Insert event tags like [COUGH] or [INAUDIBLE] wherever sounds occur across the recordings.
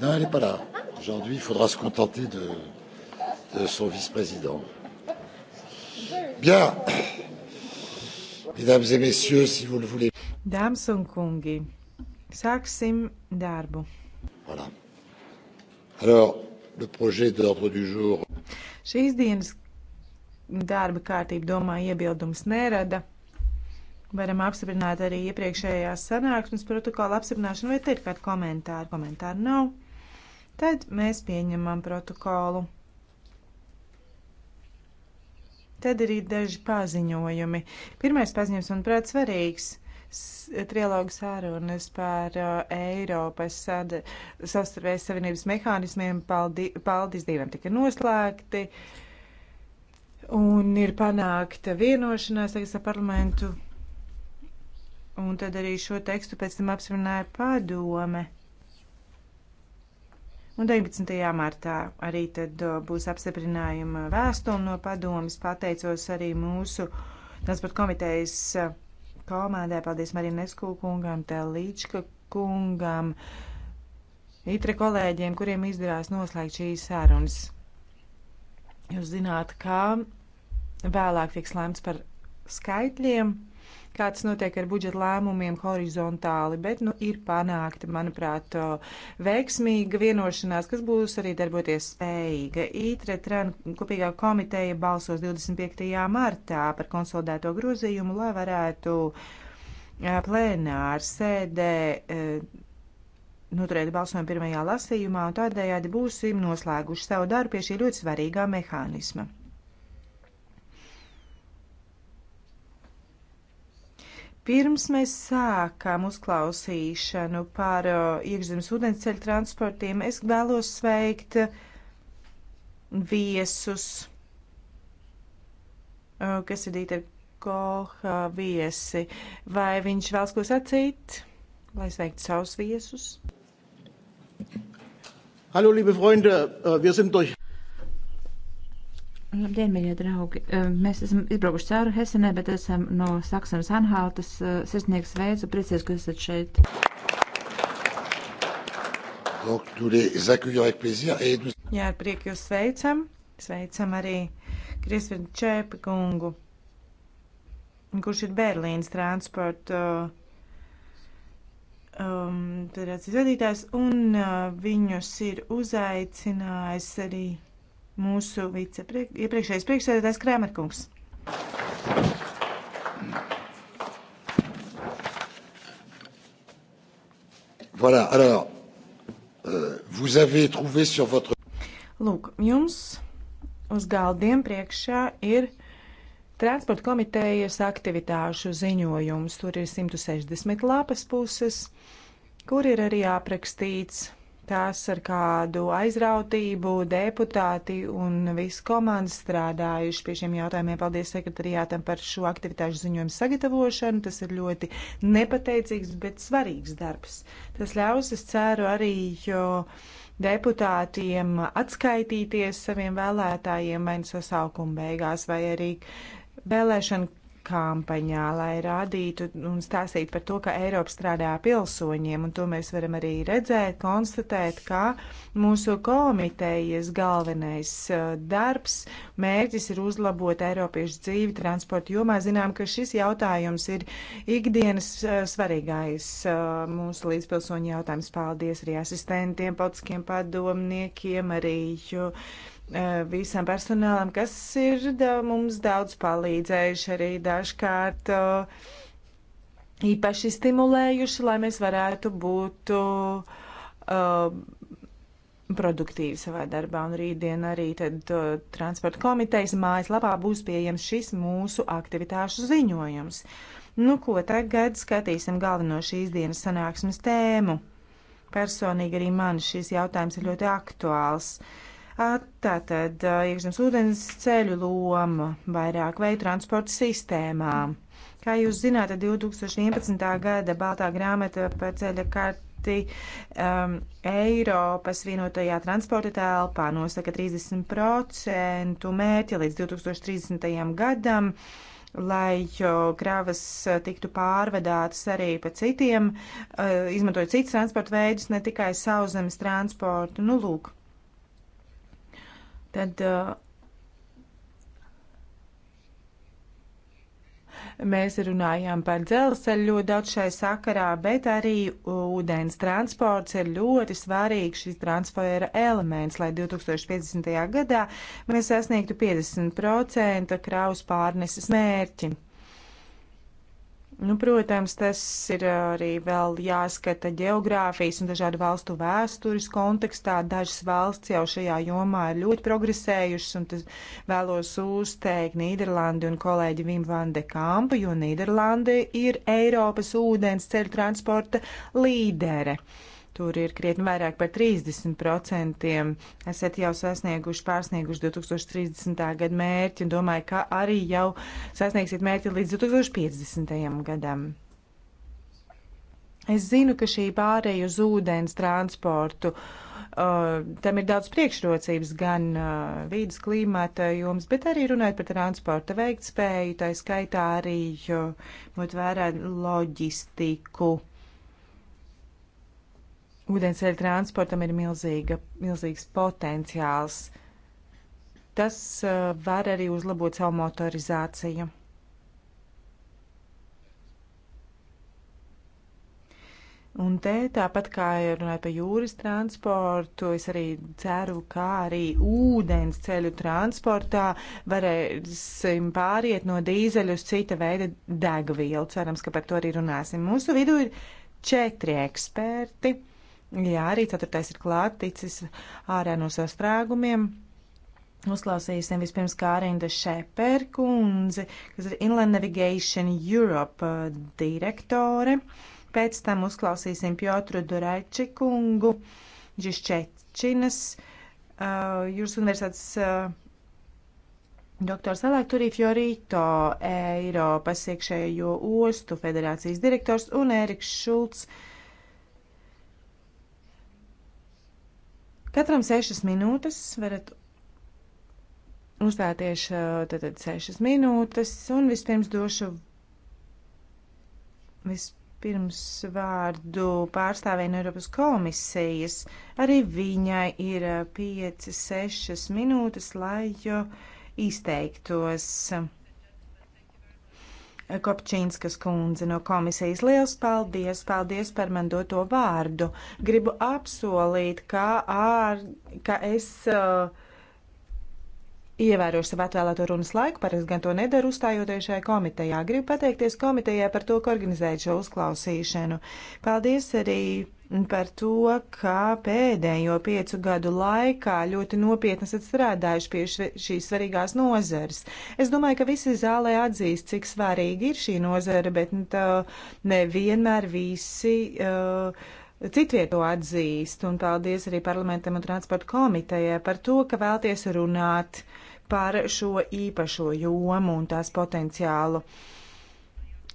Non, elle n'est pas là. Aujourd'hui, il faudra se contenter de, de son vice-président. Bien. Mesdames et messieurs, si vous le voulez. Dāmas un kungi, sāksim darbu. Voilà. Alors, le projet d'ordre du jour. Šīs dienas darba kārtība, domāju, iebildums nerada. Varam apstiprināt arī iepriekšējās sanāksmes protokola apstiprināšanu, vai te ir kādi komentāri? Komentāri nav. Tad mēs pieņemam protokolu. Tad ir daži paziņojumi. Pirmais paziņojums, manuprāt, svarīgs trilogu sārunas par uh, Eiropas sad, savstarpējas savienības mehānismiem paldi, paldies Dievam tika noslēgti. Un ir panākta vienošanās, tagad ar parlamentu Un tad arī šo tekstu pēc tam apsvināja padome. Un 19. martā arī tad būs apstiprinājuma vēstule no padomas. Pateicos arī mūsu transporta komitejas komandai. Paldies Marinesku kungam, Telīčka kungam, Itre kolēģiem, kuriem izdevās noslēgt šīs sarunas. Jūs zināt, kā vēlāk tiks lēmts par skaitļiem kā tas notiek ar budžeta lēmumiem horizontāli, bet nu, ir panākta, manuprāt, veiksmīga vienošanās, kas būs arī darboties spējīga. ITRE TRAN kopīgā komiteja balsos 25. martā par konsolidēto grozījumu, lai varētu plēnāru sēdē e, noturēt balsojumu pirmajā lasījumā, un tādējādi būsim noslēguši savu darbu pie šī ļoti svarīgā mehānisma. Pirms mēs sākām uzklausīšanu par uh, iekšzemes ūdensceļu transportiem, es vēlos sveikt uh, viesus, uh, kas ir Dīter Koha viesi. Vai viņš vēlas ko sacīt, lai sveiktu savus viesus? Hallo, liebe Freunde, äh, wir sind durch Labdien, mīļie draugi! Mēs esam izbraukuši cauri Hesenē, bet esam no Saksonas Anhaltas. Eh, sirsnieks sveicu, priecies, ka esat šeit. Donc, nous... Jā, ar prieku jūs sveicam. Sveicam arī Kristvinu Čēpakungu, kurš ir Berlīnas transporta um, eh, izvadītājs, un uh, viņus ir uzaicinājis arī mūsu vicepriek, iepriekšējais priekšsēdētājs Krēmerkungs. Voilà, alors, euh, vous avez trouvé sur votre. Lūk, jums uz galdiem priekšā ir transporta komitejas aktivitāšu ziņojums. Tur ir 160 lapas puses, kur ir arī aprakstīts tās ar kādu aizrautību deputāti un visi komandas strādājuši pie šiem jautājumiem. Paldies sekretariātam par šo aktivitāšu ziņojumu sagatavošanu. Tas ir ļoti nepateicīgs, bet svarīgs darbs. Tas ļaus, es ceru, arī deputātiem atskaitīties saviem vēlētājiem vai nu sasaukuma beigās vai arī vēlēšanu kampaņā, lai rādītu un stāstītu par to, ka Eiropa strādā pilsoņiem, un to mēs varam arī redzēt, konstatēt, ka mūsu komitejas galvenais uh, darbs, mērķis ir uzlabot Eiropiešu dzīvi transporta jomā. Zinām, ka šis jautājums ir ikdienas uh, svarīgais uh, mūsu līdzpilsoņu jautājums. Paldies arī asistentiem, politiskiem padomniekiem, arī. Jo, uh, Eh, visam personālam, kas ir da, mums daudz palīdzējuši arī dažkārt eh, īpaši stimulējuši, lai mēs varētu būt uh, produktīvi savā darbā. Un rītdien arī tad uh, transporta komitejas mājaslapā būs pieejams šis mūsu aktivitāšu ziņojums. Nu, ko tagad skatīsim galveno šīs dienas sanāksmes tēmu. Personīgi arī man šis jautājums ir ļoti aktuāls. Uh, Tātad iekšzemes ūdens ceļu loma vairāk veidu transporta sistēmām. Kā jūs zināt, 2011. gada Baltā grāmata par ceļa karti um, Eiropas vienotajā transporta telpā nosaka 30% mērķi līdz 2030. gadam lai kravas tiktu pārvadātas arī pa citiem, izmantojot citus transporta veidus, ne tikai sauszemes transportu. Nu, lūk, Tad uh, mēs runājām par dzelzceļu ļoti daudz šai sakarā, bet arī ūdens transports ir ļoti svarīgs šis transfera elements, lai 2050. gadā mēs sasniegtu 50% kraus pārneses mērķi. Nu, protams, tas ir uh, arī vēl jāskata geogrāfijas un dažādu valstu vēstures kontekstā. Dažas valsts jau šajā jomā ir ļoti progresējušas, un tas vēlos uzteikt Nīderlandi un kolēģi Vim van de Kampu, jo Nīderlandi ir Eiropas ūdens ceļu transporta līdere. Uh, Tur ir krietni vairāk par 30%. Esat jau sasnieguši, pārsnieguši 2030. gada mērķi un domāju, ka arī jau sasniegsiet mērķi līdz 2050. gadam. Es zinu, ka šī pārēja uz ūdens transportu, uh, tam ir daudz priekšrocības gan uh, vīdas klimata jums, bet arī runājot par transporta veiktspēju, tā skaitā arī uh, ņemot vērā loģistiku. Uh, ūdensceļa transportam ir milzīga, milzīgs potenciāls. Tas uh, var arī uzlabot savu motorizāciju. Un te tāpat kā runāju par jūras transportu, es arī ceru, ka arī ūdens ceļu transportā varēsim pāriet no dīzeļu uz cita veida degvielu. Cerams, ka par to arī runāsim. Mūsu vidū ir četri eksperti. Uh, Jā, arī ceturtais ir klāt, ticis ārā no sastrēgumiem. Uzklausīsim vispirms Kārinda Šeperkundzi, kas ir Inland Navigation Europe uh, direktore. Pēc tam uzklausīsim Piotru Duraičikungu, Žiščečinas, uh, Jūras universitātes uh, doktors Elektorī Fiorito, Eiropas iekšējo ostu federācijas direktors un Eriks Šulcs. Uh, Katram sešas minūtes varat uzstāties tātad sešas minūtes un vispirms došu vispirms vārdu pārstāvēju no Eiropas komisijas. Arī viņai ir pieci, sešas minūtes, lai jo izteiktos. Kopčīnskas kundze no komisijas. Liels paldies, paldies par man doto vārdu. Gribu apsolīt, ka, ār, ka es. Uh, Ievērošu savu atvēlēto runas laiku, parasti gan to nedaru uzstājoties šajā komitejā. Gribu pateikties komitejai par to, ka organizēju šo uzklausīšanu. Paldies arī par to, ka pēdējo piecu gadu laikā ļoti nopietni esat strādājuši pie šīs svarīgās nozares. Es domāju, ka visi zālē atzīst, cik svarīga ir šī nozara, bet nu, nevienmēr visi. Uh, Citvieto atzīst, un paldies arī parlamentam un transporta komitejai par to, ka vēlties runāt par šo īpašo jomu un tās potenciālu.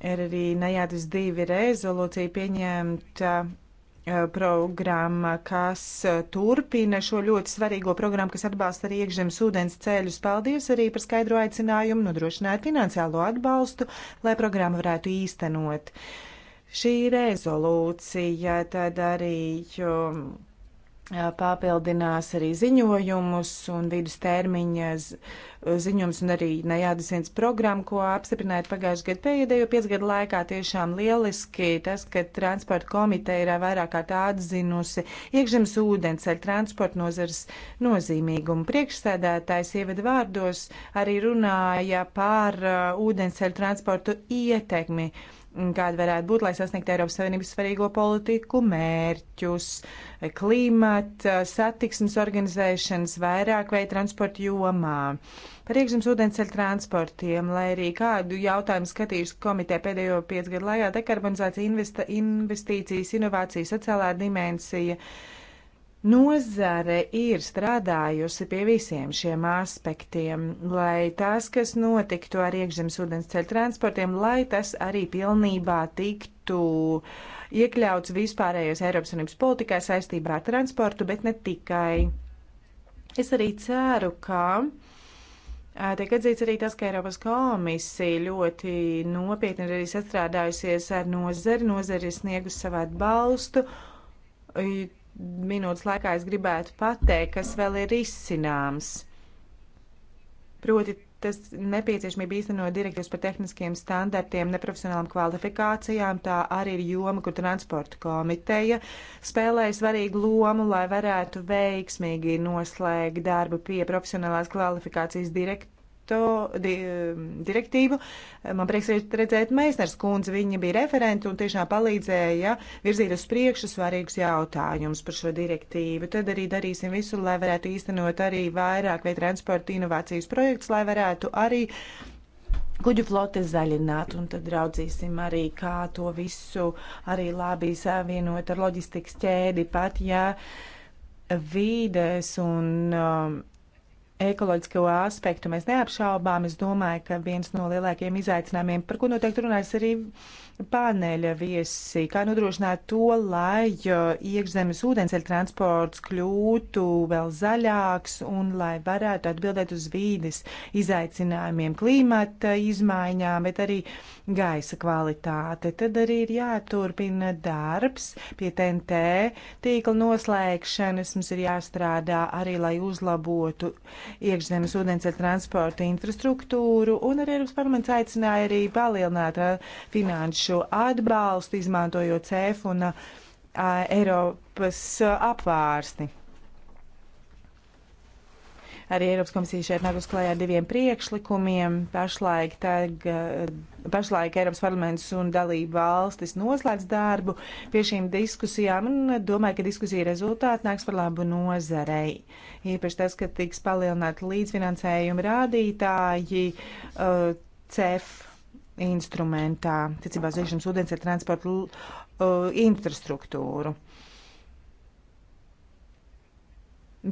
Ir arī nejādas divi rezolūcija pieņemta uh, Eh, programma, kas eh, turpina šo ļoti svarīgo programmu, kas atbalsta arī iekšzemes ūdens ceļus. Paldies arī par skaidro aicinājumu nodrošināt finansiālo atbalstu, lai programma varētu īstenot. Šī rezolūcija tad arī. Jo, um, papildinās arī ziņojumus un vidus termiņa ziņojums un arī nejādas viens programma, ko apstiprinājāt pagājušajā gadā pēdējo piecu gadu laikā. Tiešām lieliski tas, ka transporta komiteja ir vairāk kārt atzinusi iekšzemes ūdens ar transporta nozars nozīmīgumu. Priekšsēdētājs ievada vārdos arī runāja par uh, ūdens ar transportu ietekmi. Uh, kāda varētu būt, lai sasniegtu Eiropas Savienības svarīgo politiku mērķus, klimata, satiksmes organizēšanas, vairāk vai transporta jomā. Par iekšzemes ūdensceļu transportiem, lai arī kādu jautājumu skatījuši komiteja pēdējo piecu gadu laikā, dekarbonizācija, investa, investīcijas, inovācija, sociālā dimensija. Uh, Nozare ir strādājusi pie visiem šiem aspektiem, lai tas, kas notiktu ar iekšzemes ūdens ceļu transportiem, lai tas arī pilnībā tiktu iekļauts vispārējos Eiropas Unības politikā saistībā ar transportu, bet ne tikai. Es arī ceru, ka tiek atzīts arī tas, ka Eiropas komisija ļoti nopietni ir arī sastrādājusies ar nozari, nozari ir sniegus savu atbalstu minūtes laikā es gribētu pateikt, kas vēl ir izcināms. Proti, tas nepieciešamība īstenot direktīvas par tehniskiem standartiem, neprofesionālām kvalifikācijām, tā arī ir joma, kur transporta komiteja spēlēja svarīgu lomu, lai varētu veiksmīgi noslēgt darbu pie profesionālās kvalifikācijas direktīvas projektu, di, eh, direktīvu. Man prieks redzēt Meisners kundze, viņa bija referente un tiešām palīdzēja virzīt uz priekšu svarīgus jautājumus par šo direktīvu. Tad arī darīsim visu, lai varētu īstenot arī vairāk vai transporta inovācijas projekts, lai varētu arī kuģu flote zaļināt, un tad raudzīsim arī, kā to visu arī labi savienot ar loģistikas ķēdi, pat ja vīdes un um, ekoloģisko aspektu mēs neapšaubām. Es domāju, ka viens no lielākajiem izaicinājumiem, par ko noteikti runās arī Pāneļa viesi, kā nodrošināt to, lai iekšzemes ūdensceļa transports kļūtu vēl zaļāks un lai varētu atbildēt uz vīdes izaicinājumiem, klimata izmaiņām, bet arī gaisa kvalitāte. Tad arī ir jāturpina darbs pie TNT tīkla noslēgšanas. Mums ir jāstrādā arī, lai uzlabotu iekšzemes ūdensceļa transporta infrastruktūru un arī Eiropas parlaments aicināja arī palielināt uh, finanšu finanšu atbalstu, izmantojot CEF un uh, Eiropas apvārsti. Arī Eiropas komisija šeit nāk uz klājā ar diviem priekšlikumiem. Pašlaik, tag, pašlaik Eiropas parlaments un dalība valstis noslēdz darbu pie šīm diskusijām un domāju, ka diskusija rezultāti nāks par labu nozarei. Īpaši tas, ka tiks palielināt līdzfinansējuma rādītāji uh, CEF instrumentā, ticībā uz iekšzemes ūdens ir transporta uh, infrastruktūru.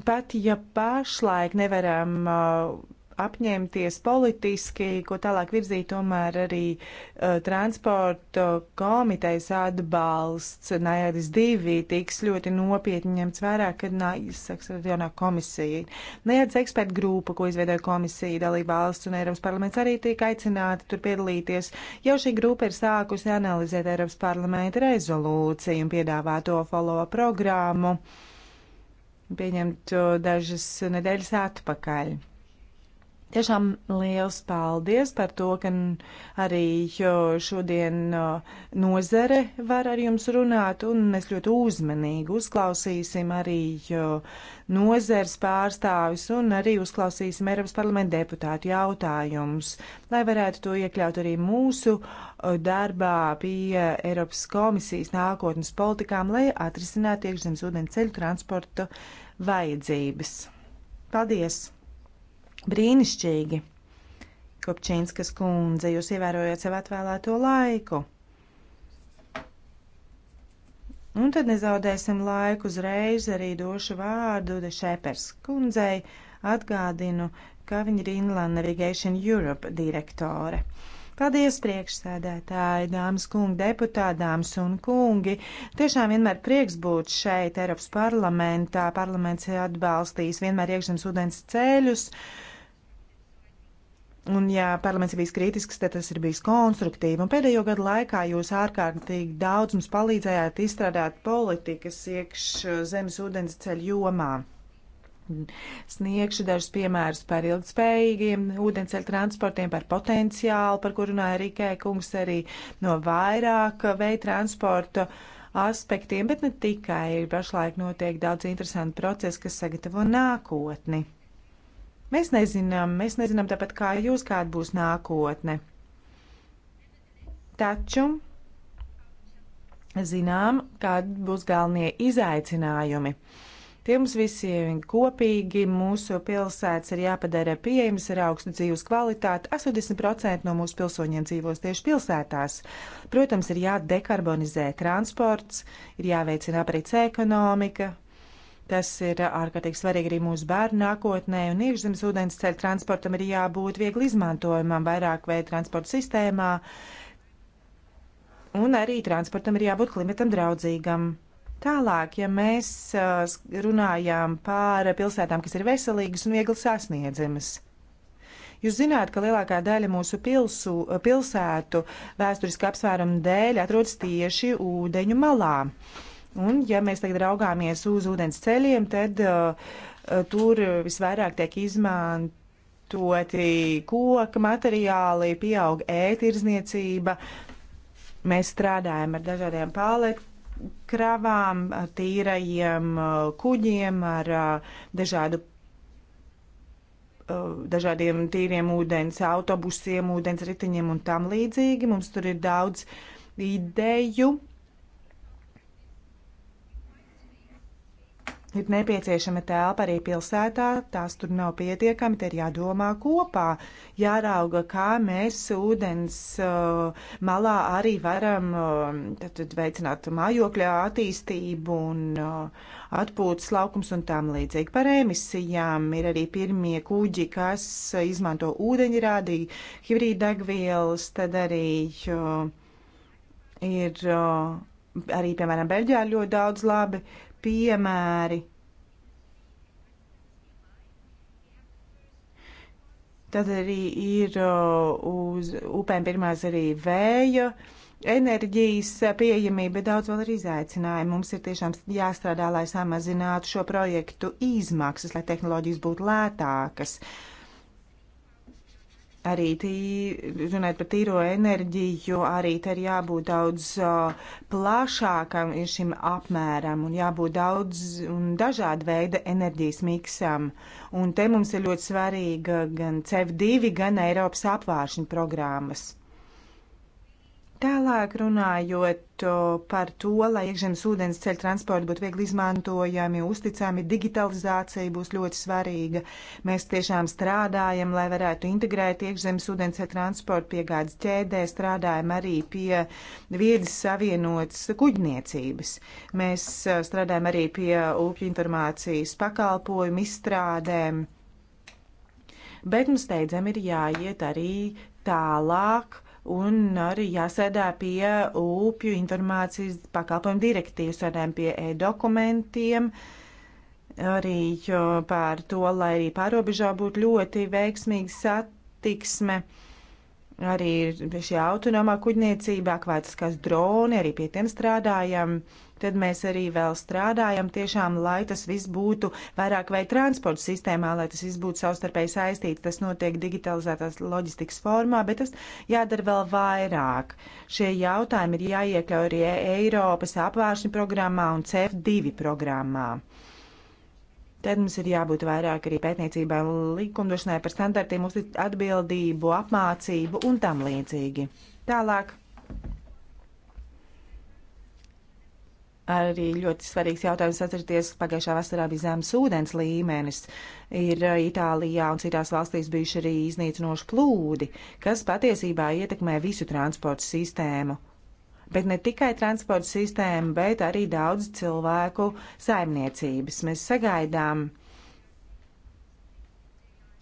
Pat ja pašlaik nevaram uh, apņemties politiski, ko tālāk virzīt, tomēr arī uh, transporta komitejas atbalsts Nairis 2 tiks ļoti nopietni ņemts vērā, kad nāks ar jaunā komisija. Nairis eksperta grupa, ko izveidoja komisija, dalība valsts un Eiropas parlaments arī tika aicināti tur piedalīties. Jau šī grupa ir sākusi analizēt Eiropas parlamenta rezolūciju un piedāvāto follow-up programmu pieņemt dažas nedēļas atpakaļ. Tiešām liels paldies par to, ka arī šodien nozare var ar jums runāt, un mēs ļoti uzmanīgi uzklausīsim arī nozeres pārstāvis un arī uzklausīsim Eiropas parlamenta deputātu jautājumus, lai varētu to iekļaut arī mūsu darbā pie Eiropas komisijas nākotnes politikām, lai atrisinātu iekšzemes ūdens ceļu transporta vajadzības. Paldies! Brīnišķīgi! Kopčīnskas kundze, jūs ievērojat sev atvēlēto laiku. Un tad nezaudēsim laiku uzreiz arī došu vārdu Dešepers kundzei. Atgādinu, ka viņa ir Inland Navigation Europe direktore. Paldies, priekšsēdētāji, dāmas, kungi, deputāti, dāmas un kungi. Tiešām vienmēr prieks būt šeit, Eiropas parlamentā. Parlaments atbalstīs vienmēr iekšzemes ūdens ceļus. Uh, Un, ja parlaments ir bijis kritisks, tad tas ir bijis konstruktīvi. Un pēdējo gadu laikā jūs ārkārtīgi daudz mums palīdzējāt izstrādāt politikas iekš eh, zemes ūdens ceļu jomā. Sniegšu dažus piemērus par ilgspējīgiem ūdenceļu transportiem, par potenciālu, par kuru runāja Rīkē kungs arī no vairāk veidu transporta aspektiem, bet ne tikai. Ir pašlaik notiek daudz interesanti procesi, kas sagatavo nākotni. Mēs nezinām, mēs nezinām tāpat kā jūs, kāda būs nākotne. Taču zinām, kādi būs galvenie izaicinājumi. Tie mums visiem kopīgi mūsu pilsētas ir jāpadara pieejamas ar augstu dzīves kvalitāti. 80% no mūsu pilsoņiem dzīvos tieši pilsētās. Protams, ir jādekarbonizē transports, ir jāveicina aprits ekonomika, Tas ir ārkārtīgi svarīgi arī mūsu bērnu nākotnē, un iekšzemes ūdens ceļu transportam ir jābūt viegli izmantojumam vairāk veidu transporta sistēmā, un arī transportam ir jābūt klimatam draudzīgam. Tālāk, ja mēs runājām par pilsētām, kas ir veselīgas un viegli sasniedzamas. Jūs zināt, ka lielākā daļa mūsu pilsu, pilsētu vēsturiski apsvērumu dēļ atrodas tieši ūdeņu malā. Uh, Un, ja mēs tagad raugāmies uz ūdens ceļiem, tad uh, uh, tur visvairāk tiek izmantoti koka materiāli, pieaug ētirzniecība. Mēs strādājam ar dažādiem paletu kravām, ar tīrajiem uh, kuģiem, ar uh, dažādu uh, dažādiem tīriem ūdens autobusiem, ūdens riteņiem un tam līdzīgi. Mums tur ir daudz ideju, Ir nepieciešama telpa arī pilsētā, tās tur nav pietiekami, te ir jādomā kopā, jārauga, kā mēs ūdens uh, malā arī varam uh, tad, tad veicināt mājokļa attīstību un uh, atpūtas laukums un tam līdzīgi. Par emisijām ir arī pirmie kuģi, kas izmanto ūdeņrādī, hibrīddegvielas, tad arī uh, ir. Uh, arī, piemēram, Beļģijā ļoti daudz labi piemēri. Tad arī ir uz upēm pirmās arī vēja enerģijas pieejamība, bet daudz vēl ir izaicinājumi. Mums ir tiešām jāstrādā, lai samazinātu šo projektu izmaksas, lai tehnoloģijas būtu lētākas. Uh, arī tī, runājot par tīro enerģiju, arī te ir jābūt daudz uh, plašākam šim apmēram un jābūt daudz un dažāda veida enerģijas miksam. Un te mums ir ļoti svarīga gan CEF2, gan Eiropas apvāršņu programmas. Tālāk runājot par to, lai iekšzemes ūdens ceļu transporti būtu viegli izmantojami, uzticami, digitalizācija būs ļoti svarīga. Mēs tiešām strādājam, lai varētu integrēt iekšzemes ūdens ceļu transportu piegādes ķēdē, strādājam arī pie viedas savienotas kuģniecības. Mēs strādājam arī pie upju informācijas pakalpojumu izstrādēm. Bet mums steidzam ir jāiet arī tālāk un arī jāsēdā pie upju informācijas pakalpojumu direktīvas, sēdējam pie e-dokumentiem, arī par to, lai arī pārobežā būtu ļoti veiksmīga satiksme. Arī šī autonomā kuģniecība, akvētiskās droni, arī pie tiem strādājam. Uh, tad mēs arī vēl strādājam tiešām, lai tas viss būtu vairāk vai transporta sistēmā, lai tas viss būtu savstarpēji saistīts. Tas notiek digitalizētās loģistikas formā, bet tas jādara vēl vairāk. Šie jautājumi ir jāiekļauj arī e- Eiropas apvāršņu programmā un CF2 programmā. Tad mums ir jābūt vairāk arī pētniecībai un likumdošanai par standartiem, uztic atbildību, apmācību un tam līdzīgi. Tālāk Arī ļoti svarīgs jautājums atcerieties, pagājušā vasarā bija zemes ūdens līmenis. Ir Itālijā un citās valstīs bijuši arī iznīcinoši plūdi, kas patiesībā ietekmē visu transportu sistēmu. Bet ne tikai transportu sistēmu, bet arī daudz cilvēku saimniecības. Mēs sagaidām uh,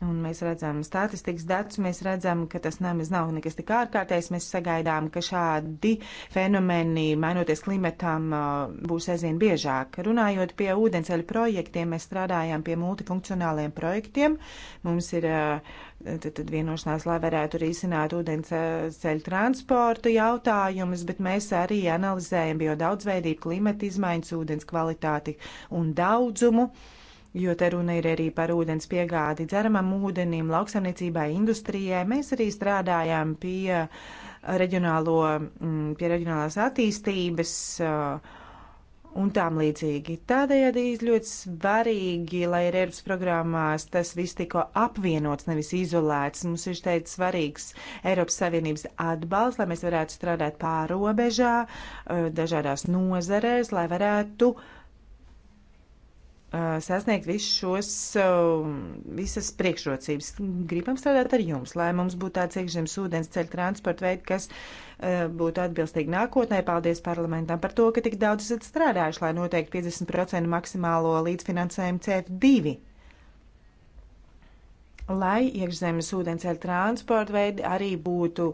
Un mēs redzam statistikas datus, mēs redzam, ka tas nemaz nav nekas tik ārkārtējs. Mēs sagaidām, ka šādi fenomeni, mainoties klimatam, uh, būs aizvien biežāk. Runājot pie ūdenceļa projektiem, mēs strādājam pie multifunkcionāliem projektiem. Mums ir uh, tad, tad vienošanās, lai varētu risināt ūdenceļa transportu jautājumus, bet mēs arī analizējam biodaudzveidību, klimata izmaiņas, ūdens kvalitāti un daudzumu. Uh, jo te runa ir arī par ūdens piegādi dzeramam ūdenim, lauksaimniecībai, industrijai. Mēs arī strādājām pie, reģionālo, mm, pie reģionālās attīstības uh, un tām līdzīgi. Tādējādi ļoti svarīgi, lai ir Eiropas programmās tas viss tikko apvienots, nevis izolēts. Mums ir šeit svarīgs Eiropas Savienības atbalsts, lai mēs varētu strādāt pārobežā, uh, dažādās nozarēs, lai varētu uh, Uh, sasniegt visus šos, uh, visas priekšrocības. Gribam strādāt ar jums, lai mums būtu tāds iekšzemes ūdens ceļu transporta veidi, kas uh, būtu atbilstīgi nākotnē. Paldies parlamentam par to, ka tik daudz esat strādājuši, lai noteikti 50% maksimālo līdzfinansējumu CF2 lai iekšzemes ūdensceļa transporta veidi arī būtu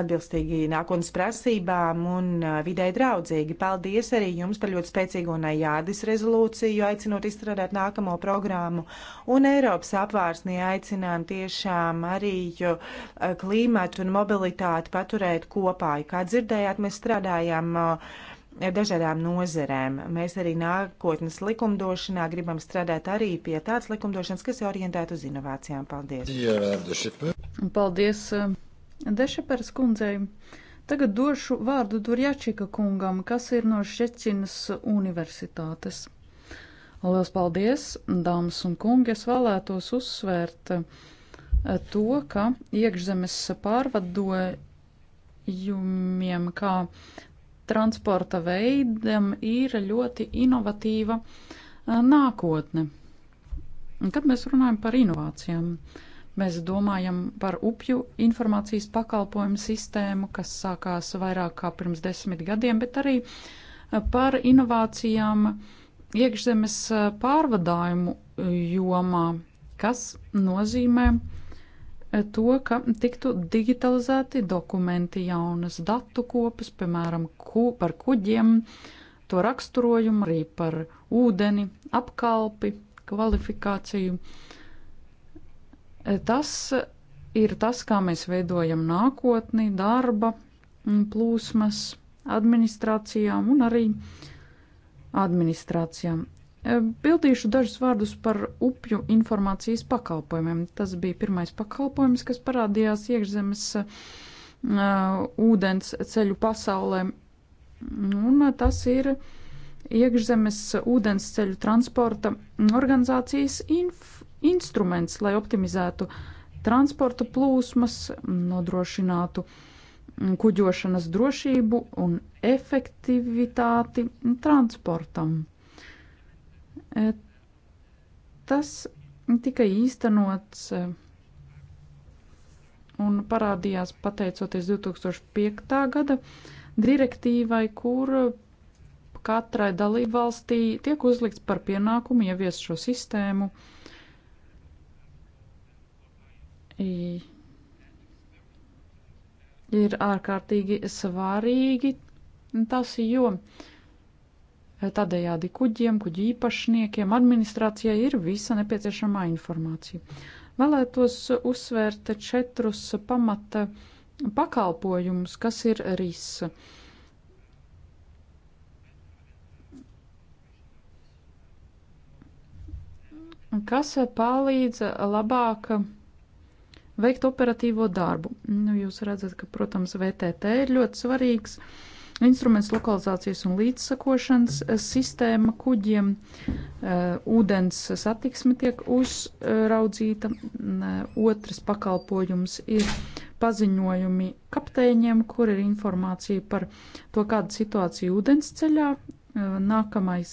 atbilstīgi nākotnes prasībām un vidē draudzīgi. Paldies arī jums par ļoti spēcīgo Najādis rezolūciju, aicinot izstrādāt nākamo programmu. Un Eiropas apvārsnī aicinām tiešām arī klimatu un mobilitāti paturēt kopā. Kā dzirdējāt, mēs strādājam uh, dažādām nozerēm. Mēs arī nākotnes likumdošanā gribam strādāt arī pie tādas likumdošanas, kas ir orientēta uz inovācijām. Paldies! Jā, dešeper. Paldies eh, Dešepers kundzei! Tagad došu vārdu Durjačika kungam, kas ir no Šečinas universitātes. Lielas paldies, dāmas un kungi! Es vēlētos uzsvērt eh, to, ka iekšzemes pārvadojumiem kā transporta veidam ir ļoti inovatīva nākotne. Kad mēs runājam par inovācijām, mēs domājam par upju informācijas pakalpojumu sistēmu, kas sākās vairāk kā pirms desmit gadiem, bet arī par inovācijām iekšzemes pārvadājumu jomā, kas nozīmē uh, to, ka tiktu digitalizēti dokumenti, jaunas datu kopas, piemēram, ku, par kuģiem, to raksturojumu, arī par ūdeni, apkalpi, kvalifikāciju. Tas ir tas, kā mēs veidojam nākotni, darba plūsmas administrācijām un arī administrācijām. Eh, bildīšu dažus vārdus par upju informācijas pakalpojumiem. Tas bija pirmais pakalpojums, kas parādījās iekšzemes uh, ūdens ceļu pasaulē. Un eh, tas ir iekšzemes ūdens ceļu transporta organizācijas inf instruments, lai optimizētu transporta plūsmas, nodrošinātu kuģošanas drošību un efektivitāti transportam. E, tas tika īstenots e, un parādījās pateicoties 2005. gada direktīvai, kur katrai dalībvalstī tiek uzlikts par pienākumu ieviest šo sistēmu. Ir ārkārtīgi svarīgi tas, jo Tādējādi kuģiem, kuģi īpašniekiem, administrācijai ir visa nepieciešamā informācija. Vēlētos uzsvērt četrus pamata pakalpojumus, kas ir RIS. Kas palīdz labāk veikt operatīvo darbu? Nu, jūs redzat, ka, protams, VTT ir ļoti svarīgs. Uh, instruments lokalizācijas un līdzsakošanas eh, sistēma kuģiem, eh, ūdens satiksme tiek uzraudzīta, mm, eh, otrs pakalpojums ir paziņojumi kapteiņiem, kur ir informācija par to, kāda situācija ūdens ceļā, nākamais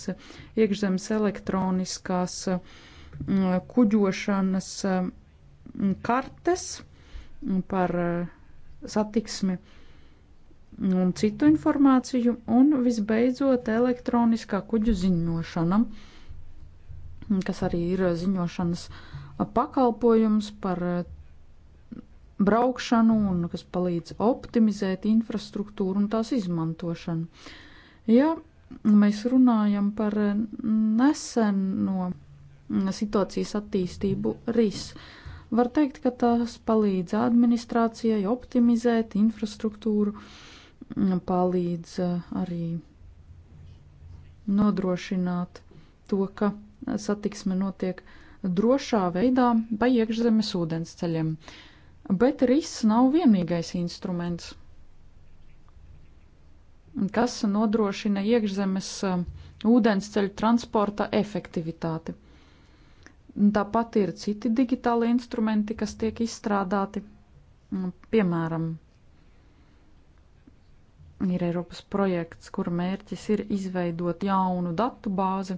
iekšzemes elektroniskās kuģošanas kartes mm, par satiksmi un citu informāciju, un visbeidzot elektroniskā kuģu ziņošana, kas arī ir ziņošanas pakalpojums par eh, braukšanu un kas palīdz optimizēt infrastruktūru un tās izmantošanu. Ja mēs runājam par eh, neseno situācijas attīstību RIS, var teikt, ka tās palīdz administrācijai optimizēt infrastruktūru, uh, palīdz eh, arī nodrošināt to, ka satiksme notiek drošā veidā pa iekšzemes ūdens ceļiem. Bet riss nav vienīgais instruments, kas nodrošina iekšzemes eh, ūdens ceļu transporta efektivitāti. Tāpat ir citi digitāli instrumenti, kas tiek izstrādāti, mm, piemēram, ir Eiropas projekts, kura mērķis ir izveidot jaunu datu bāzi,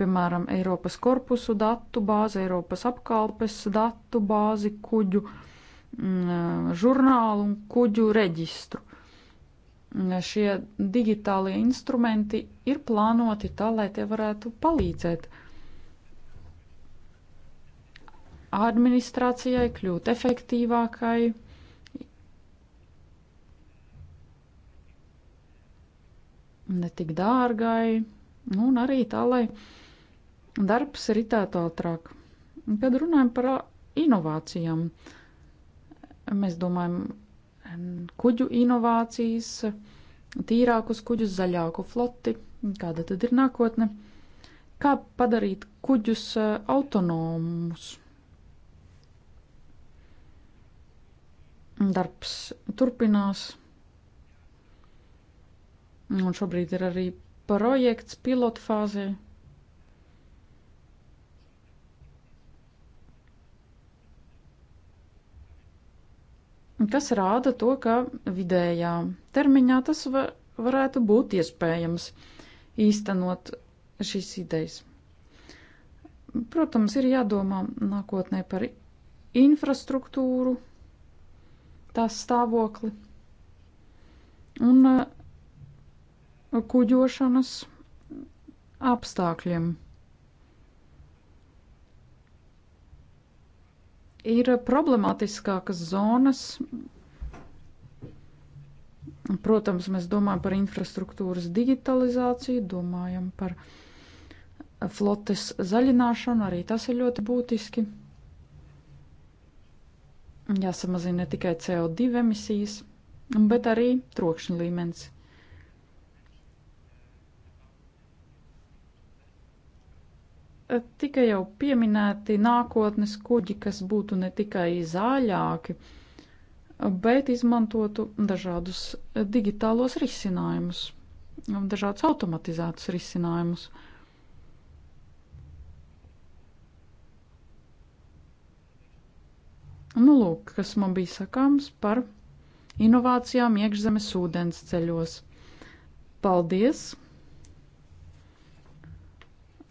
piemēram, Eiropas korpusu datu bāzi, Eiropas apkalpes datu bāzi, kuģu mm, žurnālu un kuģu reģistru šie digitālie instrumenti ir plānoti tā, lai tie varētu palīdzēt administrācijai kļūt efektīvākai, netik dārgai, nu, un arī tā, lai darbs ritētu ātrāk. Kad runājam par inovācijām, mēs domājam kuģu inovācijas, tīrākus kuģus, zaļāku floti, kāda tad ir nākotne, kā padarīt kuģus e, autonomus. Darbs turpinās. Un šobrīd ir arī projekts pilotfāzē. Kas rāda to, ka vidējā termiņā tas var, varētu būt iespējams īstenot šīs idejas. Protams, ir jādomā nākotnē par infrastruktūru, tās stāvokli un uh, kuģošanas apstākļiem. Ir problemātiskākas zonas. Protams, mēs domājam par infrastruktūras digitalizāciju, domājam par flotes zaļināšanu, arī tas ir ļoti būtiski. Jāsamazina ne tikai CO2 emisijas, bet arī trokšņa līmenis. tika jau pieminēti nākotnes kuģi, kas būtu ne tikai zāļāki, bet izmantotu dažādus digitālos risinājumus, dažādus automatizētus risinājumus. Nu, lūk, kas man bija sakāms par inovācijām iekšzemes ūdens ceļos. Paldies!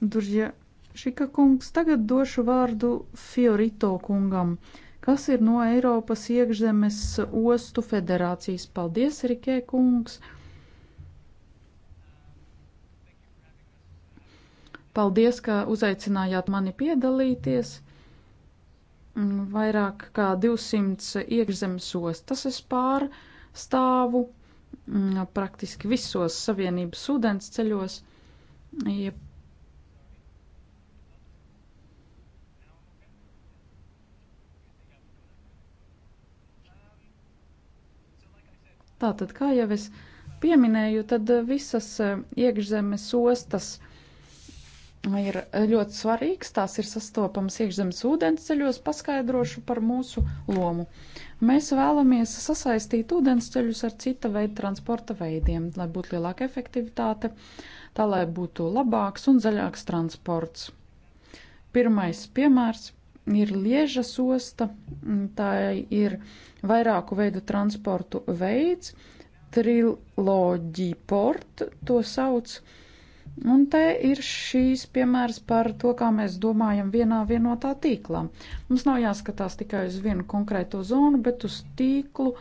Durģie Šika kungs, tagad došu vārdu Fiorito kungam, kas ir no Eiropas iekšzemes ostu federācijas. Paldies, Rikē kungs! Paldies, ka uzaicinājāt mani piedalīties mm, vairāk kā 200 iekšzemes ostas es pārstāvu mm, praktiski visos Savienības ūdens ceļos. Ja Tātad, kā jau es pieminēju, tad eh, visas eh, iekšzemes ostas ir eh, ļoti svarīgas. Tās ir sastopamas iekšzemes ūdensceļos, paskaidrošu par mūsu lomu. Mēs vēlamies sasaistīt ūdensceļus ar cita veida transporta veidiem, lai būtu lielāka efektivitāte, tā lai būtu labāks un zaļāks transports. Pirmais piemērs ir Liežas osta, tā ir vairāku veidu transportu veids, triloģija port to sauc. Un te ir šīs piemērs par to, kā mēs domājam vienā vienotā tīklā. Mums nav jāskatās tikai uz vienu konkrēto zonu, bet uz tīklu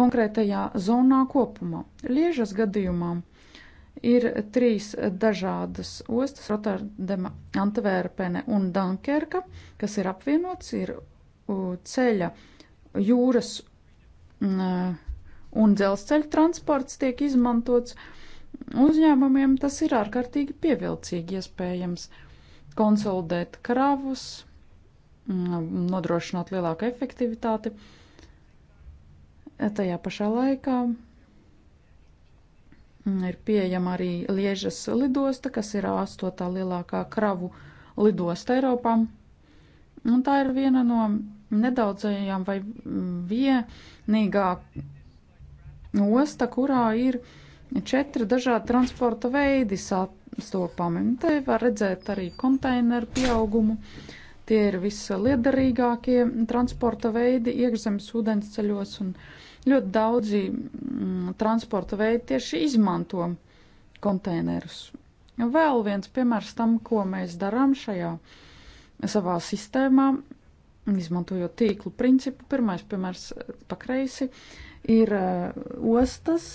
konkrētajā zonā kopumā. Liežas gadījumā ir trīs dažādas ostas - Rotterdama, Antverpene un Dunkerka, kas ir apvienots, ir ceļa, jūras un dzelzceļa transports tiek izmantots uzņēmumiem. Tas ir ārkārtīgi pievilcīgi iespējams konsolidēt kravus, nodrošināt lielāku efektivitāti. Tajā pašā laikā Mm, ir pieejama arī Liežas lidosta, kas ir astotā lielākā kravu lidosta Eiropā. Un tā ir viena no nedaudzajām vai vienīgā osta, kurā ir četri dažādi transporta veidi sastopami. Un te var redzēt arī konteineru pieaugumu. Tie ir visliederīgākie transporta veidi iekšzemes ūdensceļos un ūdensceļos Ļoti daudzi mm, transporta veidi tieši izmanto konteinerus. Vēl viens piemērs tam, ko mēs darām šajā savā sistēmā, izmantojot tīklu principu. Pirmais piemērs pakreisi ir eh, ostas,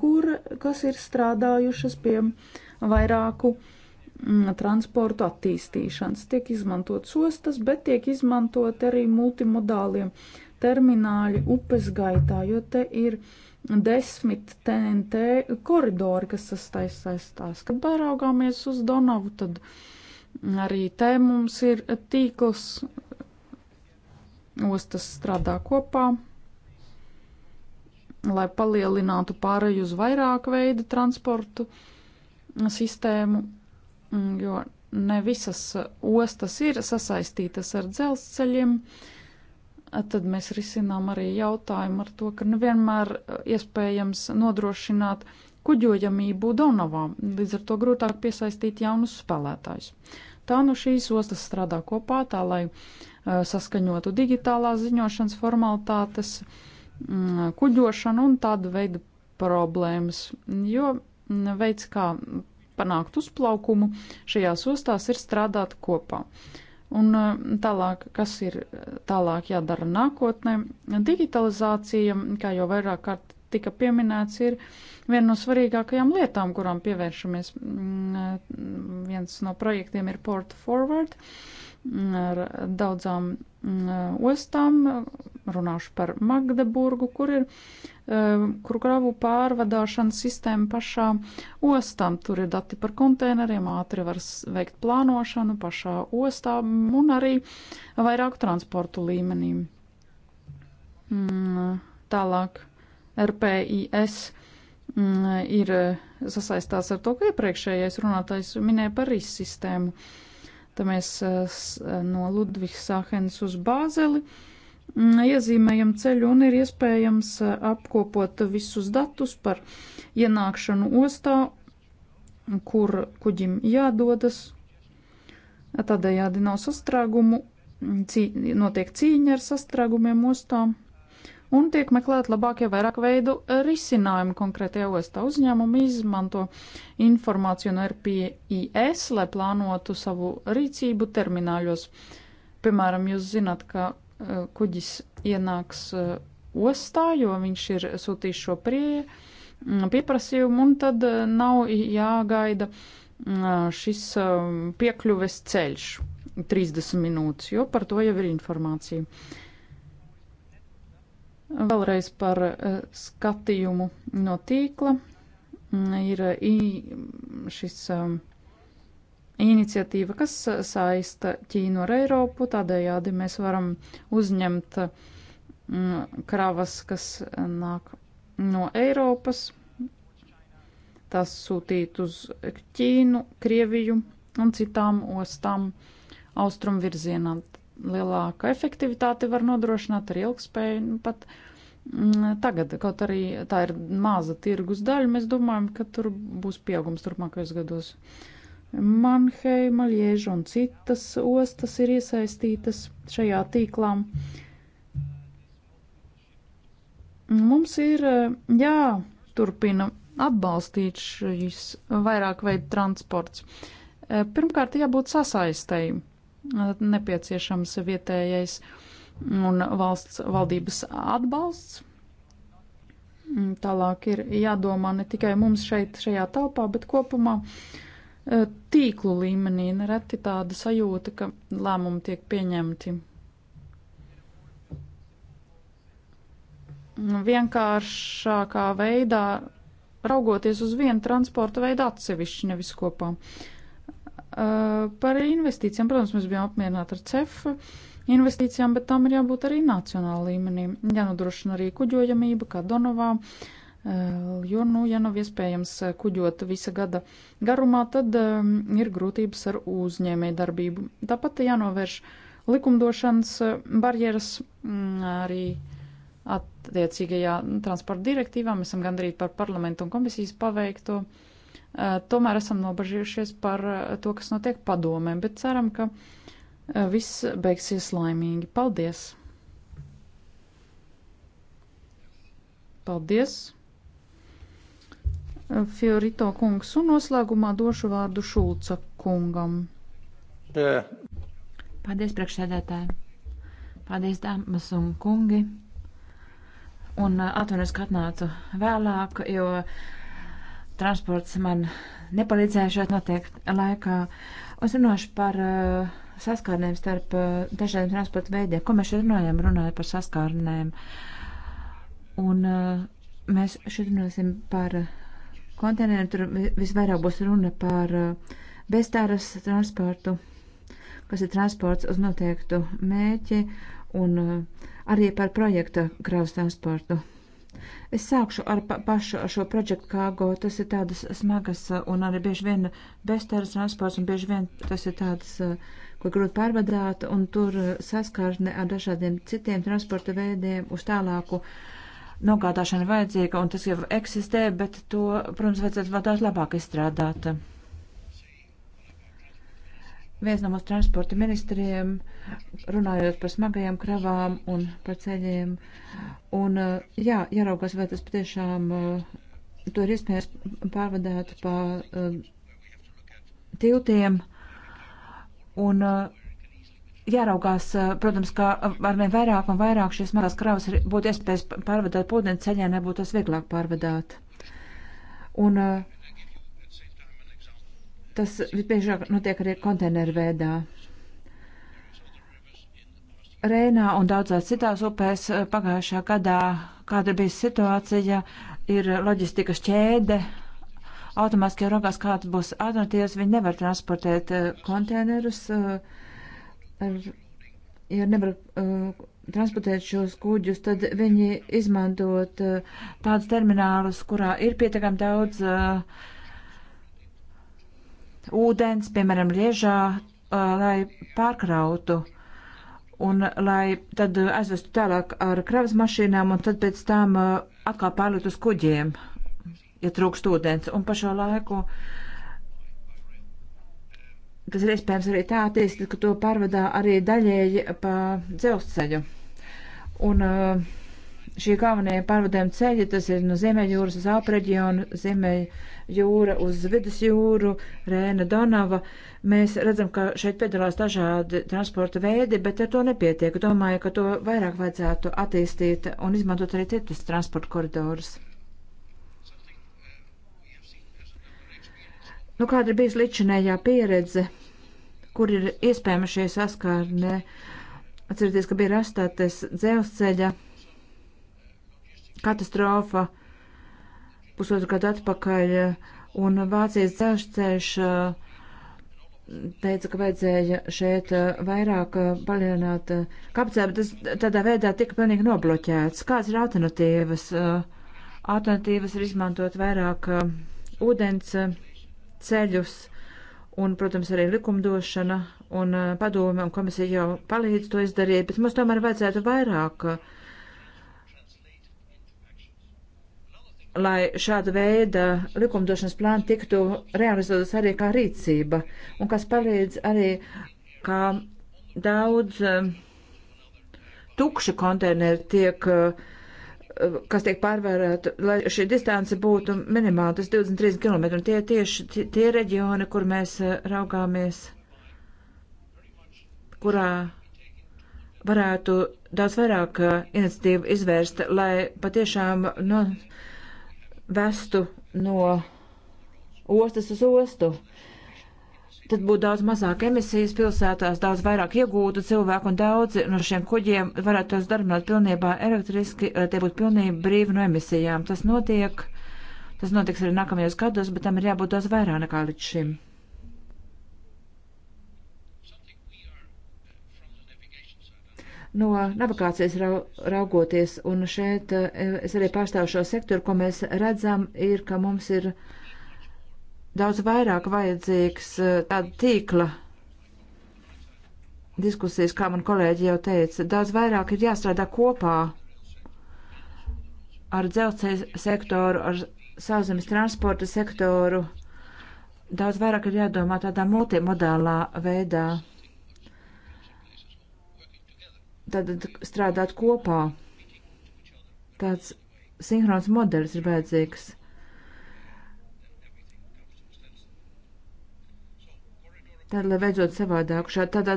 kur, kas ir strādājušas pie vairāku transportu attīstīšanas. Tiek izmantotas ostas, bet tiek izmantoti arī multimodālie termināļi upes gaitā, jo te ir desmit TNT koridori, kas sastaistās. Kad pāraugāmies uz Donavu, tad arī te mums ir tīkls, ostas strādā kopā, lai palielinātu pārēju uz vairāk veidu transportu sistēmu, jo ne visas ostas ir sasaistītas ar dzelzceļiem. Uh, tad mēs risinām arī jautājumu ar to, ka nevienmēr e, iespējams nodrošināt kuģojamību Donavā, līdz ar to grūtāk piesaistīt jaunus spēlētājus. Tā nu šīs ostas strādā kopā, tā lai uh, saskaņotu digitālās ziņošanas formalitātes, mm, kuģošanu un tādu veidu problēmas, jo veids, kā panākt uzplaukumu šajās ostās, ir strādāt kopā. Uh, Un eh, tālāk, kas ir eh, tālāk jādara nākotnē? Digitalizācija, kā jau vairāk kārt tika pieminēts, ir viena no svarīgākajām lietām, kurām pievēršamies. Mm, eh, viens no projektiem ir Port Forward mm, ar daudzām mm, ostām. Runāšu par Magdeburgu, kur ir Um, kuru kravu pārvadāšanas sistēma pašā ostām. Tur ir dati par konteineriem, ātri var veikt plānošanu pašā ostā un arī vairāku transportu līmenī. Mm, tālāk RPIS mm, ir sasaistās ar to, ka iepriekšējais runātais minēja par RIS sistēmu. Tad mēs uh, no Ludvigsāhenes uz Bāzeli uh, iezīmējam ceļu un ir iespējams eh, apkopot visus datus par ienākšanu ostā, kur kuģim jādodas. Tādējādi nav sastrēgumu, cī, notiek cīņa ar sastrēgumiem ostām un tiek meklēt labākie vairāk veidu risinājumi konkrētajā ostā. Uzņēmumi izmanto informāciju no RPIS, lai plānotu savu rīcību termināļos. Piemēram, jūs zināt, ka Eh, kuģis ienāks eh, ostā, jo viņš ir sūtījis šo prie, mm, pieprasījumu, un tad eh, nav jāgaida mm, šis piekļuves ceļš 30 minūtes, jo par to jau ir informācija. Vēlreiz par skatījumu no tīkla mm, ir šis iniciatīva, kas eh, saista Ķīnu ar Eiropu. Tādējādi mēs varam uzņemt mm, kravas, kas eh, nāk no Eiropas, tās sūtīt uz Ķīnu, Krieviju un citām ostām austrumu virzienā. Lielāka efektivitāte var nodrošināt arī ilgspēju. Nu, pat mm, tagad, kaut arī tā ir maza tirgus daļa, mēs domājam, ka tur būs pieaugums turpmākajos gados. Uh, Manheima, Lieža un citas ostas ir iesaistītas šajā tīklā. Mums ir jāturpina atbalstīt šīs vairāk veidu transports. Pirmkārt, jābūt sasaistēji. Nepieciešams vietējais un valsts valdības atbalsts. Tālāk ir jādomā ne tikai mums šeit, šajā telpā, bet kopumā uh, Eh, tīklu līmenī. Nereti tāda sajūta, ka lēmumi tiek pieņemti nu, vienkāršākā veidā, raugoties uz vienu transporta veidu atsevišķi, nevis kopā. Eh, par investīcijām, protams, mēs bijām apmierināti ar CEF investīcijām, bet tam ir jābūt arī nacionāla līmenī. Jānodrošina arī kuģojamība, kā Donovā. Uh, Eh, jo, nu, ja nav iespējams eh, kuģot visa gada garumā, tad eh, ir grūtības ar uzņēmēju darbību. Tāpat jānovērš likumdošanas barjeras mm, arī attiecīgajā transporta direktīvā. Mēs esam gandrīz par parlamentu un komisijas paveikto. Tomēr esam nobažījušies par to, kas notiek padomē, bet ceram, ka viss beigsies laimīgi. Paldies! Paldies! Fiorito kungs, un noslēgumā došu vārdu Šulca kungam. Jā. Paldies, priekšsēdētāji. Paldies, dāmas un kungi. Un uh, atvainojos, ka atnācu vēlāk, jo transports man nepalīdzēja šeit noteikti laikā. Es runāšu par uh, saskārnēm starp uh, dažādiem transporta veidiem. Ko mēs šeit runājam? Runājam par saskārnēm. Un uh, mēs šeit runāsim par. Uh, kontinentu, tur visvairāk būs runa par uh, bezstāras transportu, kas ir transports uz noteiktu mēķi un uh, arī par projekta kravas transportu. Es sākšu ar pa pašu ar šo projektu kāgo. Tas ir tādas smagas uh, un arī bieži vien beztēras transports un bieži vien tas ir tādas, ko grūti pārvadāt un tur saskārne ar dažādiem citiem transporta veidiem uz tālāku uh, nogādāšana vajadzīga, un tas jau eksistē, bet to, protams, vajadzētu vēl daudz labāk izstrādāt. Viens no mūsu transporta ministriem, runājot par smagajām kravām un par ceļiem, un jā, jāraugās, vai tas patiešām to ir iespējams pārvadāt pa tiltiem, un uh, jāraugās, eh, protams, ka arvien vairāk un vairāk šīs mazās kravas ir, būtu iespējas pārvadāt pūdeni ceļā, nebūtu tas vieglāk pārvadāt. Un eh, tas visbiežāk notiek arī konteineru veidā. Reinā un daudzās citās upēs eh, pagājušā gadā, kāda bija situācija, ir loģistikas ķēde, automātiski jau rokās kāds būs alternatīvas, viņi nevar transportēt konteinerus. Uh, ja nevar uh, transportēt šos kuģus, tad viņi izmantot uh, tādus terminālus, kurā ir pietiekami daudz uh, ūdens, piemēram, riežā, uh, lai pārkrautu un lai tad aizvestu tālāk ar kravas mašīnām un tad pēc tam uh, atkal pārliet uz kuģiem, ja trūkst ūdens. Un pa šo laiku uh, Tas ir iespējams arī tā attīstīt, ka to pārvedā arī daļēji pa dzelzceļu. Un uh, šie galvenie pārvadājumi ceļi, tas ir no Ziemeļjūras uz Alpreģionu, Ziemeļjūra uz Vidusjūru, Rēna Donava. Mēs redzam, ka šeit piedalās dažādi transporta veidi, bet ar to nepietiek. Domāju, ka to vairāk vajadzētu attīstīt un izmantot arī citus transporta koridorus. Nu, kāda ir bijusi ličinējā pieredze, kur ir iespējama šie saskārnē? Atcerieties, ka bija rastāties dzelzceļa katastrofa pusotru gadu atpakaļ, un Vācijas dzelzceļš uh, teica, ka vajadzēja šeit uh, vairāk uh, palielināt kapacēbu. Tas tādā veidā tika pilnīgi nobloķēts. Kāds ir alternatīvas? Alternatīvas ir izmantot vairāk ūdens. Uh, ceļus, un, protams, arī likumdošana, un eh, padome un komisija jau palīdz to izdarīt, bet mums tomēr vajadzētu vairāk, eh, lai šāda veida likumdošanas plāni tiktu realizotas arī kā rīcība, un kas palīdz arī kā daudz eh, tukši konteineri tiek uh, kas tiek pārvērēta, lai šī distance būtu minimāla, tas 23 km. Un tie ir tieši tie, tie reģioni, kur mēs eh, raugāmies, kurā varētu daudz vairāk eh, iniciatīvu izvērst, lai patiešām no, vestu no ostas uz ostu. Uh, tad būtu daudz mazāk emisijas pilsētās, daudz vairāk iegūtu cilvēku un daudzi no šiem kuģiem varētu tos darbināt pilnībā elektriski, lai eh, tie būtu pilnīgi brīvi no emisijām. Tas notiek, tas notiks arī nākamajos gados, bet tam ir jābūt daudz vairāk nekā līdz šim. no navigācijas raugoties, un šeit eh, es arī pārstāvu šo sektoru, ko mēs redzam, ir, ka mums ir uh, daudz vairāk vajadzīgs eh, tāda tīkla diskusijas, kā man kolēģi jau teica. Daudz vairāk ir jāstrādā kopā ar dzelzceļa sektoru, ar sauszemes transporta sektoru. Daudz vairāk ir jādomā tādā multimodālā veidā. Tad strādāt kopā. Tāds sinhrons modelis ir vajadzīgs. Tad, lai beidzot savādāk, šā, tādā,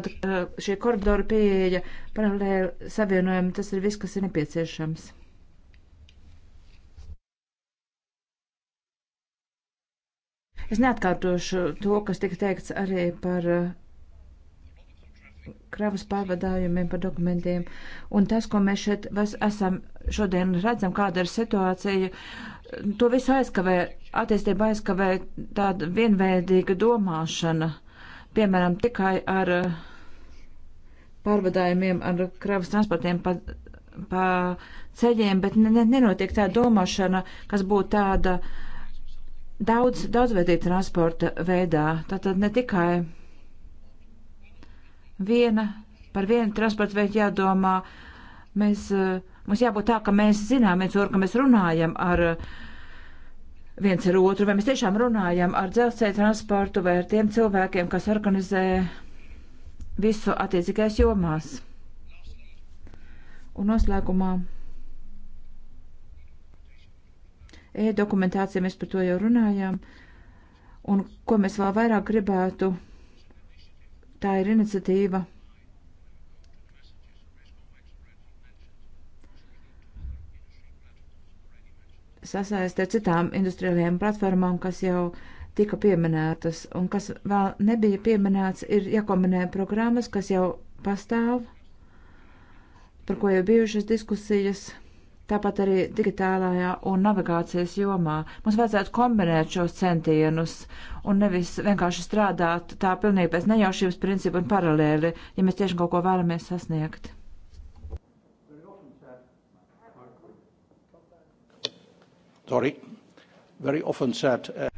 šie koridori pieeja paralēli savienojumi, tas ir viss, kas ir nepieciešams. Es neatkārtošu to, kas tika teikts arī par uh, kravas pārvadājumiem, par dokumentiem. Un tas, ko mēs šeit esam šodien redzam, kāda ir situācija, to visu aizkavē, attīstība aizkavē tāda vienveidīga domāšana piemēram, tikai ar eh, pārvadājumiem, ar kravas transportiem pa, pa ceļiem, bet nenotiek tā domāšana, kas būtu tāda daudz, daudzveidīga transporta veidā. Tātad ne tikai viena, par vienu transporta veidu jādomā, mēs, eh, mums jābūt tā, ka mēs zinām viens otru, ka mēs runājam ar uh, viens ar otru, vai mēs tiešām runājam ar dzelzceļa transportu vai ar tiem cilvēkiem, kas organizē visu attiecīgais jomās. Un noslēgumā e-dokumentācija, mēs par to jau runājām, un ko mēs vēl vairāk gribētu, tā ir iniciatīva sasaist ar citām industriālajām platformām, kas jau tika pieminētas, un kas vēl nebija pieminēts, ir jākombinē programmas, kas jau pastāv, par ko jau bijušas diskusijas, tāpat arī digitālajā un navigācijas jomā. Mums vajadzētu kombinēt šos centienus un nevis vienkārši strādāt tā pilnīgi pēc nejaušības principa un paralēli, ja mēs tiešām kaut ko vēlamies sasniegt. Tori very often said. Uh,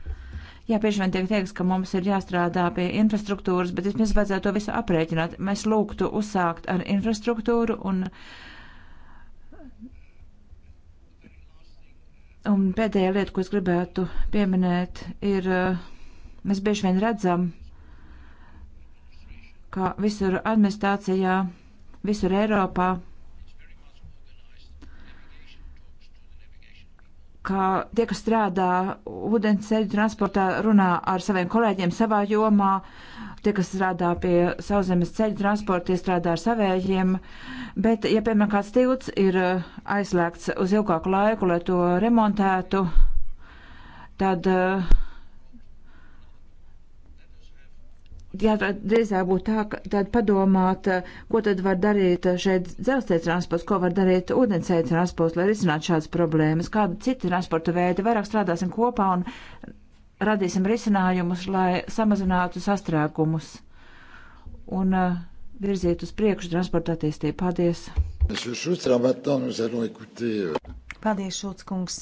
Jā, bieži vien tiek teiks, ka mums ir jāstrādā pie infrastruktūras, bet vispirms vajadzētu to visu aprēķināt. Mēs lūgtu uzsākt ar infrastruktūru un, un pēdējā lieta, ko es gribētu pieminēt, ir, uh, mēs bieži vien redzam, ka visur administrācijā, visur Eiropā ka tie, kas strādā ūdensceļu transportā, runā ar saviem kolēģiem savā jomā, tie, kas strādā pie sauszemes ceļu transporta, tie strādā ar savējiem. Bet, ja, piemēram, kāds tilts ir aizslēgts uz ilgāku laiku, lai to remontētu, tad uh, Jā, drīzāk būtu tā, ka tad padomāt, eh, ko tad var darīt eh, šeit dzelzceļa transports, ko var darīt ūdensceļa transports, lai risinātu šādas problēmas, kāda cita transporta veida, vairāk strādāsim kopā un radīsim risinājumus, lai samazinātu sastrēgumus un uh, virzītu uz priekšu transporta attīstību. Paldies! Euh, Paldies, Šulc kungs!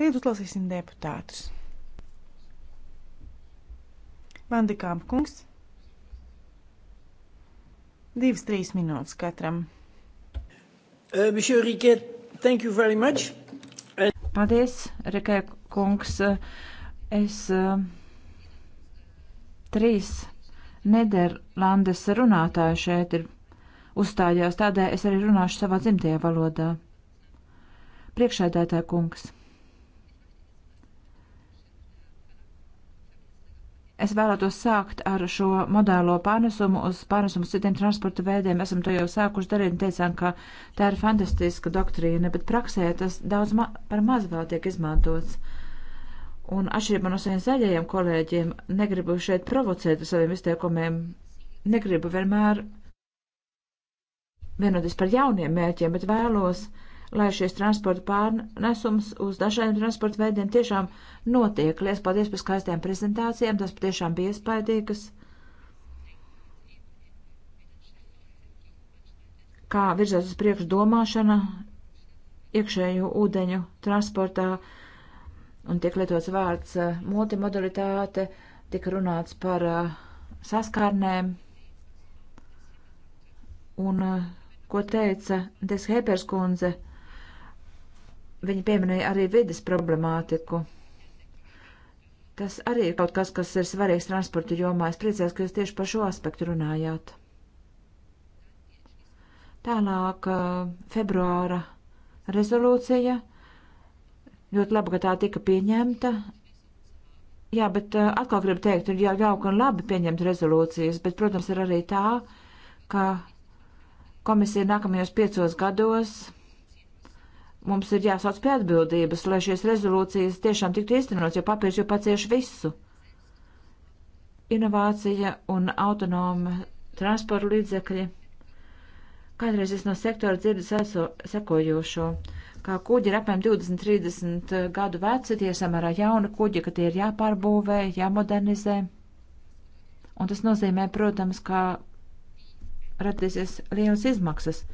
Tagad uzklausīsim deputātus. Vandekāpa kungs. Divas, trīs minūtes katram. Uh, Riket, thank you very much. And... Paldies, Rikē kungs. Es uh, trīs Nederlandes runātāji šeit ir uzstājās, tādēļ es arī runāšu savā dzimtajā valodā. Priekšēdētāja kungs. Es vēlētos sākt ar šo modālo pārnesumu uz pārnesumu citiem transporta veidiem. Esam to jau sākuši darīt un teicām, ka tā ir fantastiska doktrīna, bet praksē tas daudz ma par maz vēl tiek izmantots. Un atšķirībā no saviem zaļajiem kolēģiem, negribu šeit provocēt ar saviem izteikumiem, negribu vienmēr vienoties par jauniem mērķiem, bet vēlos uh, lai šis transporta pārnesums uz dažādiem transporta veidiem tiešām notiek. Lies paldies par skaistiem prezentācijām, tas patiešām bija iespaidīgas. Kā virzās uz priekšu domāšana iekšēju ūdeņu transportā un tiek lietots vārds eh, multimodalitāte, tika runāts par eh, saskārnēm un eh, ko teica Deshepers kundze Viņa pieminēja arī vidas problemātiku. Tas arī ir kaut kas, kas ir svarīgs transporta jomā. Es priecājos, ka jūs tieši par šo aspektu runājāt. Tālāk februāra rezolūcija. Ļoti labi, ka tā tika pieņemta. Jā, bet atkal gribu teikt, ir jau jauki un labi pieņemt rezolūcijas, bet, protams, ir arī tā, ka komisija nākamajos piecos gados Mums ir jāsauc pie atbildības, lai šīs rezolūcijas tiešām tiktu īstenots, jo papīrs jau pacieš visu. Inovācija un autonoma transporta līdzekļi. Kādreiz es no sektora dzirdu sekojošo, kā kuģi ir apmēram 20-30 gadu veci, tie samērā jauni kuģi, ka tie ir jāpārbūvē, jāmodernizē. Un tas nozīmē, protams, ka radīsies lielas izmaksas.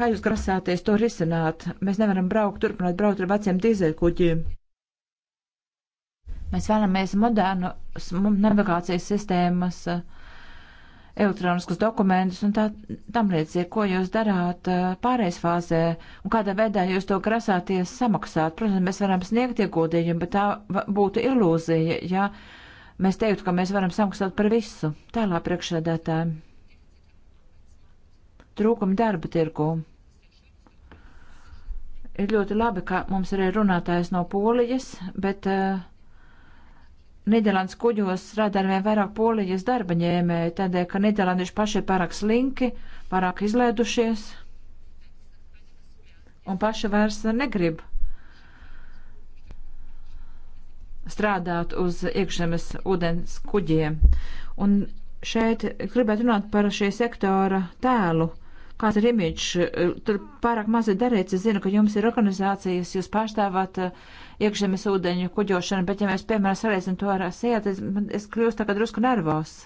Kā jūs grasāties to risināt? Mēs nevaram braukt, turpināt braukt ar veciem dīzeļkuģiem. Mēs vēlamies modernas navigācijas sistēmas, eh, elektroniskus dokumentus un tā tam līdzīgi, ko jūs darāt eh, pārējais fāzē un kādā veidā jūs to grasāties samaksāt. Protams, mēs varam sniegt ieguldījumu, bet tā būtu ilūzija, ja mēs teiktu, ka mēs varam samaksāt par visu. Tālāk priekšsēdētājiem trūkumi darba tirgu. Ir ļoti labi, ka mums ir runātājs no Polijas, bet uh, Nīderlandes kuģos strādā arvien vairāk polijas darba ņēmēji, tādēļ, ka nīderlandieši paši ir pārāk slinki, pārāk izlēdušies un paši vairs negrib strādāt uz iekšzemes ūdens kuģiem. Un šeit gribētu runāt par šī sektora tēlu kāds ir imidžs. Eh, tur pārāk maz ir darīts. Es zinu, ka jums ir organizācijas, jūs pārstāvāt eh, iekšzemes ūdeņu kuģošanu, bet ja mēs, piemēram, salīdzinām to ar sēt, es, es kļūstu tagad drusku nervos.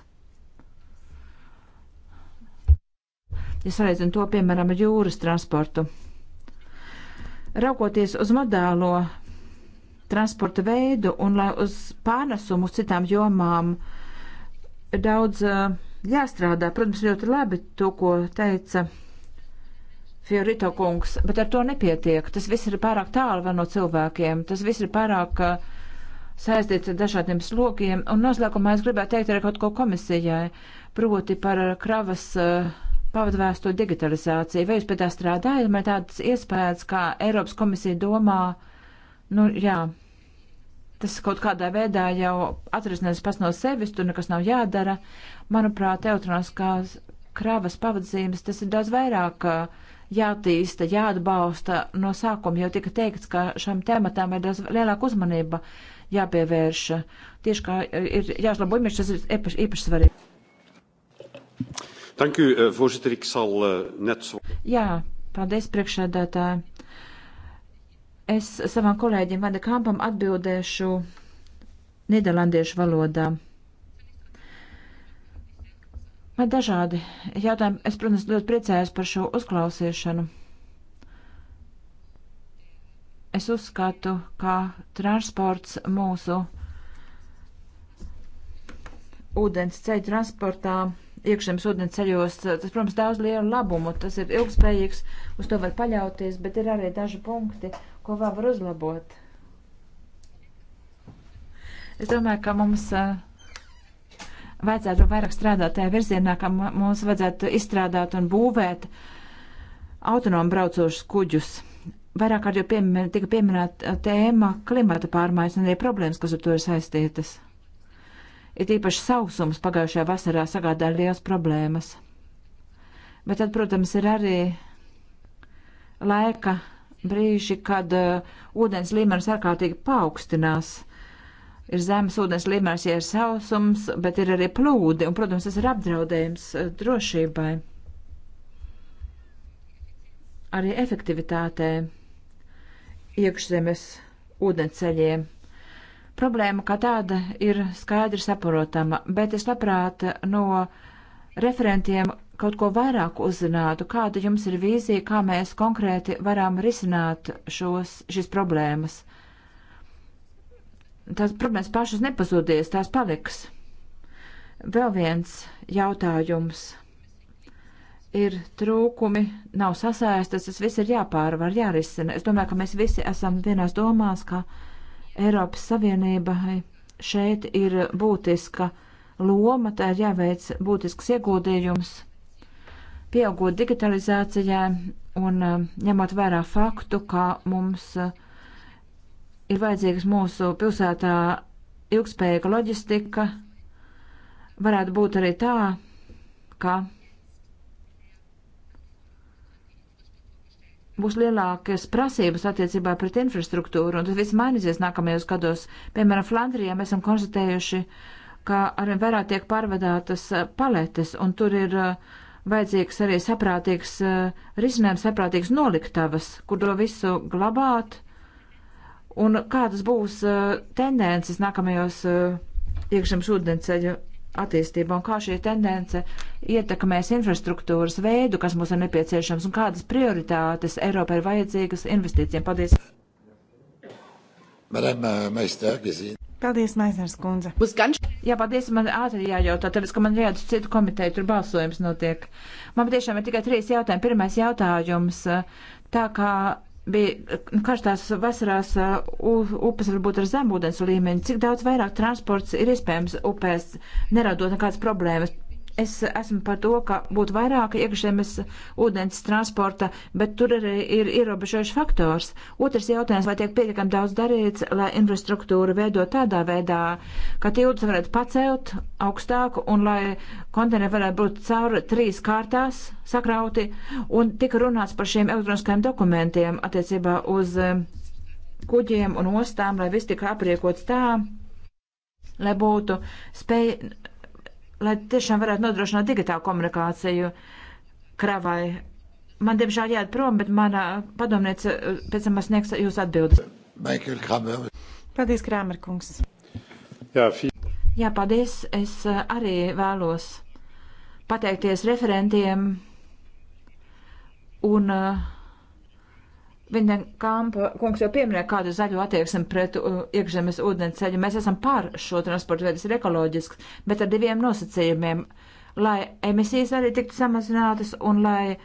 Ja salīdzinām to, piemēram, ar jūras transportu. Raugoties uz modālo transporta veidu un lai uz pārnesumu uz citām jomām daudz uh, jāstrādā. Protams, ļoti labi to, ko teica Fiorito kungs, bet ar to nepietiek. Tas viss ir pārāk tālu no cilvēkiem, tas viss ir pārāk uh, saistīts ar dažādiem slogiem. Un noslēgumā es gribētu teikt arī kaut ko komisijai, proti par kravas uh, pavadvēsto digitalizāciju. Vai jūs pie tā strādājat? Man ir tāds iespējas, kā Eiropas komisija domā, nu jā, tas kaut kādā veidā jau atrisinās pats no sevis, tur nekas nav jādara. Manuprāt, elektroniskās kravas pavadzības tas ir daudz vairāk uh, jātīsta, jāatbalsta. No sākuma jau tika teikts, ka šam tematam ir daudz lielāka uzmanība jāpievērš. Tieši kā uh, ir jāuzlabo imidžs, tas ir īpaši, īpaši svarīgi. Dank u, uh, voorzitter. Ik zal uh, net zo. Ja, paldies, priekšsēdētāji. Es savam kolēģim Vanda Kampam atbildēšu nīderlandiešu valodā. Man dažādi jautājumi. Es, protams, ļoti priecājos par šo uzklausīšanu. Es uzskatu, ka transports mūsu ūdens ceļu transportā, iekšzemes ūdens ceļos, tas, protams, daudz lielu labumu. Tas ir ilgspējīgs, uz to var paļauties, bet ir arī daži punkti, ko vēl var uzlabot. Es domāju, ka mums vajadzētu vairāk strādāt tajā virzienā, ka mums vajadzētu izstrādāt un būvēt autonomu braucošus kuģus. Vairāk kārt jau piemin, tika pieminēta tēma klimata pārmaiņas un arī problēmas, kas ar to ir saistītas. Ir īpaši sausums pagājušajā vasarā sagādāja liels problēmas. Bet tad, protams, ir arī laika brīži, kad uh, ūdens līmenis ārkārtīgi paaugstinās. Ir zemes ūdens līmenis, ja ir sausums, bet ir arī plūdi, un, protams, tas ir apdraudējums uh, drošībai. Arī efektivitātē iekšzemes ūdenceļiem. Problēma kā tāda ir skaidri saprotama, bet es labprāt no referentiem kaut ko vairāk uzzinātu, kāda jums ir vīzija, kā mēs konkrēti varam risināt šos, šīs problēmas. Tās problēmas pašas nepazudīs, tās paliks. Vēl viens jautājums. Ir trūkumi, nav sasaistas, tas viss ir jāpārvar, jārisina. Es domāju, ka mēs visi esam vienās domās, ka Eiropas Savienībai šeit ir būtiska loma, tā ir jāveic būtisks ieguldījums pieaugot digitalizācijai un uh, ņemot vērā faktu, ka mums uh, ir vajadzīgas mūsu pilsētā ilgspējīga loģistika, varētu būt arī tā, ka būs lielākas prasības attiecībā pret infrastruktūru, un tas viss mainīsies nākamajos gados. Piemēram, Flandrijā mēs esam konstatējuši, ka arvien vairāk tiek pārvadātas paletes, un tur ir uh, vajadzīgs arī saprātīgs eh, risinājums, saprātīgs noliktavas, kur to visu glabāt, un kādas būs eh, tendences nākamajos eh, iekšzemes ūdenceļu attīstībā, un kā šī tendence ietekmēs infrastruktūras veidu, kas mums ir nepieciešams, un kādas prioritātes Eiropai ir vajadzīgas investīcijiem. Paldies! Madame uh, Meister, gesehen. Paldies, Maisners kundze. Jā, paldies, man ātri jājautā, tāpēc, ka man jādodas citu komiteju, tur balsojums notiek. Man patiešām ir tikai trīs jautājumi. Pirmais jautājums, tā kā bija nu, karstās vasarās uh, upes varbūt ar zemūdens līmeni, cik daudz vairāk transports ir iespējams upēs, neradot nekādas problēmas. Es esmu par to, ka būtu vairāk iekšzemes ūdens transporta, bet tur arī ir ierobežojuši faktors. Otrs jautājums, vai tiek pietiekami daudz darīts, lai infrastruktūra veido tādā veidā, ka tilts varētu pacelt augstāk un lai konteineri varētu būt cauri trīs kārtās sakrauti. Un tika runāts par šiem elektroniskajiem dokumentiem attiecībā uz eh, kuģiem un ostām, lai viss tika apriekots tā, lai būtu spēj lai tiešām varētu nodrošināt digitālu komunikāciju kravai. Man, diemžēl, jāiet prom, bet mana padomniece eh, pēc tam sniegs jūs atbildes. Paldies, Krāmer kungs. Jā, fī... Jā, paldies. Es eh, arī vēlos pateikties referentiem un uh, Viņa kampa kungs jau pieminēja kādu zaļo attieksmi pret uh, iekšzemes ūdenceļu. Mēs esam par šo transportu veidu, tas ir ekoloģisks, bet ar diviem nosacījumiem, lai emisijas arī tiktu samazinātas un lai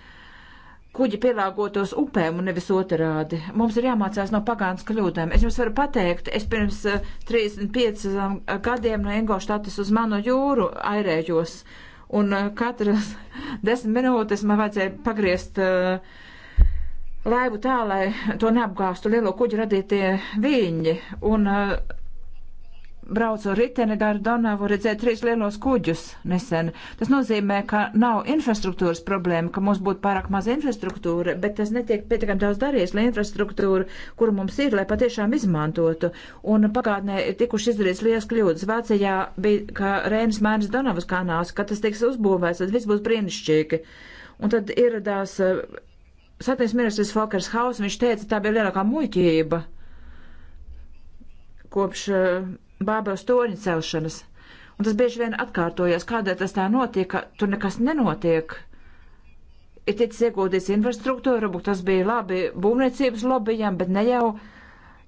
kuģi pielāgotos upēm un nevis otrādi. Mums ir jāmācās no pagātnes kļūdām. Es jums varu pateikt, es pirms uh, 35 um, gadiem no Ingolštatas uz manu jūru airējos, un uh, katras [LAUGHS] desmit minūtes man vajadzēja pagriezt uh, laivu tā, lai to neapgāstu lielo kuģi radītie viļņi. Un uh, eh, braucu riteni garu Donavu, redzēju trīs lielos kuģus nesen. Tas nozīmē, ka nav infrastruktūras problēma, ka mums būtu pārāk maz infrastruktūra, bet tas netiek pietiekami daudz darīts, lai infrastruktūra, kuru mums ir, lai patiešām izmantotu. Un pagātnē ir tikuši izdarīts liels kļūdas. Vācijā bija, ka Rēnis mērs Donavas kanāls, kad tas tiks uzbūvēts, tad viss būs brīnišķīgi. Un tad ieradās eh, Satins ministrs Fokers Haus, viņš teica, tā bija lielākā muļķība kopš uh, eh, Bābeles toņa celšanas. Un tas bieži vien atkārtojas, kādēļ tas tā notiek, ka tur nekas nenotiek. Ir ticis iegūties infrastruktūra, varbūt tas bija labi būvniecības lobbyjam, bet ne jau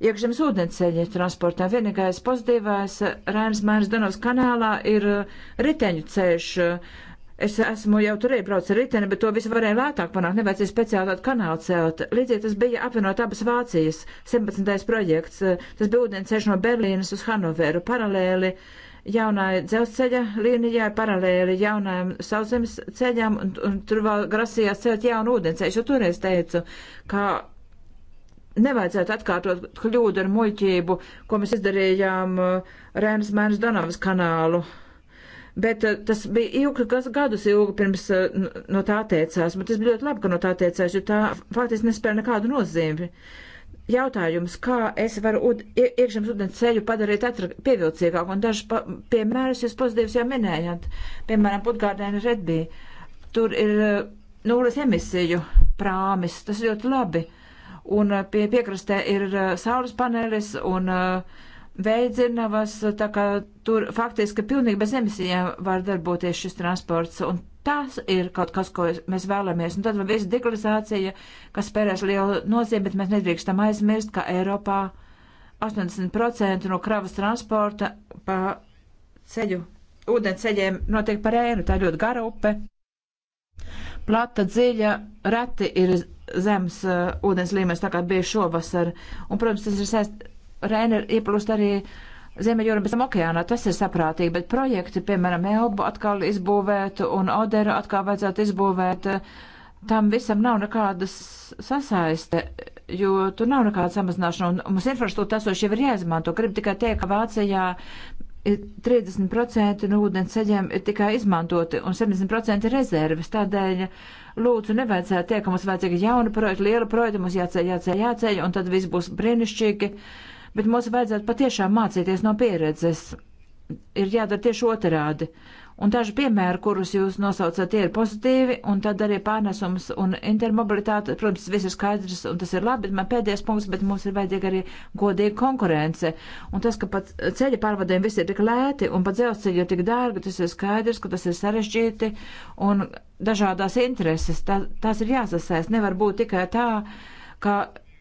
iekšzemes ūdenceļa transportā. Vienīgais pozitīvais eh, Rainas Mēnes Donavas kanālā ir eh, riteņu ceļš. Uh, Es esmu jau tur iebraucis ar riteni, bet to visu varēja lētāk panākt. Nevajadzēja speciāli tādu kanālu celt. Līdzīgi tas bija apvienot abas Vācijas 17. projekts. Eh, tas bija ūdensceļš no Berlīnas uz Hanoveru paralēli. Jaunai dzelzceļa līnijai paralēli jaunajam sauszemes ceļam, un, un tur vēl grasījās celt jaunu ūdensceļu. Jo toreiz teicu, ka nevajadzētu atkārtot kļūdu ar muļķību, ko mēs izdarījām eh, Rēnas Mēnes Donavas kanālu Bet eh, tas bija ilgi, kas gadus ilgi pirms eh, no tā teicās, bet tas bija ļoti labi, ka no tā teicās, jo tā faktiski nespēja nekādu nozīmi. Jautājums, kā es varu ud, iekšzemes ūdens ceļu padarīt pievilcīgāku, un dažus piemērus jūs pozitīvus jau minējāt, piemēram, Putgārdēna Redbī. Tur ir eh, nulles emisiju prāmis, tas ļoti labi, un pie piekrastē ir saules panelis, un uh, veidzinavas, tā kā tur faktiski pilnīgi bez emisijām var darboties šis transports. Un tas ir kaut kas, ko mēs vēlamies. Un tad vēl visa digitalizācija, kas spērēs lielu nozīmi, bet mēs nedrīkstam aizmirst, ka Eiropā 80% no kravas transporta pa ceļu, ūdenceļiem notiek par ēnu. Tā ir ļoti gara upe. Plata, dziļa, reti ir zemes uh, ūdens līmenis, tā kā bija šovasar. Un, protams, tas ir saistīts Rēna ieplūst arī Ziemeļjūra bez okeāna, tas ir saprātīgi, bet projekti, piemēram, Elbu atkal izbūvēt un Oderu atkal vajadzētu izbūvēt, tam visam nav nekādas sasaiste, jo tur nav nekāda samazināšana, un mums infrastruktūra esoši jau ir jāizmanto. Gribu tikai teikt, ka Vācijā 30% no ūdens ceļiem ir tikai izmantoti un 70% ir rezerves. Tādēļ lūdzu nevajadzētu teikt, ka mums vajadzīgi jauni projekti, liela projekti, mums jāceļ, jāceļ, jāceļ, un tad viss būs brīnišķīgi. Uh, bet mums vajadzētu patiešām mācīties no pieredzes. Ir jādara tieši otrādi. Un daži piemēri, kurus jūs nosaucat, tie ir pozitīvi, un tad arī pārnesums un intermobilitāte. Protams, viss ir skaidrs, un tas ir labi, bet man pēdējais punkts, bet mums ir vajadzīga arī godīga konkurence. Un tas, ka pat ceļa pārvadēm viss ir tik lēti, un pat dzelzceļi ir tik dārgi, tas ir skaidrs, ka tas ir sarežģīti, un dažādās intereses, tā, tās ir jāsasaist. Nevar būt tikai tā, ka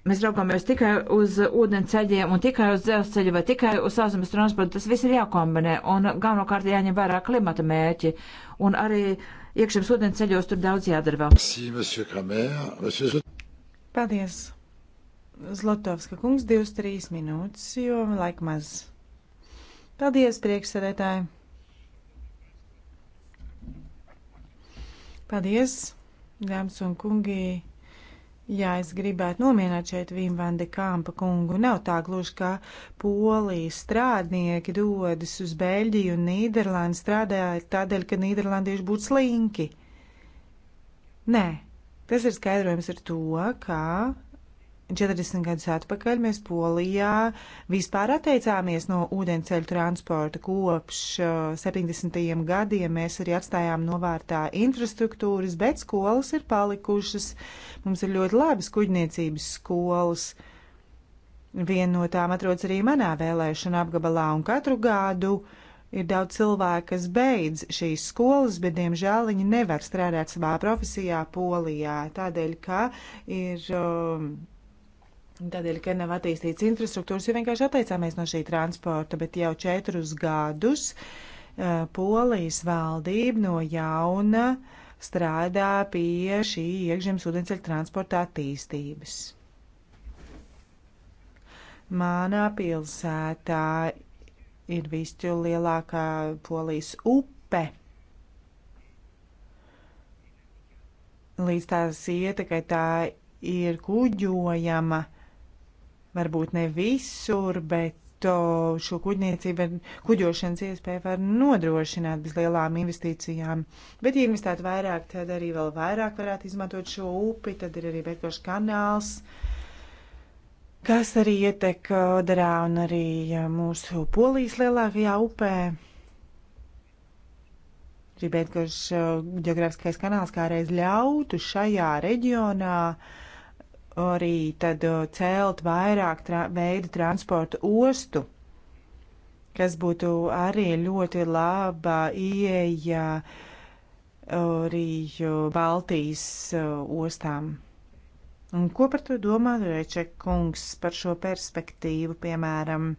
mēs raugāmies tikai uz ūdenceļiem un tikai uz dzelzceļu vai tikai uz sauszemes transportu, tas viss ir jākombinē un galvenokārt jāņem vērā klimata mērķi un arī iekšējos ūdenceļos tur daudz jādara vēl. Paldies! Zlotovska kungs 23 minūtes, jo laika maz. Paldies, priekšsēdētāji! Paldies, dāmas un kungi! Jā, es gribētu nomierināt šeit Vim van de Kampa kungu. Nav tā gluži, ka polijas strādnieki dodas uz Beļģiju un Nīderlandi strādājot tādēļ, ka nīderlandieši būtu slinki. Nē, tas ir skaidrojums ar to, ka 40 gadus atpakaļ mēs Polijā vispār atteicāmies no ūdenceļu transporta. Kopš 70. gadiem mēs arī atstājām novārtā infrastruktūras, bet skolas ir palikušas. Mums ir ļoti labas kuģniecības skolas. Viena no tām atrodas arī manā vēlēšana apgabalā, un katru gadu ir daudz cilvēku, kas beidz šīs skolas, bet, diemžēl, viņi nevar strādāt savā profesijā Polijā, tādēļ, ka ir. Um, Tādēļ, ka nav attīstīts infrastruktūras, jo vienkārši atteicāmies no šī transporta, bet jau četrus gadus uh, Polijas valdība no jauna strādā pie šī iekšzemes ūdensceļa transporta attīstības. Mānā pilsētā ir visu lielākā Polijas upe. Līdz tās ietekai tā ir kuģojama. Uh, varbūt ne visur, bet o, šo kuģniecību, kuģošanas iespēju var nodrošināt bez lielām investīcijām. Bet, ja investētu vairāk, tad arī vēl vairāk varētu izmantot šo upi, tad ir arī bekošs kanāls, kas arī ietek Oderā un arī mūsu polijas lielākajā upē. Rībētkošs geogrāfiskais kanāls kā reiz ļautu šajā reģionā uh, arī tad uh, celt vairāk tra veidu transporta ostu, kas būtu arī ļoti laba ieeja arī uh, Baltijas uh, ostām. Un ko par to domā Reček kungs par šo perspektīvu, piemēram,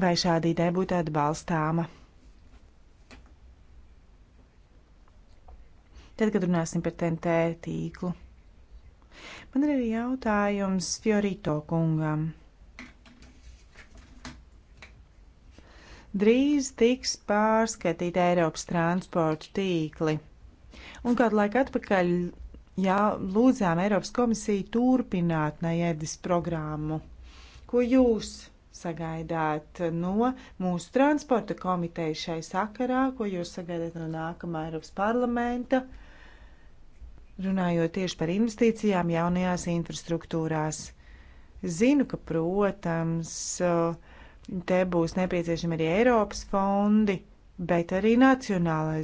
vai šāda ideja būtu atbalstāma? Tad, kad runāsim par TNT tīklu. Man ir arī jautājums Fiorito kungam. Drīz tiks pārskatīti Eiropas transportu tīkli. Un kādu laiku atpakaļ jā, lūdzām Eiropas komisiju turpināt Naēdis programmu. Ko jūs sagaidāt no mūsu transporta komiteja šai sakarā, ko jūs sagaidāt no nākamā Eiropas parlamenta? Uh, runājot tieši par investīcijām jaunajās infrastruktūrās. Zinu, ka, protams, te būs nepieciešami arī Eiropas fondi, bet arī nacionālai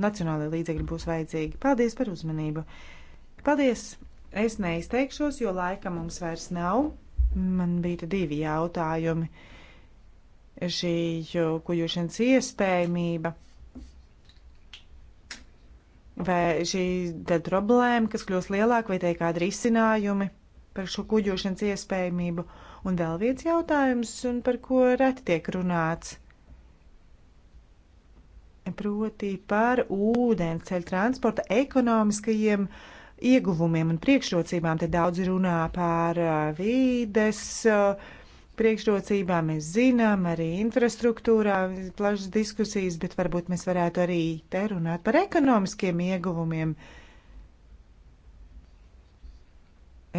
līdzekļi būs vajadzīgi. Paldies par uzmanību! Paldies! Es neizteikšos, jo laika mums vairs nav. Man bija divi jautājumi. Šī kuģošanas iespējamība Vai šī tad problēma, kas kļūst lielāka, vai te ir kādi risinājumi par šo kuģošanas iespējamību? Un vēl viens jautājums, un par ko reti tiek runāts. Proti par ūdensceļu transporta ekonomiskajiem ieguvumiem un priekšrocībām. Te daudz runā par vīdes. Uh, uh priekšrocībām. Mēs zinām, arī infrastruktūrā plašas diskusijas, bet varbūt mēs varētu arī te runāt par ekonomiskiem ieguvumiem.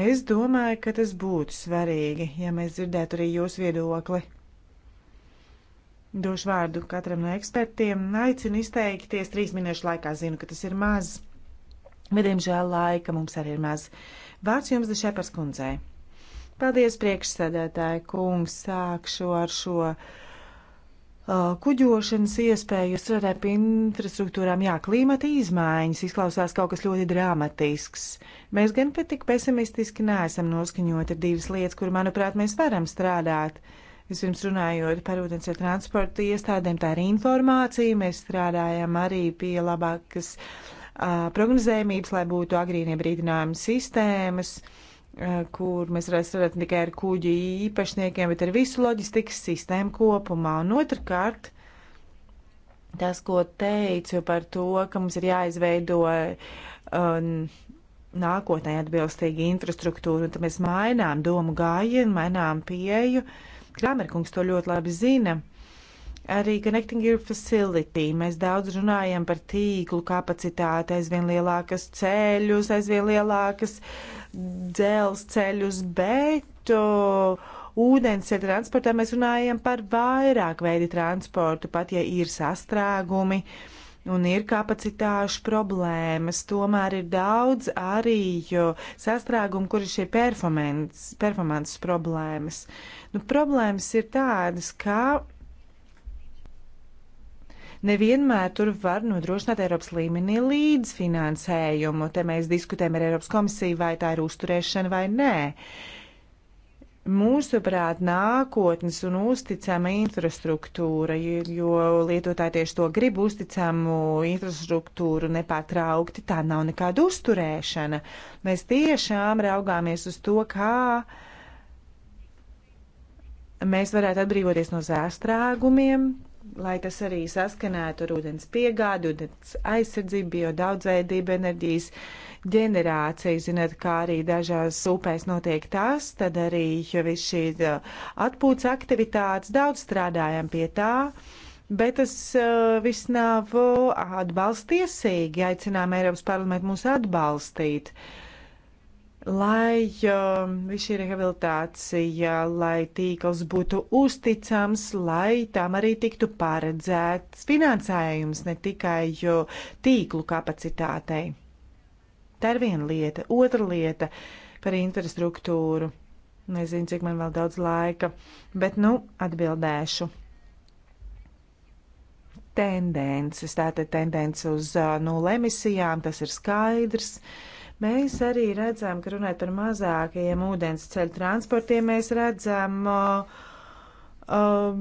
Es domāju, ka tas būtu svarīgi, ja mēs dzirdētu arī jūsu viedokli. Došu vārdu katram no ekspertiem. Aicinu izteikties trīs minūšu laikā. Zinu, ka tas ir maz, bet, diemžēl, laika mums arī ir maz. Vārds jums dešai par skundzei. Paldies, priekšsēdētāji kungs, sākšu ar šo uh, kuģošanas iespēju starp infrastruktūrām. Jā, klimata izmaiņas izklausās kaut kas ļoti dramatisks. Mēs gan pat tik pesimistiski neesam noskaņoti ar divas lietas, kur, manuprāt, mēs varam strādāt. Vispirms runājot par ūdens ja transporta iestādēm, tā ir informācija. Mēs strādājam arī pie labākas uh, prognozējumības, lai būtu agrīnie brīdinājumi sistēmas. Uh, Eh, kur mēs varēsim strādāt ne tikai ar kuģu īpašniekiem, bet ar visu loģistikas sistēmu kopumā. Un otrkārt, tas, ko teicu par to, ka mums ir jāizveido um, nākotnē atbilstīga infrastruktūra, un tad mēs mainām domu gājienu, mainām pieeju. Kramerkungs to ļoti labi zina. Arī Connecting Europe Facility mēs daudz runājam par tīklu kapacitāti, aizvien lielākas ceļus, aizvien lielākas uh, dzelzceļus, bet uh, ūdensceļa transportā mēs runājam par vairāk veidu transportu, pat ja ir sastrēgumi. Un ir kapacitāšu problēmas, tomēr ir daudz arī sastrēgumu, kur ir šie performances problēmas. Nu, problēmas ir tādas, ka nevienmēr tur var nodrošināt Eiropas līmenī līdzfinansējumu. Te mēs diskutējam ar Eiropas komisiju, vai tā ir uzturēšana vai nē. Mūsuprāt, nākotnes un uzticama infrastruktūra, jo lietotāji tieši to grib uzticamu infrastruktūru nepārtraukti, tā nav nekāda uzturēšana. Mēs tiešām raugāmies uz to, kā mēs varētu atbrīvoties no zēstrēgumiem, lai tas arī saskanētu ar ūdens piegādi, ūdens aizsardzību, biodaudzveidību, enerģijas ģenerāciju. Zināt, kā arī dažās upēs notiek tas, tad arī viss šī uh, atpūtas aktivitātes daudz strādājam pie tā. Bet tas uh, viss nav uh, atbalstiesīgi. Aicinām Eiropas parlamentu mūs atbalstīt. Uh, lai um, viss šī rehabilitācija, lai tīkls būtu uzticams, lai tam arī tiktu paredzēts finansējums ne tikai tīklu kapacitātei. Tā ir viena lieta. Otra lieta par infrastruktūru. Nezinu, cik man vēl daudz laika, bet nu atbildēšu. Tendences, tātad tendence uz uh, nulle emisijām, tas ir skaidrs. Uh, Mēs arī redzam, ka runājot par mazākajiem ūdens ceļu transportiem, mēs redzam uh, uh,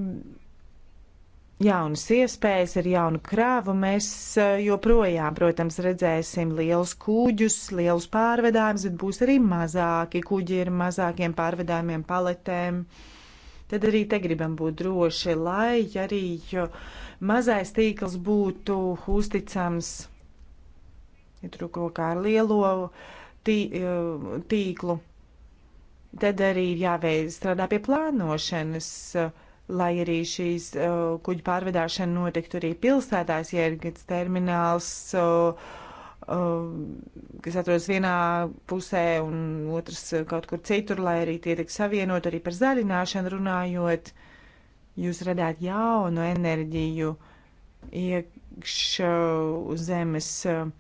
jaunas iespējas ar jaunu krāvu. Mēs uh, joprojām, protams, redzēsim lielus kuģus, lielus pārvedājumus, bet būs arī mazāki kuģi ar mazākiem pārvedājumiem, paletēm. Tad arī te gribam būt droši, lai arī mazais tīkls būtu uzticams ja tur kaut kā ar lielo tī, e, tīklu. Tad arī ir jāveic strādā pie plānošanas, e, lai arī šīs e, kuģu pārvedāšana notiktu arī pilsētās, ja ir kāds termināls, kas atrodas vienā pusē un otrs kaut kur citur, lai arī tie tiek savienot arī par zaļināšanu runājot. Jūs radāt jaunu enerģiju iekš uz zemes. Uh,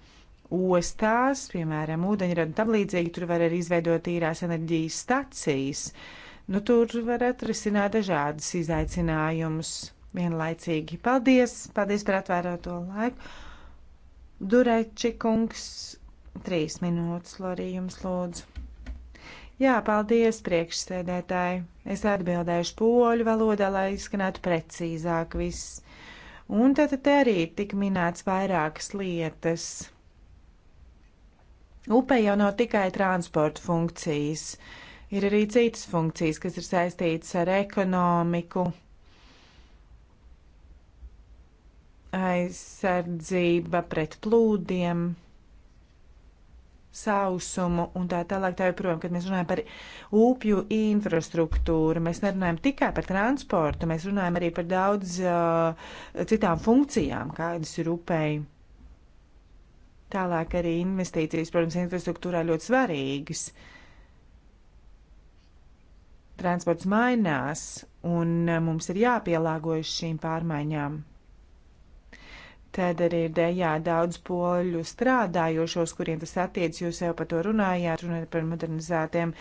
ostās, piemēram, ūdeņrada tam līdzīgi, tur var arī izveidot īrās enerģijas stacijas. Nu, tur var atrisināt dažādas izaicinājumus vienlaicīgi. Paldies! Paldies par atvērto laiku! Dureči kungs, trīs minūtes, Lorī, jums lūdzu. Jā, paldies, priekšsēdētāji. Es atbildēšu poļu valodā, lai izskanētu precīzāk viss. Un tad te arī tik minēts vairākas lietas. Upē jau nav tikai transporta funkcijas, ir arī citas funkcijas, kas ir saistītas ar ekonomiku, aizsardzība pret plūdiem, sausumu un tā tālāk. Tā joprojām, kad mēs runājam par upju infrastruktūru, mēs nerunājam tikai par transportu, mēs runājam arī par daudz uh, citām funkcijām, kādas ir upēji. Tālāk arī investīcijas, protams, infrastruktūrā ļoti svarīgas. Transports mainās, un e, mums ir jāpielāgojas šīm pārmaiņām. Tad arī ir dējā daudz poļu strādājošos, kuriem tas attiec, jūs jau par to runājāt, runājot par modernizētiem e,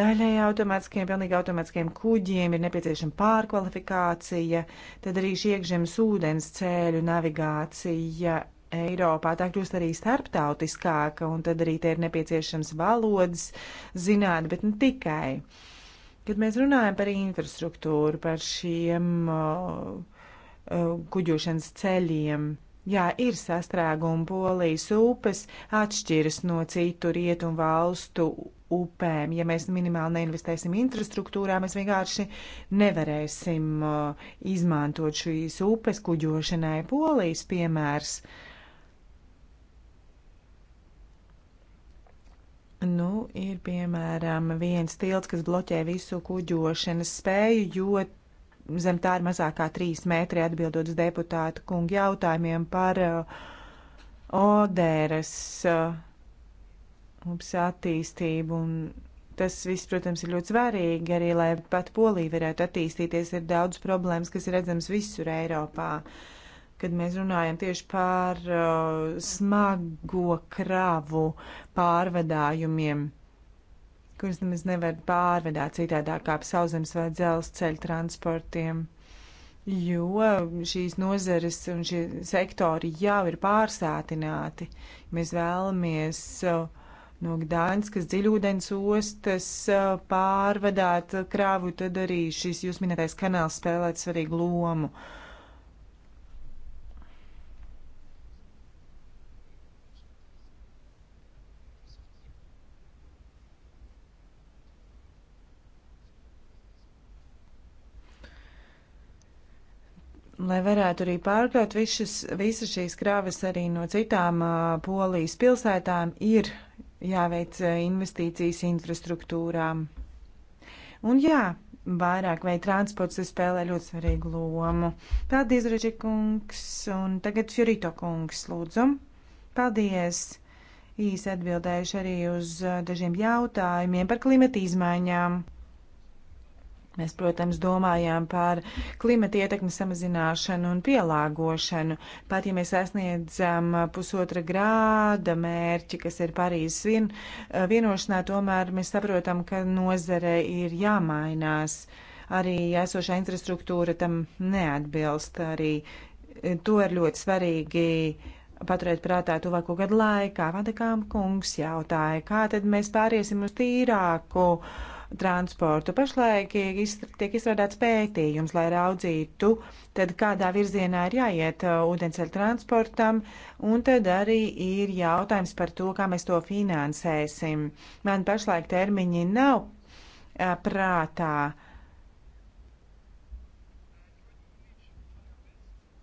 daļai automātiskiem, pilnīgi automātiskiem kuģiem, ir nepieciešama pārkvalifikācija, tad arī šī iekšzemes ūdens ceļu navigācija Eiropā tā kļūst arī starptautiskāka, un tad arī te ir nepieciešams valodas zināt, bet ne tikai. Kad mēs runājam par infrastruktūru, par šiem uh, uh, kuģošanas ceļiem, jā, ir sastrēgumi polijas upes atšķiras no citu rietumu valstu upēm. Ja mēs minimāli neinvestēsim infrastruktūrā, mēs vienkārši nevarēsim uh, izmantot šīs upes kuģošanai. Polijas piemērs. Uh, Nu, ir piemēram viens tilts, kas bloķē visu kuģošanas spēju, jo zem tā ir mazākā trīs metri atbildot uz deputātu kungu jautājumiem par uh, Oderas uh, upes attīstību. Un tas viss, protams, ir ļoti svarīgi arī, lai pat Polija varētu attīstīties. Ir daudz problēmas, kas ir redzams visur Eiropā. Uh, kad mēs runājam tieši par uh, smago kravu pārvadājumiem, kurus nemaz nevar pārvedāt citādāk kā pa sauszemes vai dzelzceļa transportiem. Jo šīs nozeres un šie sektori jau ir pārsātināti. Mēs vēlamies uh, no Gdaņas dziļūdens ostas uh, pārvadāt krāvu, tad arī šis jūs minētais kanāls spēlēt svarīgu lomu. Uh, lai varētu arī pārkraut visas, visas šīs krāvas arī no citām uh, polijas pilsētām, ir jāveic investīcijas infrastruktūrām. Un jā, vairāk vai transports spēlē ļoti svarīgu lomu. Paldies, Reģi kungs, un tagad Fjurito kungs, lūdzu. Paldies! Īsi atbildējuši arī uz dažiem jautājumiem par klimata izmaiņām. Mēs, protams, domājām par klimata ietekmi samazināšanu un pielāgošanu. Pat ja mēs sasniedzam pusotra grāda mērķi, kas ir Parīzes vien, vienošanā, tomēr mēs saprotam, ka nozare ir jāmainās. Arī esošā infrastruktūra tam neatbilst. Arī e, to ir ļoti svarīgi paturēt prātā tuvāko gadu laikā. Vadakām kungs jautāja, kā tad mēs pāriesim uz tīrāku. Uh, transportu. Pašlaik tiek izstrādāts pētījums, lai raudzītu, tad kādā virzienā ir jāiet uh, ūdensceļa transportam, un tad arī ir jautājums par to, kā mēs to finansēsim. Man pašlaik termiņi nav uh, prātā.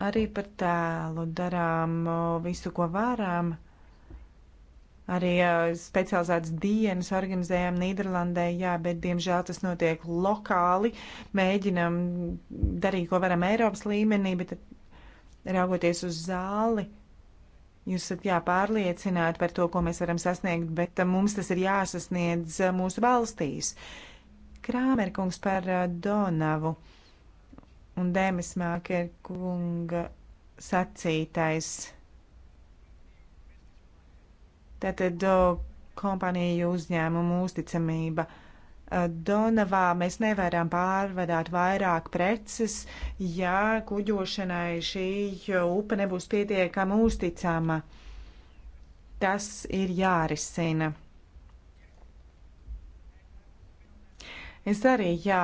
Arī par tēlu darām uh, visu, ko varam. Arī uh, specializētas dienas organizējām Nīderlandē, jā, bet diemžēl tas notiek lokāli. Mēģinam darīt, ko varam Eiropas līmenī, bet raugoties uz zāli, jūs esat jā, pārliecināti par to, ko mēs varam sasniegt, bet uh, mums tas ir jāsasniedz uh, mūsu valstīs. Krāmerkungs par uh, Donavu un Dēmis Māker kunga sacītais Tātad kompāniju uzņēmumu uzticamība. Donavā mēs nevaram pārvadāt vairāk preces, ja kuģošanai šī upe nebūs pietiekama uzticama. Tas ir jārisina. Es arī, jā,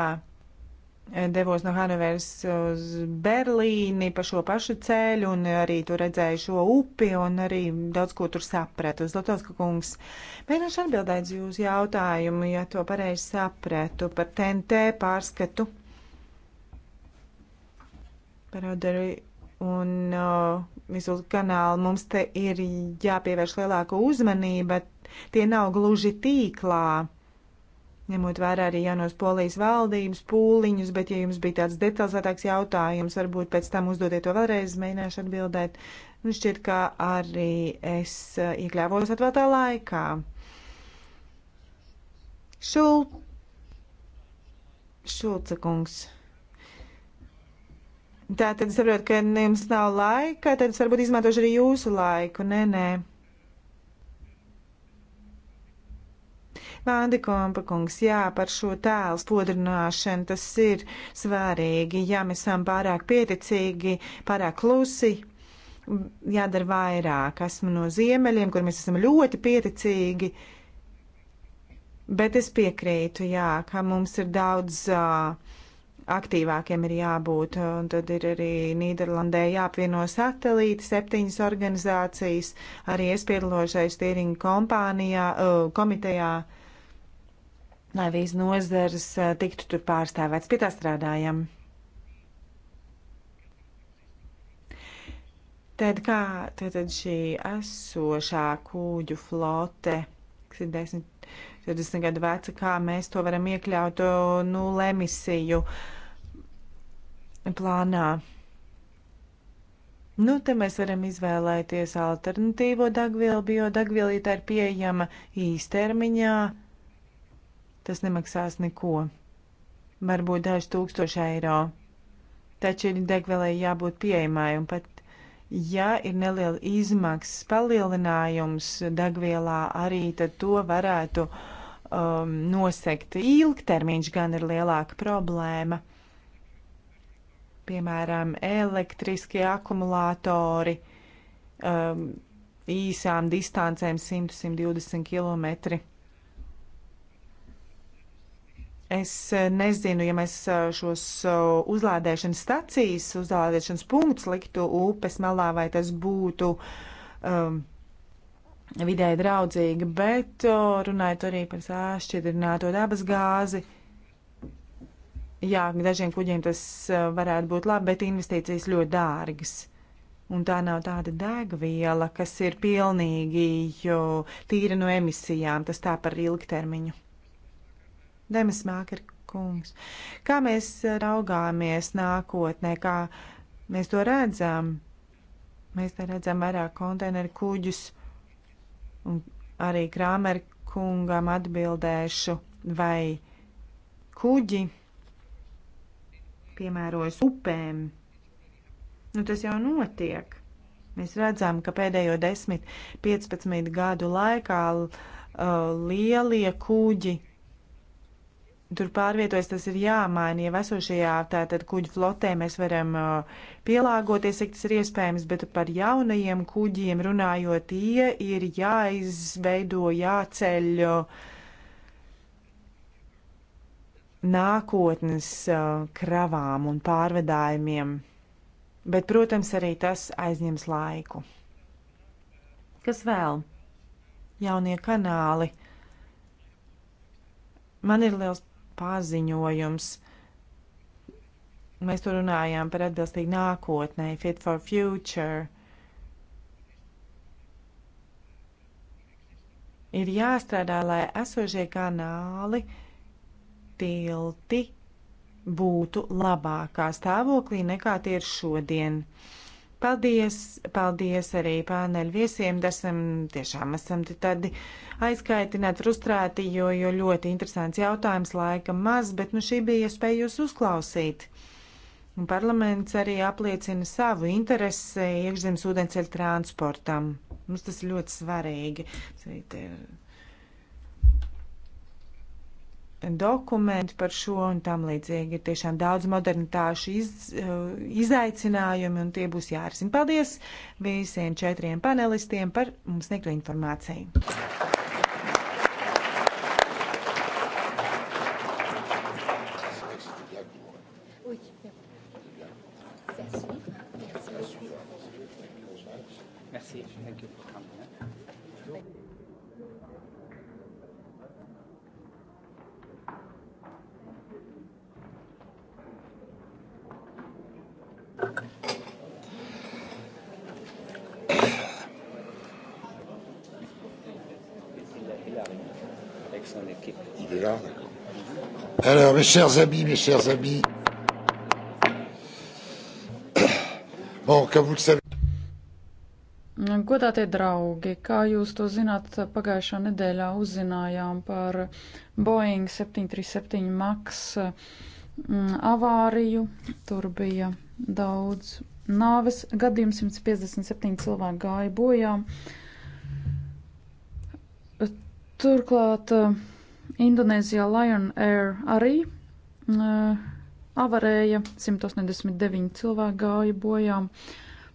devos no Hanoveras uz Berlīni pa šo pašu ceļu un arī tur redzēju šo upi un arī daudz ko tur sapratu. Zlatovska kungs, mēģināšu atbildēt uz jūsu jautājumu, ja to pareizi sapratu par TNT pārskatu. Par Oderu un uh, visu kanālu mums te ir jāpievērš lielāka uzmanība. Tie nav gluži tīklā ņemot vērā arī jaunos polijas valdības pūliņus, bet, ja jums bija tāds detalizētāks jautājums, varbūt pēc tam uzdodiet to vēlreiz, mēģināšu atbildēt. Nu, šķiet, ka arī es eh, iekļāvos atvēltā laikā. Šul... Šulca kungs. Tā tad saprotu, ka jums nav laika, tad es varbūt izmantošu arī jūsu laiku. Nē, nē. Vandekompa kungs, jā, par šo tēlu spodrināšanu tas ir svārīgi. Jā, mēs esam pārāk pieticīgi, pārāk klusi. Jādara vairāk. Esmu no ziemeļiem, kur mēs esam ļoti pieticīgi. Bet es piekrītu, jā, ka mums ir daudz. Uh, aktīvākiem ir jābūt. Un tad ir arī Nīderlandē jāapvieno satelīti, septiņas organizācijas, arī es piedalos šai stīringa kompānijā, komitejā. Uh, lai vīz nozares eh, tiktu tur pārstāvēts. Pie tā strādājam. Tad kā tad šī esošā kūģu flote, kas ir 10, 20 gadu veca, kā mēs to varam iekļaut nulle emisiju plānā? Nu, te mēs varam izvēlēties alternatīvo dagvielu, biodagvielu, ja tā ir pieejama īstermiņā. Tas nemaksās neko. Varbūt daži tūkstoši eiro. Taču ir degvielai jābūt pieejamai, un pat ja ir neliela izmaksas palielinājums degvielā arī, tad to varētu um, nosekt. Ilgtermiņš gan ir lielāka problēma piemēram, elektriskie akumulātori um, īsām distancēm 100-120 km. Es eh, nezinu, ja mēs eh, šos eh, uzlādēšanas stacijas, uzlādēšanas punktus liktu upes malā, vai tas būtu um, vidē draudzīgi, bet runājot arī par sāšķidrināto dabas gāzi. Jā, dažiem kuģiem tas varētu būt labi, bet investīcijas ļoti dārgas. Un tā nav tāda degviela, kas ir pilnīgi tīra no emisijām, tas tā par ilgtermiņu. Demesmāker kungs. Kā mēs raugāmies nākotnē, kā mēs to redzam? Mēs te redzam vairāk konteineru kuģus un arī Krāmer kungam atbildēšu, vai kuģi piemērojas upēm. Nu, tas jau notiek. Mēs redzam, ka pēdējo 10, 15 gadu laikā uh, lielie kuģi tur pārvietojas, tas ir jāmaina. Jau esošajā tātad kuģu flotē mēs varam uh, pielāgoties, cik tas ir iespējams, bet par jaunajiem kuģiem runājot, tie ir jāizveido, jāceļ uh, nākotnes uh, kravām un pārvedājumiem. Bet, protams, arī tas aizņems laiku. Kas vēl? Jaunie kanāli. Man ir liels paziņojums. Mēs tur runājām par atbilstīgu nākotnē, fit for future. Ir jāstrādā, lai esošie kanāli, tilti būtu labākā stāvoklī nekā tie ir šodien. Uh, Paldies, paldies arī pāneļu viesiem, esam um, tiešām esam tādi aizkaitināti, frustrēti, jo, jo ļoti interesants jautājums laika maz, bet nu šī bija iespēja jūs uzklausīt. Un parlaments arī apliecina savu interesi iekšzemes ūdenceļu transportam. Mums tas ir ļoti svarīgi. Tas arī ir dokumenti par šo un tam līdzīgi. Ir tiešām daudz modernitāšu iz, eh, izaicinājumi un tie būs jārisina. Paldies visiem četriem panelistiem par mums sniegto informāciju. mes chers amis, mes chers amis. Bon, comme vous le savez. Godātie draugi, kā jūs to zināt, pagājušā nedēļā uzzinājām par Boeing 737 MAX mm, avāriju. Tur bija daudz nāves gadījumu, 157 cilvēki gāja bojā. Turklāt Indonēzijā Lion Air arī uh, avarēja, 189 cilvēki gāja bojām.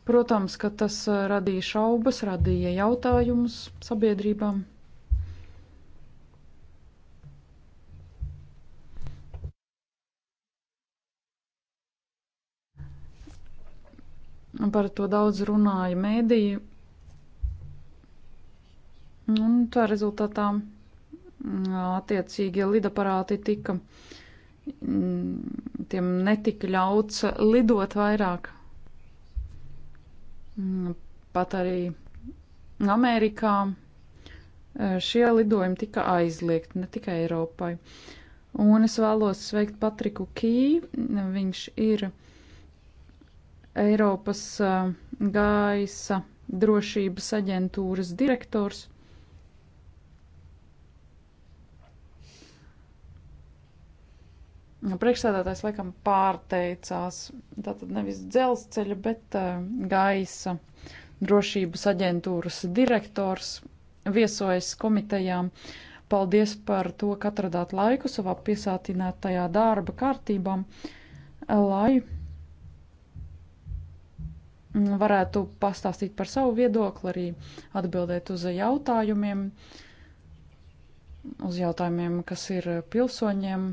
Protams, ka tas uh, radīja šaubas, radīja jautājumus sabiedrībām. Par to daudz runāja mēdīji. Un tā rezultātā attiecīgie lidaparāti tika, mm, tiem netika ļauts lidot vairāk. Mm, pat arī Amerikā e, šie lidojumi tika aizliegti, ne tikai Eiropai. Un es vēlos sveikt Patriku Kī, viņš ir Eiropas e, gaisa drošības aģentūras direktors. Priekšsēdētājs laikam pārteicās, tātad nevis dzelzceļa, bet eh, gaisa drošības aģentūras direktors viesojas komitejām. Paldies par to, ka atradāt laiku savā piesātinātajā darba kārtībā, lai varētu pastāstīt par savu viedokli, arī atbildēt uz jautājumiem. Uh, uz jautājumiem, kas ir pilsoņiem,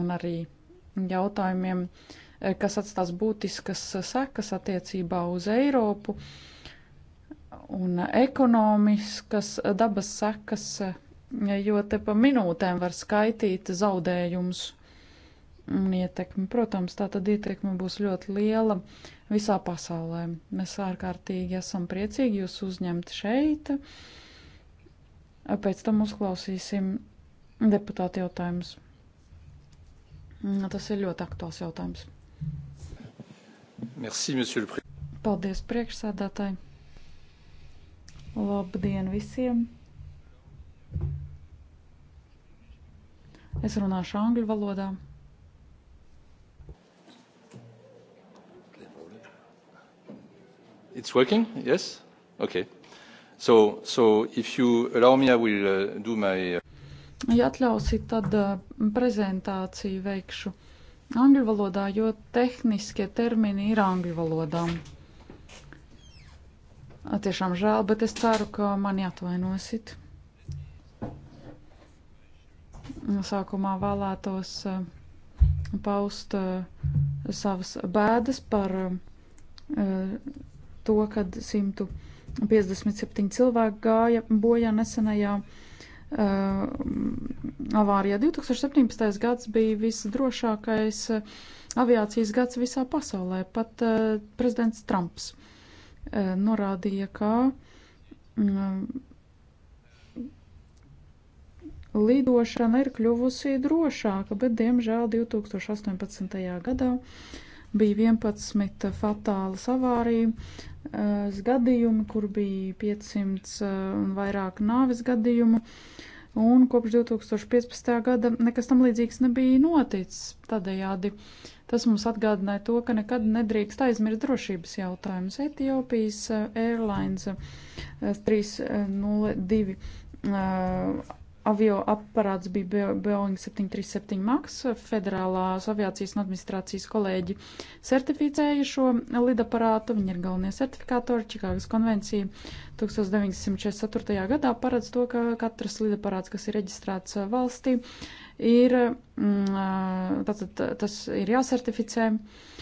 un arī jautājumiem, e, kas atstās būtiskas sekas attiecībā uz Eiropu un ekonomiskas dabas sekas, e, jo te pa minūtēm var skaitīt zaudējumus un ietekmi. Protams, tā tad ietekme būs ļoti liela visā pasaulē. Mēs ārkārtīgi esam priecīgi jūs uzņemt šeit. Uh, Pēc tam uzklausīsim deputāti jautājumus. Nu, tas ir ļoti aktuāls jautājums. Merci, monsieur le président. Paldies priekšsēdētāji. Labdien visiem! Es runāšu angļu valodā. It's working? Yes? Okay. So, so if you allow me, I will uh, do my. Uh, ja atļausit, tad uh, prezentāciju veikšu angļu valodā, jo tehniskie termini ir angļu valodā. Tiešām žēl, bet es ceru, ka mani atvainosit. Sākumā vēlētos paust savas bēdas par to, kad simtu. 100 57 cilvēki gāja bojā nesenajā uh, avārijā. 2017. gads bija visdrošākais uh, aviācijas gads visā pasaulē. Pat uh, prezidents Trumps uh, norādīja, ka uh, lidošana ir kļuvusi drošāka, bet diemžēl 2018. gadā bija 11 fatālas avārija gadījumi, kur bija 500 un vairāk nāves gadījumu, un kopš 2015. gada nekas tam līdzīgs nebija noticis. Tādējādi tas mums atgādināja to, ka nekad nedrīkst aizmirst drošības jautājumus. Etiopijas Airlines 302 avio aparāts bija Boeing 737 MAX. Federālās aviācijas un administrācijas kolēģi certificēja šo lidaparātu. Viņi ir galvenie certifikātori. Čikāgas konvencija 1944. gadā paredz to, ka katrs lidaparāts, kas ir reģistrēts valstī, ir, mm, tātad, tas ir jāsertificē.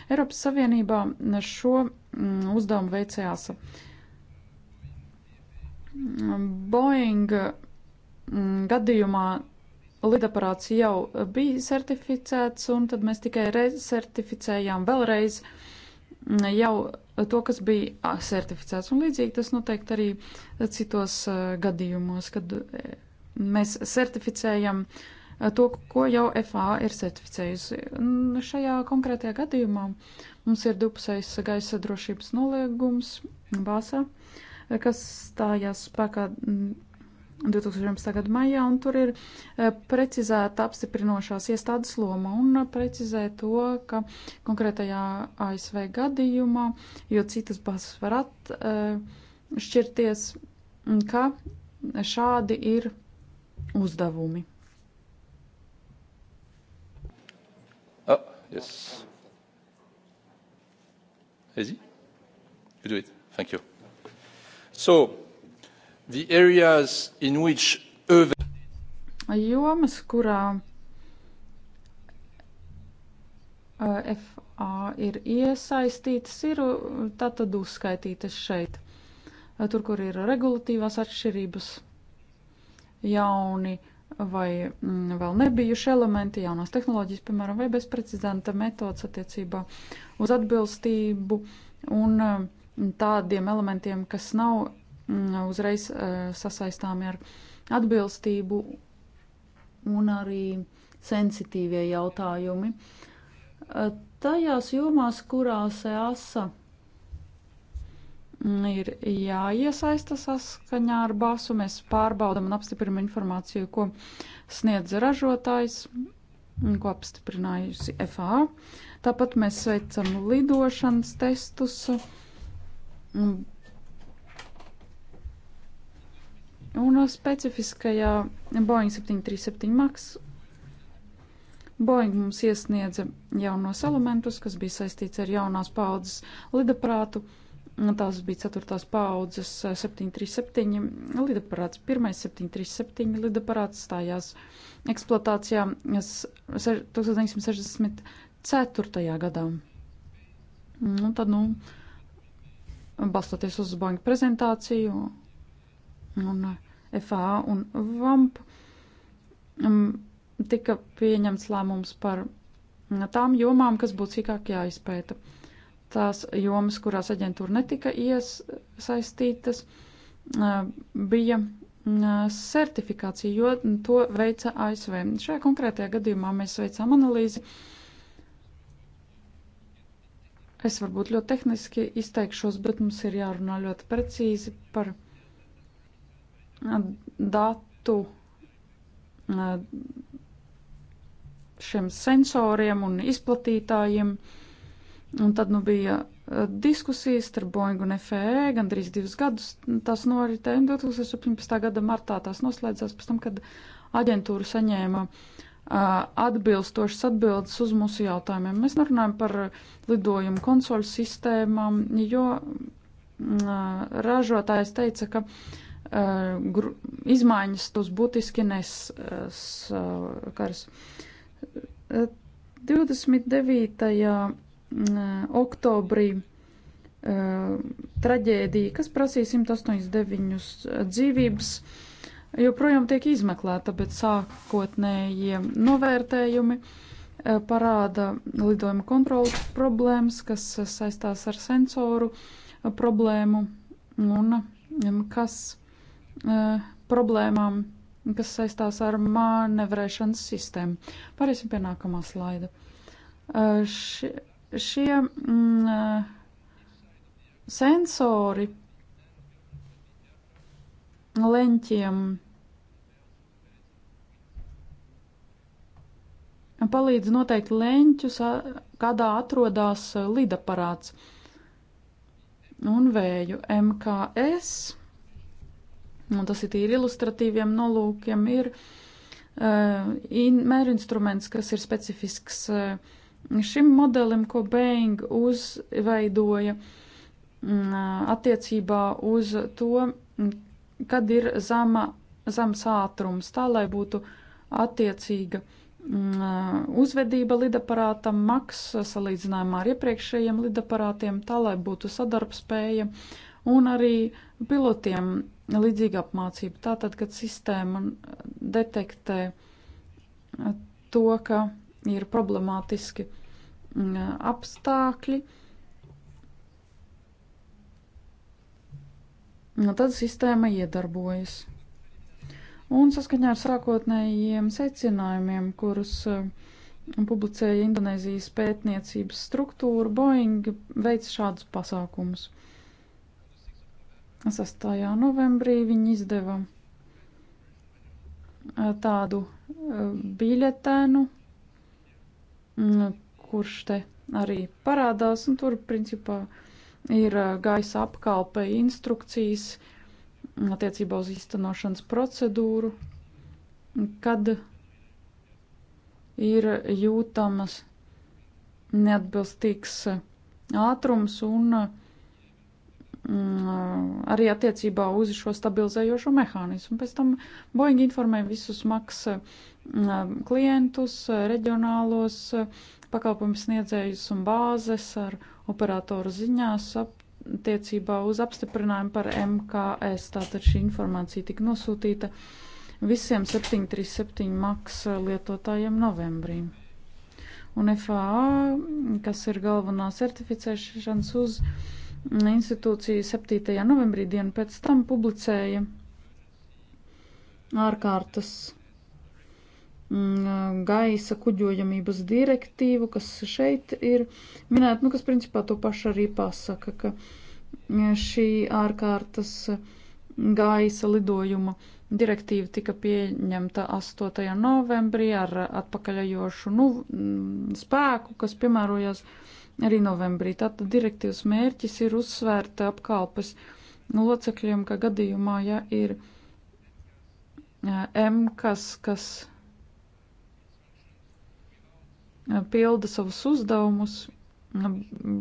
Eiropas Savienībā šo mm, uzdevumu veicējās. Boeing Mm, gadījumā lidaparāts jau bija certificēts, un tad mēs tikai recertificējām vēlreiz mm, jau to, kas bija certificēts. Un līdzīgi tas noteikti arī citos gadījumos, kad mēs certificējam to, ko jau FA ir certificējusi. Šajā konkrētajā gadījumā mums ir dupusējs gaisa drošības noliegums Bāsā, kas stājās spēkā mm, 2011. gada maijā, un tur ir eh, precizēta apstiprinošās iestādes loma un precizē to, ka konkrētajā ASV gadījumā, jo citas bases var atšķirties, eh, ka šādi ir uzdevumi. Oh, yes. Easy? You do it. Thank you. So, the areas in which jomas, kurā FA ir iesaistītas, ir tātad uzskaitītas šeit. Tur, kur ir regulatīvās atšķirības, jauni vai mm, vēl nebijuši elementi, jaunās tehnoloģijas, piemēram, vai bezprecedenta metodas attiecībā uz atbilstību un tādiem elementiem, kas nav Mm, uzreiz eh, sasaistāmi ar atbilstību un arī sensitīvie jautājumi. Eh, tajās jomās, kurās EASA mm, ir jāiesaista saskaņā ar bāzu, mēs pārbaudam un apstiprinam informāciju, ko sniedz ražotājs, ko apstiprinājusi FAA. Tāpat mēs veicam lidošanas testus Un specifiskajā Boeing 737 MAX Boeing mums iesniedza jaunos elementus, kas bija saistīts ar jaunās paudzes lidaprātu. Tās bija 4. paudzes 737 eh, lidaparāts. Pirmais 737 lidaparāts stājās eksploatācijā 1964. gadā. Un nu, tad, nu, balstoties uz Boeing prezentāciju Un eh, FAA un VAMP mm, tika pieņemts lēmums par mm, tām jomām, kas būtu sīkāk jāizpēta. Tās jomas, kurās aģentūra netika iesaistītas, eh, bija mm, certifikācija, jo to veica ASV. Šajā konkrētajā gadījumā mēs veicām analīzi. Es varbūt ļoti tehniski izteikšos, bet mums ir jārunā ļoti precīzi par to datu eh, šiem sensoriem un izplatītājiem. Un tad nu bija eh, diskusijas starp Boeing un FAA e e gandrīz divus gadus. Tas noritēja nu, 2017. gada martā. Tās noslēdzās pēc tam, kad aģentūra saņēma uh, atbilstošas atbildes uz mūsu jautājumiem. Mēs nerunājam par lidojumu konsoļu sistēmām, jo mm, ražotājs teica, ka Eh, gru, izmaiņas tos būtiski neskars. Eh, eh, 29. Mm, oktobrī traģēdija, kas prasīja 189 dzīvības, joprojām tiek izmeklēta, bet sākotnējie novērtējumi parāda lidojuma kontrolas problēmas, kas saistās ar sensoru problēmu un kas E, problēmām, kas saistās ar manevrēšanas sistēmu. Pāriesim pie nākamā slaida. E, šie, šie mm, e, sensori leņķiem palīdz noteikt leņķus, kādā atrodas lidaparāts un vēju MKS un tas ir tīri ilustratīviem nolūkiem, ir uh, in, mērinstruments, kas ir specifisks uh, šim modelim, ko Boeing uzveidoja uh, attiecībā uz to, kad ir zama, zems ātrums, tā lai būtu attiecīga uh, uzvedība lidaparātam, maks salīdzinājumā ar iepriekšējiem lidaparātiem, tā lai būtu sadarbspēja un arī pilotiem līdzīga apmācība. Tātad, kad sistēma detektē eh, to, ka ir problemātiski mm, apstākļi, nu, tad sistēma iedarbojas. Un saskaņā ar sākotnējiem secinājumiem, kurus eh, publicēja Indonēzijas pētniecības struktūra, Boeing veica šādus pasākumus. 6. novembrī viņi izdeva eh, tādu eh, biļetēnu, mm, kurš te arī parādās, un tur principā ir eh, gaisa apkalpe instrukcijas mm, attiecībā uz īstenošanas procedūru, kad ir jūtamas neatbilstīgs ātrums un uh, Mm, arī attiecībā uz šo stabilizējošo mehānismu. Pēc tam Boeing informē visus maks klientus, reģionālos pakalpojumu sniedzējus un bāzes ar operatoru ziņās attiecībā uz apstiprinājumu par MKS. Tātad šī informācija tika nosūtīta visiem 737 maks lietotājiem novembrī. Un FAA, kas ir galvenā certificēšanas uzņēmuma, institūcija 7. novembrī dienu pēc tam publicēja ārkārtas mm, gaisa kuģojamības direktīvu, kas šeit ir minēta, nu, kas principā to pašu arī pasaka, ka mm, šī ārkārtas gaisa lidojuma direktīva tika pieņemta 8. novembrī ar atpakaļajošu nu, mm, spēku, kas piemērojās uh, arī novembrī. Tātad direktīvas mērķis ir uzsvērt apkalpes locekļiem, ka gadījumā, ja ir M, kas, kas pilda savus uzdevumus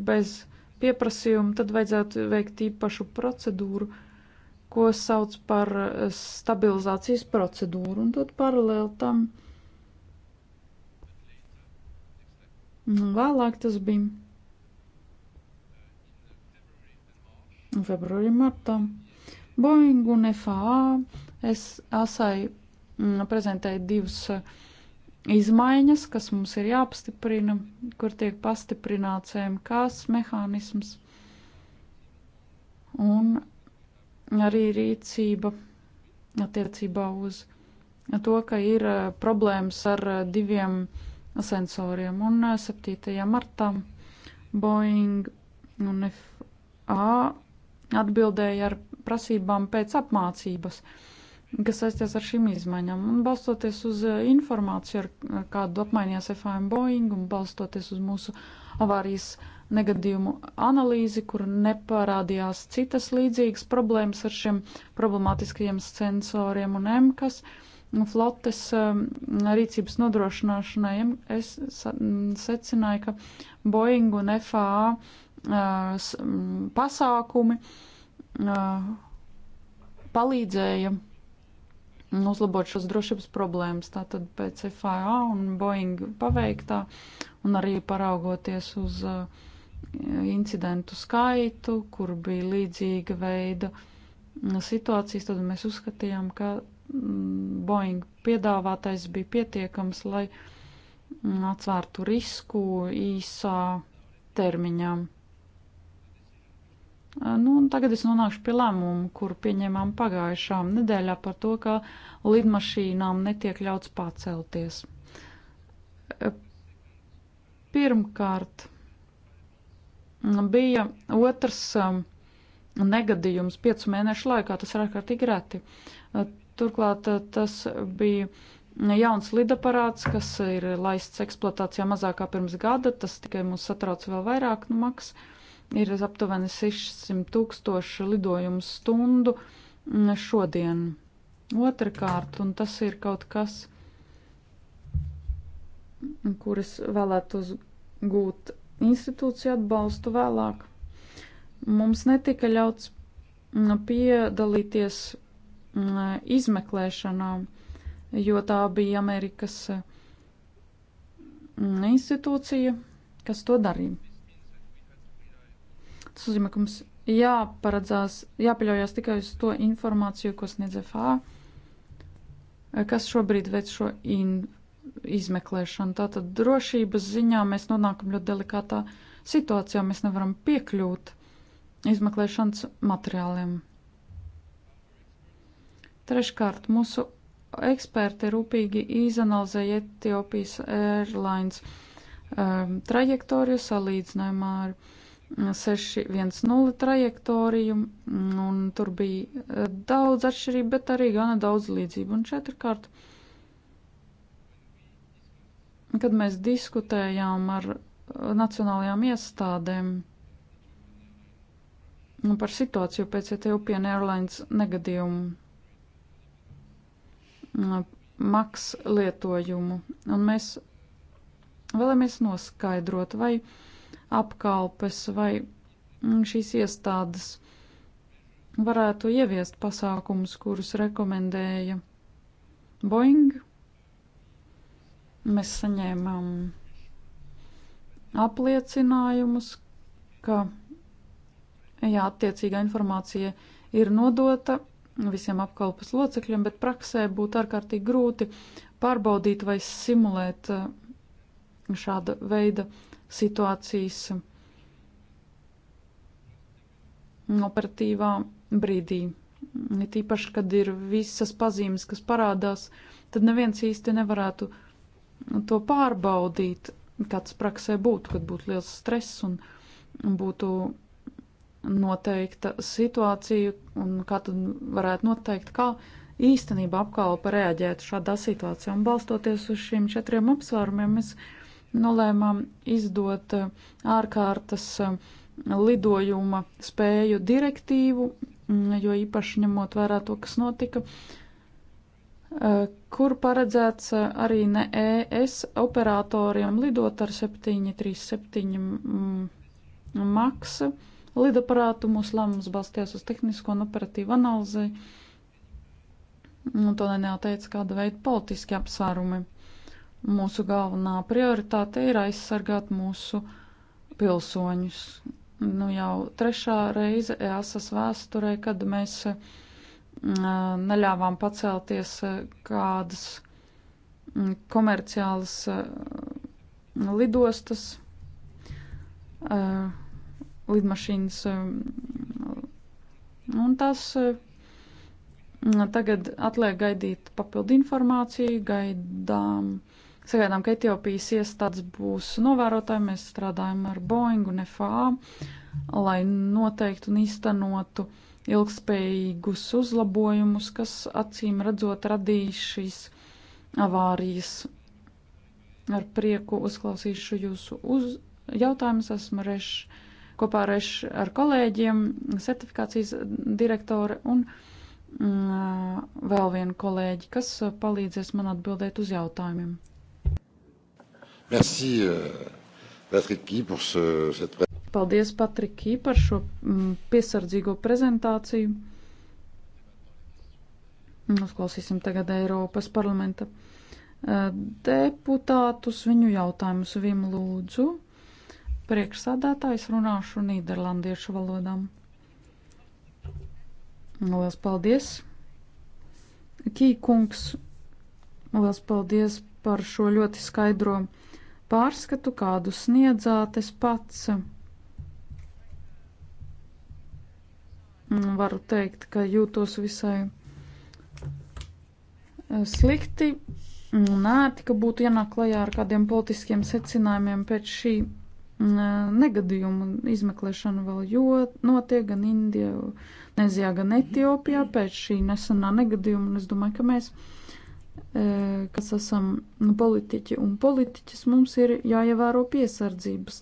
bez pieprasījuma, tad vajadzētu veikt īpašu procedūru, ko sauc par stabilizācijas procedūru, un tad paralēli tam nu, vēlāk tas bija. februārī martā. Boeing un FAA es asai mm, prezentēju divas eh, izmaiņas, kas mums ir jāapstiprina, kur tiek pastiprināts MKS mehānisms un arī rīcība attiecībā uz to, ka ir eh, problēmas ar eh, diviem sensoriem. Un 7. martā Boeing un FAA atbildēja ar prasībām pēc apmācības, kas saistās ar šīm izmaiņām. Un balstoties uz eh, informāciju, ar eh, kādu apmainījās FAM Boeing un balstoties uz mūsu avārijas negadījumu analīzi, kur neparādījās citas līdzīgas problēmas ar šiem problemātiskajiem sensoriem un MKS flotes eh, rīcības nodrošināšanai, es secināju, ka Boeing un FAA pasākumi palīdzēja uzlabot šos drošības problēmas. Tātad pēc FAA un Boeing paveiktā un arī paraugoties uz incidentu skaitu, kur bija līdzīga veida situācijas, tad mēs uzskatījām, ka Boeing piedāvātais bija pietiekams, lai atsvērtu risku īsā termiņā. Nu, tagad es nonākšu pie lēmumu, kuru pieņēmām pagājušā nedēļā par to, ka lidmašīnām netiek ļauts pacelties. E, pirmkārt, bija otrs um, negadījums piecu mēnešu laikā, tas ir ārkārtīgi reti. E, turklāt e, tas bija jauns lidaparāts, kas ir laists eksploatācijā mazākā pirms gada, tas tikai mūs satrauc vēl vairāk nu, maksas ir aptuveni 600 tūkstoši lidojumu stundu šodien. Otrakārt, un tas ir kaut kas, kuras vēlētos gūt institūciju atbalstu vēlāk. Mums netika ļauts mm, piedalīties mm, izmeklēšanā, jo tā bija Amerikas mm, institūcija, kas to darīja. Tas nozīmē, ka mums jāparedzās, jāpaļaujas tikai uz to informāciju, ko sniedz FA, kas šobrīd veic šo in, izmeklēšanu. Tātad drošības ziņā mēs nonākam ļoti delikātā situācijā. Mēs nevaram piekļūt izmeklēšanas materiāliem. Treškārt, mūsu eksperti rūpīgi izanalizēja Etiopijas Airlines um, trajektoriju salīdzinājumā ar 610 trajektoriju, un tur bija eh, daudz atšķirību, bet arī gana daudz līdzību. Un četrkārt, kad mēs diskutējām ar eh, nacionālajām iestādēm par situāciju pēc Ethiopian Airlines negadījumu eh, maks lietojumu, un mēs vēlamies noskaidrot, vai apkalpes vai mm, šīs iestādes varētu ieviest pasākumus, kurus rekomendēja Boeing. Mēs saņēmām apliecinājumus, ka jā, attiecīgā informācija ir nodota visiem apkalpas locekļiem, bet praksē būtu ārkārtīgi grūti pārbaudīt vai simulēt eh, šāda veida uh, situācijas operatīvā brīdī. Ja tīpaši, kad ir visas pazīmes, kas parādās, tad neviens īsti nevarētu to pārbaudīt, kāds praksē būtu, kad būtu liels stress un būtu noteikta situācija un kā tad varētu noteikt, kā īstenībā apkalpa reaģētu šādā situācijā. Un balstoties uz šiem četriem apsvērumiem, mēs nolēmām izdot eh, ārkārtas eh, lidojuma spēju direktīvu, mm, jo īpaši ņemot vērā to, kas notika, eh, kur paredzēts arī ne ES operatoriem lidot ar 737 mm, MAX lidaparātu. Mūsu lēmums balstījās uz tehnisko un operatīvu analīzi, un to nenāteica kāda veida politiski apsvērumi. Mūsu galvenā prioritāte ir aizsargāt mūsu pilsoņus. Nu, jau trešā reize EASAS vēsturē, kad mēs neļāvām pacelties kādas komerciālas lidostas, lidmašīnas, un tas tagad atliek gaidīt papildu informāciju, gaidām Sagaidām, ka Etiopijas iestādes būs novērotāji. Mēs strādājam ar Boeing un FAA, lai noteiktu un īstenotu ilgspējīgus uzlabojumus, kas acīm redzot radīs šīs avārijas. Ar prieku uzklausīšu jūsu uz jautājumus. Esmu reš, kopā reš ar kolēģiem, certifikācijas direktore un mm, vēl vienu kolēģi, kas palīdzēs man atbildēt uz jautājumiem. Merci, euh, Patrikī, par ce, cette... Paldies, Patrikī, par šo mm, piesardzīgo prezentāciju. Uzklausīsim tagad Eiropas parlamenta e, deputātus, viņu jautājumus vim lūdzu. Priekšsādātājs runāšu nīderlandiešu valodām. Lielas paldies! Kīkungs, liels paldies par šo ļoti skaidro pārskatu, kādu sniedzāt es pats. Mm, varu teikt, ka jūtos visai eh, slikti un ērti, ka būtu jānāk klajā ar kādiem politiskiem secinājumiem pēc šī mm, negadījuma izmeklēšana vēl jo notiek gan Indijā, Nezijā, gan Etiopijā pēc šī nesenā negadījuma. Un es domāju, ka mēs E, kas esam politiķi un politiķis, mums ir jāievēro piesardzības.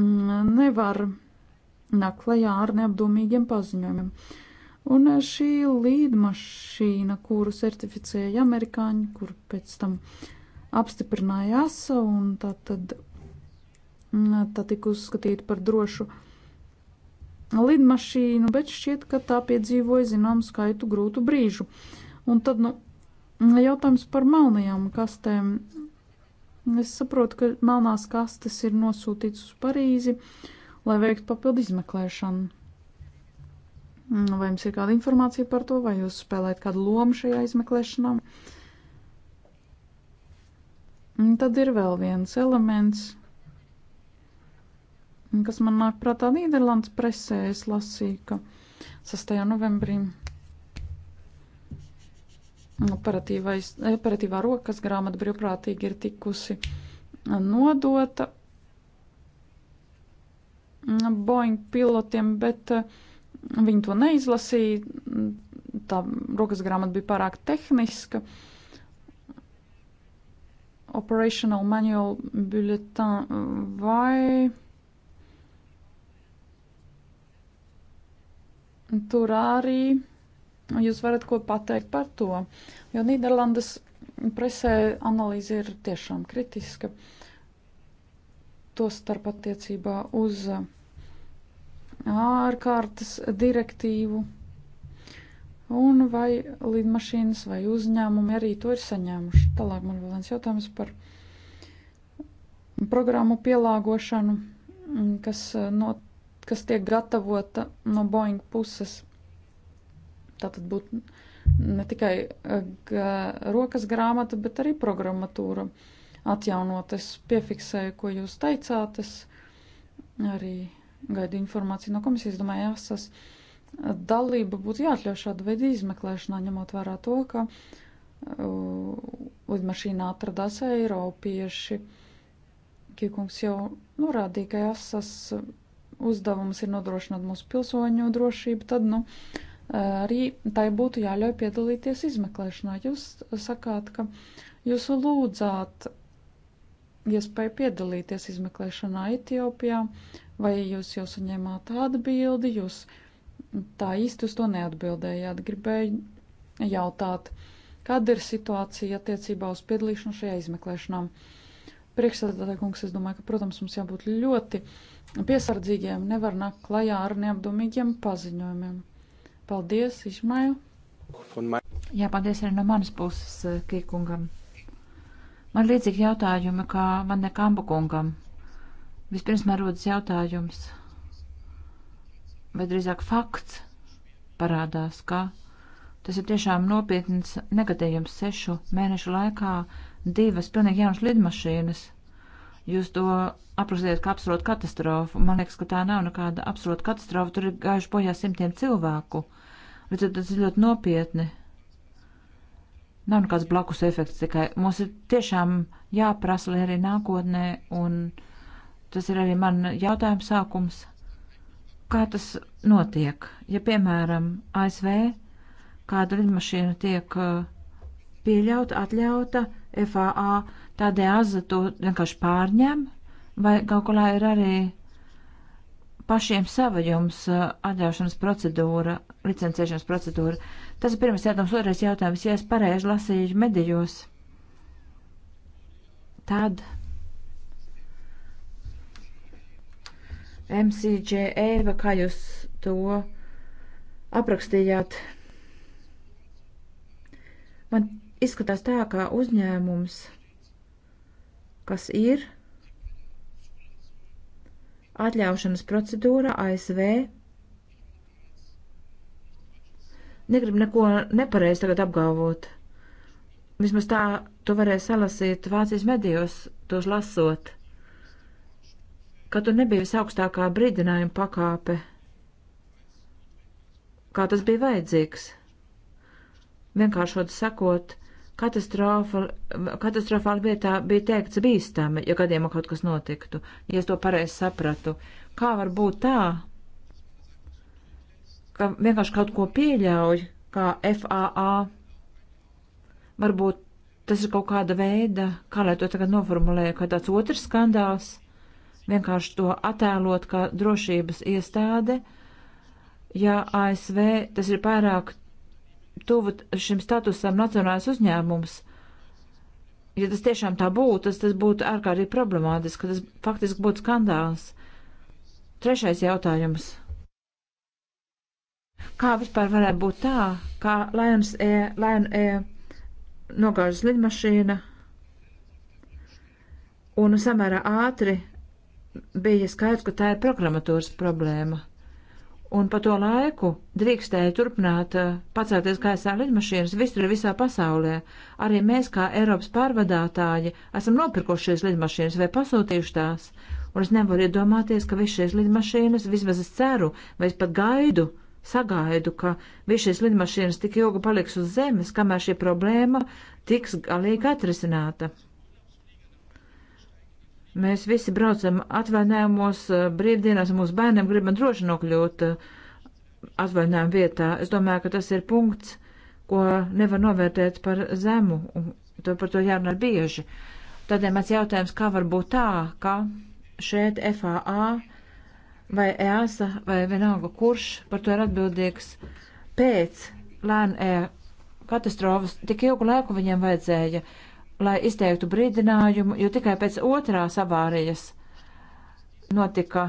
Mm, nevar nāk klajā ar neapdomīgiem paziņojumiem. Un šī līdmašīna, kuru certificēja amerikāņi, kur pēc tam apstiprināja ASA, un tā tad mm, tā tika uzskatīta par drošu lidmašīnu, bet šķiet, ka tā piedzīvoja zināmu skaitu grūtu brīžu. Un tad, nu, Jautājums par melnajām kastēm. Es saprotu, ka melnās kastes ir nosūtīts uz Parīzi, lai veiktu papildu izmeklēšanu. Nu, vai jums ir kāda informācija par to, vai jūs spēlējat kādu lomu šajā izmeklēšanā? Un tad ir vēl viens elements, kas man nāk prātā Nīderlandes presē. Es lasīju, ka 6. novembrī operatīvā rokas grāmata brīvprātīgi ir tikusi nodota Boeing pilotiem, bet viņi to neizlasīja. Tā rokas grāmata bija pārāk tehniska. Operational manual bulletin vai tur arī jūs varat ko pateikt par to, jo Nīderlandes presē analīze ir tiešām kritiska. Tostarp attiecībā uz ārkārtas direktīvu un vai lidmašīnas vai uzņēmumi arī to ir saņēmuši. Tālāk man vēl viens jautājums par programmu pielāgošanu, kas, no, kas tiek gatavota no Boeing puses tātad būtu ne tikai e, rokas grāmata, bet arī programmatūra atjaunot. Es piefiksēju, ko jūs teicāt, es arī gaidu informāciju no komisijas. Domāju, jāsas dalība būtu jāatļauj šāda veida izmeklēšanā, ņemot vērā to, ka e, lidmašīnā atradās Eiropieši. Kīkungs jau norādīja, ka jāsas uzdevums ir nodrošināt mūsu pilsoņu drošību, tad, nu, uh, arī tai būtu jāļauj piedalīties izmeklēšanā. Jūs sakāt, ka jūs lūdzāt iespēju piedalīties izmeklēšanā Etiopijā, vai jūs jau saņēmāt atbildi, jūs tā īsti uz to neatbildējāt. Gribēju jautāt, kāda ir situācija attiecībā uz piedalīšanu šajā izmeklēšanā? Priekšsēdētāja kungs, es domāju, ka, protams, mums jābūt ļoti piesardzīgiem, nevar nākt klajā ar neapdomīgiem paziņojumiem. Paldies, Išmailu. Jā, paldies arī no manas puses eh, Kīkungam. Man līdzīgi jautājumi, kā man nekamba kungam. Vispirms man rodas jautājums, vai drīzāk fakts parādās, ka tas ir tiešām nopietns negadījums sešu mēnešu laikā divas pilnīgi jaunas lidmašīnas Jūs to aprakstījāt kā absolūtu katastrofu. Man liekas, ka tā nav nekāda absolūta katastrofa. Tur ir gājuši bojā simtiem cilvēku. Līdz ar to tas ir ļoti nopietni. Nav nekāds blakus efekts tikai. Mums ir tiešām jāprasa, lai arī nākotnē, un tas ir arī man jautājums sākums, kā tas notiek. Ja, piemēram, ASV kāda lidmašīna tiek uh, pieļauta, atļauta FAA, Tādēļ aza to vienkārši pārņem, vai kaut kādā ir arī pašiem sava jums atļaušanas procedūra, licencēšanas procedūra. Tas ir pirmais jautājums, otrais jautājums, ja es pareizi lasīju medijos, tad MCJ Eva, kā jūs to aprakstījāt, man izskatās tā, kā uzņēmums kas ir atļaušanas procedūra ASV. Negribu neko nepareizi tagad apgalvot. Vismaz tā to varēja salasīt Vācijas medijos, tos lasot, ka tur nebija visaugstākā brīdinājuma pakāpe, kā tas bija vajadzīgs. Vienkāršot sakot, katastrofāli vietā bija teikts bīstami, ja gadījumā kaut kas notiktu, ja es to pareizi sapratu. Kā var būt tā, ka vienkārši kaut ko pieļauj, kā FAA? Varbūt tas ir kaut kāda veida, kā lai to tagad noformulēju, kā tāds otrs skandāls, vienkārši to attēlot kā drošības iestāde, ja ASV tas ir pārāk tuvu šim statusam nacionālais uzņēmums. Ja tas tiešām tā būtu, tas, tas būtu ārkārtīgi problemātiski, tas faktiski būtu skandāls. Trešais jautājums. Kā vispār varētu būt tā, kā Lions Air, Lion Air nogāzes lidmašīna un samērā ātri bija skaidrs, ka tā ir programmatūras problēma. Un pa to laiku drīkstēja turpināt eh, pacelties gaisā lidmašīnas visur visā pasaulē. Arī mēs, kā Eiropas pārvadātāji, esam nopirkuši šīs lidmašīnas vai pasūtījuši tās. Un es nevaru iedomāties, ka visas šīs lidmašīnas, vismaz es ceru, vai es pat gaidu, sagaidu, ka visas šīs lidmašīnas tik ilgi paliks uz zemes, kamēr šī problēma tiks galīgi atrisināta. Mēs visi braucam atvainājumos, eh, brīvdienās mūsu bērniem gribam droši nokļūt eh, atvaļinājuma vietā. Es domāju, ka tas ir punkts, ko nevar novērtēt par zemu, un to par to jārunā bieži. Tādēļ mans jautājums, kā var būt tā, ka šeit FAA vai EASA vai vienalga kurš par to ir atbildīgs pēc lēnē e katastrofas, tik ilgu laiku viņiem vajadzēja lai izteiktu brīdinājumu, jo tikai pēc otrās avārijas notika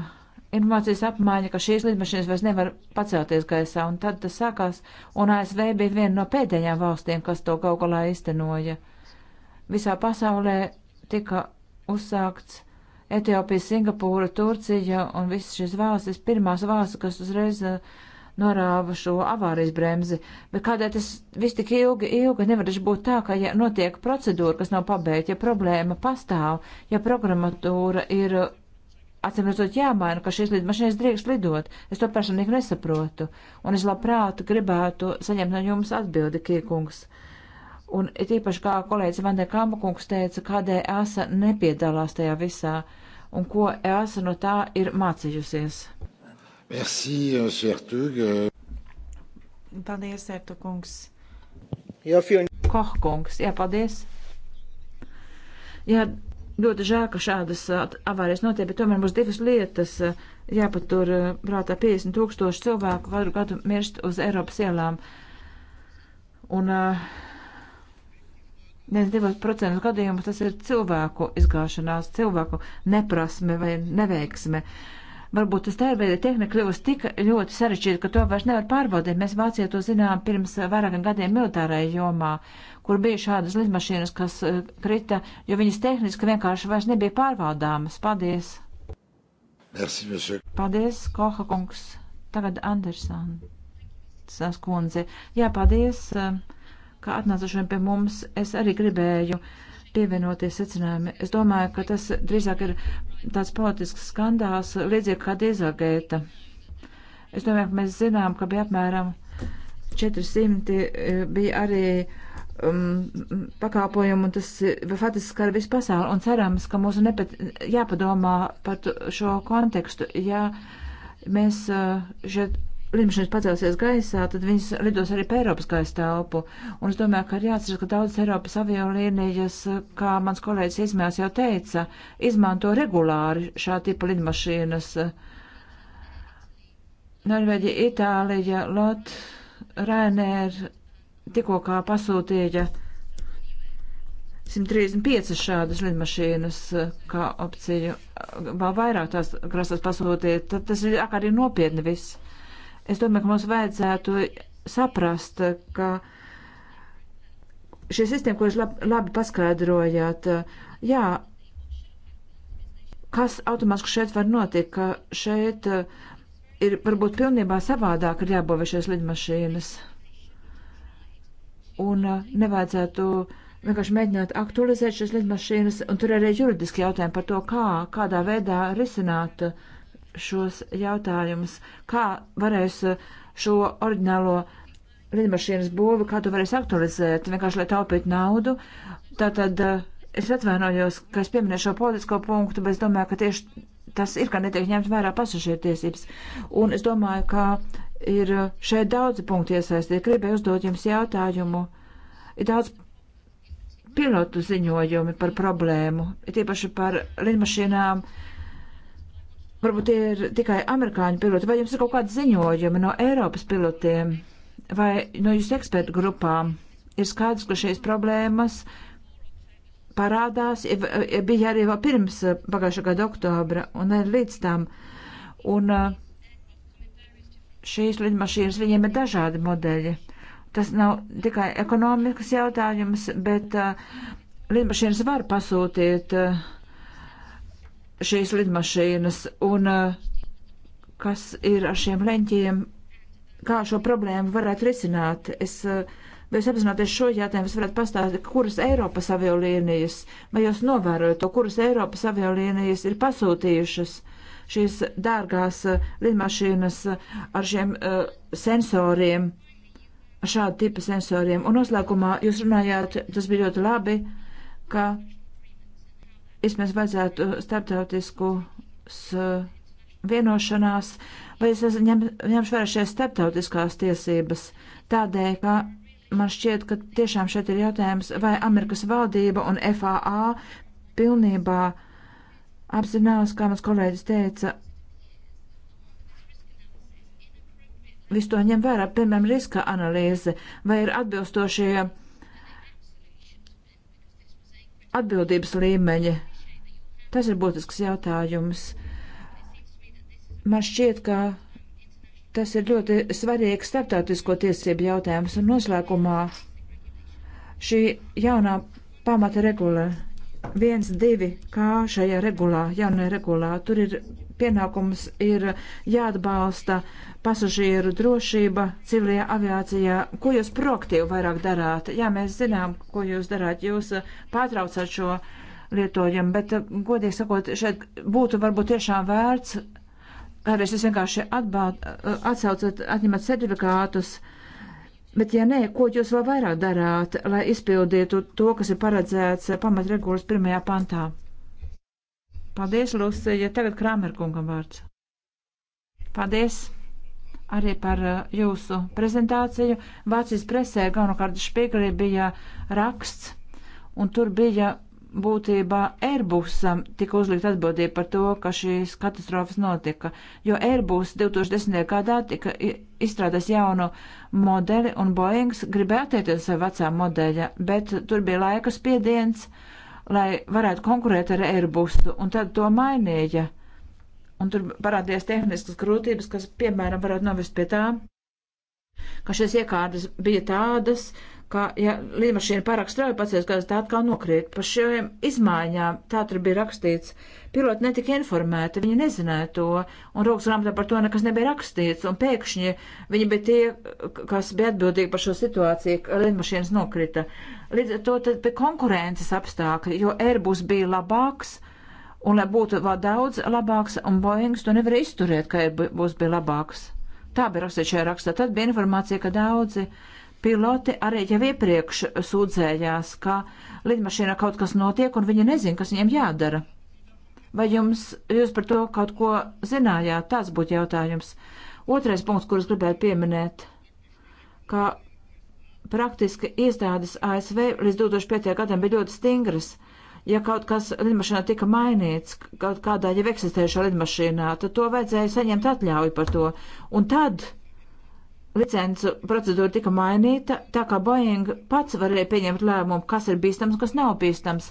informācijas apmaiņa, ka šīs lidmašīnas vairs nevar pacelties gaisā, un tad tas sākās, un ASV bija viena no pēdējām valstīm, kas to kaut kolā iztenoja. Visā pasaulē tika uzsākts Etiopija, Singapūra, Turcija un visas šīs valstis, pirmās valstis, kas uzreiz uh, norāva šo avārijas bremzi, bet kādēļ tas viss tik ilgi, ilgi nevarēs būt tā, ka, ja notiek procedūra, kas nav pabeigta, ja problēma pastāv, ja programmatūra ir, acīm redzot, jāmaina, ka šīs lidmašīnas drīkst lidot, es to personīgi nesaprotu, un es labprāt gribētu saņemt no jums atbildi, Kīkungs. Un it īpaši, kā kolēģis Vandē Kāmakungs teica, kādēļ ASA nepiedalās tajā visā, un ko ASA no tā ir mācījusies. Merci, Sērtug. Euh, euh. Paldies, Sērtu kungs. Jā, Fjorn. Koh kungs, jā, paldies. Jā, ļoti žēl, ka šādas uh, avārijas notiek, bet tomēr mums divas lietas uh, jāpatur uh, prātā 50 tūkstoši cilvēku katru gadu mirst uz Eiropas ielām. Un uh, Viens divos procentus gadījumus tas ir cilvēku izgāšanās, cilvēku neprasme vai neveiksme. Uh, varbūt tas tērveida tehnika kļūst tik ļoti sarežģīta, ka to vairs nevar pārbaudīt. Mēs Vācijā to zinām pirms eh, vairākiem gadiem militārajā jomā, kur bija šādas lidmašīnas, kas eh, krita, jo viņas tehniski vienkārši vairs nebija pārvaldāmas. Paldies! Merci, monsieur. Paldies, Koha kungs. Tagad Andersons kundze. Jā, paldies, eh, ka atnāca šodien pie mums. Es arī gribēju. Uh, pievienoties secinājumi. Es domāju, ka tas drīzāk ir tāds politisks skandāls, līdzīgi kā dīzelgeita. Es domāju, ka mēs zinām, ka bija apmēram 400 eh, bija arī um, pakāpojumu, un tas eh, faktiski skar visu pasauli. Un cerams, ka mums nepet, jāpadomā par šo kontekstu. Ja mēs eh, šeit lidmašīnas pacelsies gaisā, tad viņas lidos arī pa Eiropas gaisa telpu. Un es domāju, ka ir jāatceras, ka daudzas Eiropas aviolīnijas, kā mans kolēģis izmēs jau teica, izmanto regulāri šā tipa lidmašīnas. Norvēģija, Itālija, Lot, Rainēr tikko kā pasūtīja 135 šādas lidmašīnas kā opciju, vēl vairāk tās grasās pasūtīt, tad tas ir arī nopietni viss. Es domāju, ka mums vajadzētu saprast, ka šī sistēma, ko jūs lab, labi paskaidrojāt, jā, kas automātiski šeit var notikt, ka šeit ir varbūt pilnībā savādāk ir jābūvē šīs lidmašīnas. Un nevajadzētu vienkārši mēģināt aktualizēt šīs lidmašīnas, un tur arī juridiski jautājumi par to, kā, kādā veidā risināt uh, šos jautājumus, kā varēs eh, šo oriģinālo lidmašīnas būvi, kā to varēs aktualizēt, vienkārši lai taupītu naudu. Tātad eh, es atvainojos, ka es pieminēju šo politisko punktu, bet es domāju, ka tieši tas ir, ka netiek ņemt vērā pasažieru tiesības. Un es domāju, ka ir eh, šeit daudzi punkti iesaistīti. Gribēju uzdot jums jautājumu. Ir daudz pilotu ziņojumi par problēmu, ir tīpaši par lidmašīnām. Uh, varbūt tie ir tikai amerikāņu piloti, vai jums ir kaut kādi ziņojumi no Eiropas pilotiem vai no jūsu ekspertu grupām? Ir skaidrs, ka šīs problēmas parādās, bija arī vēl pirms eh, pagājušā gada oktobra un arī līdz tam. Un eh, šīs lidmašīnas, viņiem ir dažādi modeļi. Tas nav tikai ekonomikas jautājums, bet uh, lidmašīnas var pasūtīt uh, šīs lidmašīnas un eh, kas ir ar šiem leņķiem, kā šo problēmu varētu risināt. Es vēlos eh, apzināties šo jautājumu, es varētu pastāstīt, kuras Eiropas aviolīnijas, vai jūs novērojat to, kuras Eiropas aviolīnijas ir pasūtījušas šīs dārgās eh, lidmašīnas ar šiem uh, sensoriem, ar šādu tipu sensoriem. Un noslēgumā jūs runājāt, tas bija ļoti labi, ka Vismaz vajadzētu starptautiskus vienošanās, vai es ņem, ņemšu vērā šīs starptautiskās tiesības, tādēļ, ka man šķiet, ka tiešām šeit ir jautājums, vai Amerikas valdība un FAA pilnībā apzinās, kā mans kolēģis teica, visu to ņem vērā, piemēram, riska analīze, vai ir atbilstošie atbildības līmeņi, Tas ir būtisks jautājums. Man šķiet, ka tas ir ļoti svarīgs starptautisko tiesību jautājums un noslēgumā šī jaunā pamata regula. Viens, divi, kā šajā regulā, jaunajā regulā, tur ir pienākums ir jāatbalsta pasažieru drošība civilajā aviācijā. Ko jūs proaktīvi vairāk darāt? Jā, mēs zinām, ko jūs darāt. Jūs pārtraucat šo uh, lietojam, bet, eh, godīgi sakot, šeit būtu varbūt tiešām vērts, kādreiz jūs vienkārši atbāt, eh, atsaucat, atņemat certifikātus, bet, ja nē, ko jūs vēl vairāk darāt, lai izpildītu to, kas ir paredzēts pamatregulas pirmajā pantā? Paldies, Lūsija. Tagad Krāmerkungam vārds. Paldies arī par eh, jūsu prezentāciju. Vācijas presē galvenokārt špīgrī bija raksts, un tur bija būtībā Airbusam tika uzlikt atbildība par to, ka šīs katastrofas notika, jo Airbus 2010. gadā tika izstrādās jaunu modeli un Boeings gribēja attiekties ar vecā modeļa, bet tur bija laika spiediens, lai varētu konkurēt ar Airbusu, un tad to mainīja. Un tur parādījās tehniskas grūtības, kas, piemēram, varētu novest pie tā, ka šīs iekārtas bija tādas, uh, ka, ja līdmašīna pārāk strauji pacēs, ka tā atkal nokrīt. Par šiem izmaiņām tā tur bija rakstīts. Piloti netika informēti, viņi nezināja to, un rokas grāmatā par to nekas nebija rakstīts, un pēkšņi viņi bija tie, kas bija atbildīgi par šo situāciju, ka līdmašīnas nokrita. Līdz ar to tad bija konkurences apstākļi, jo Airbus bija labāks, un lai būtu vēl daudz labāks, un Boeings to nevarēja izturēt, ka Airbus bija labāks. Tā bija rakstīts šajā rakstā. Tad bija informācija, ka daudzi. Uh, Piloti arī jau iepriekš sūdzējās, ka lidmašīnā kaut kas notiek un viņi nezin, kas viņiem jādara. Vai jums, jūs par to kaut ko zinājāt? Tas būtu jautājums. Otrais punkts, kurus gribētu pieminēt, ka praktiski iestādes ASV līdz 2005. gadam bija ļoti stingras. Ja kaut kas lidmašīnā tika mainīts, kaut kādā jau eksistējušā lidmašīnā, tad to vajadzēja saņemt atļauju par to. Un tad licencu procedūra tika mainīta, tā kā Boeing pats varēja pieņemt lēmumu, kas ir bīstams, kas nav bīstams.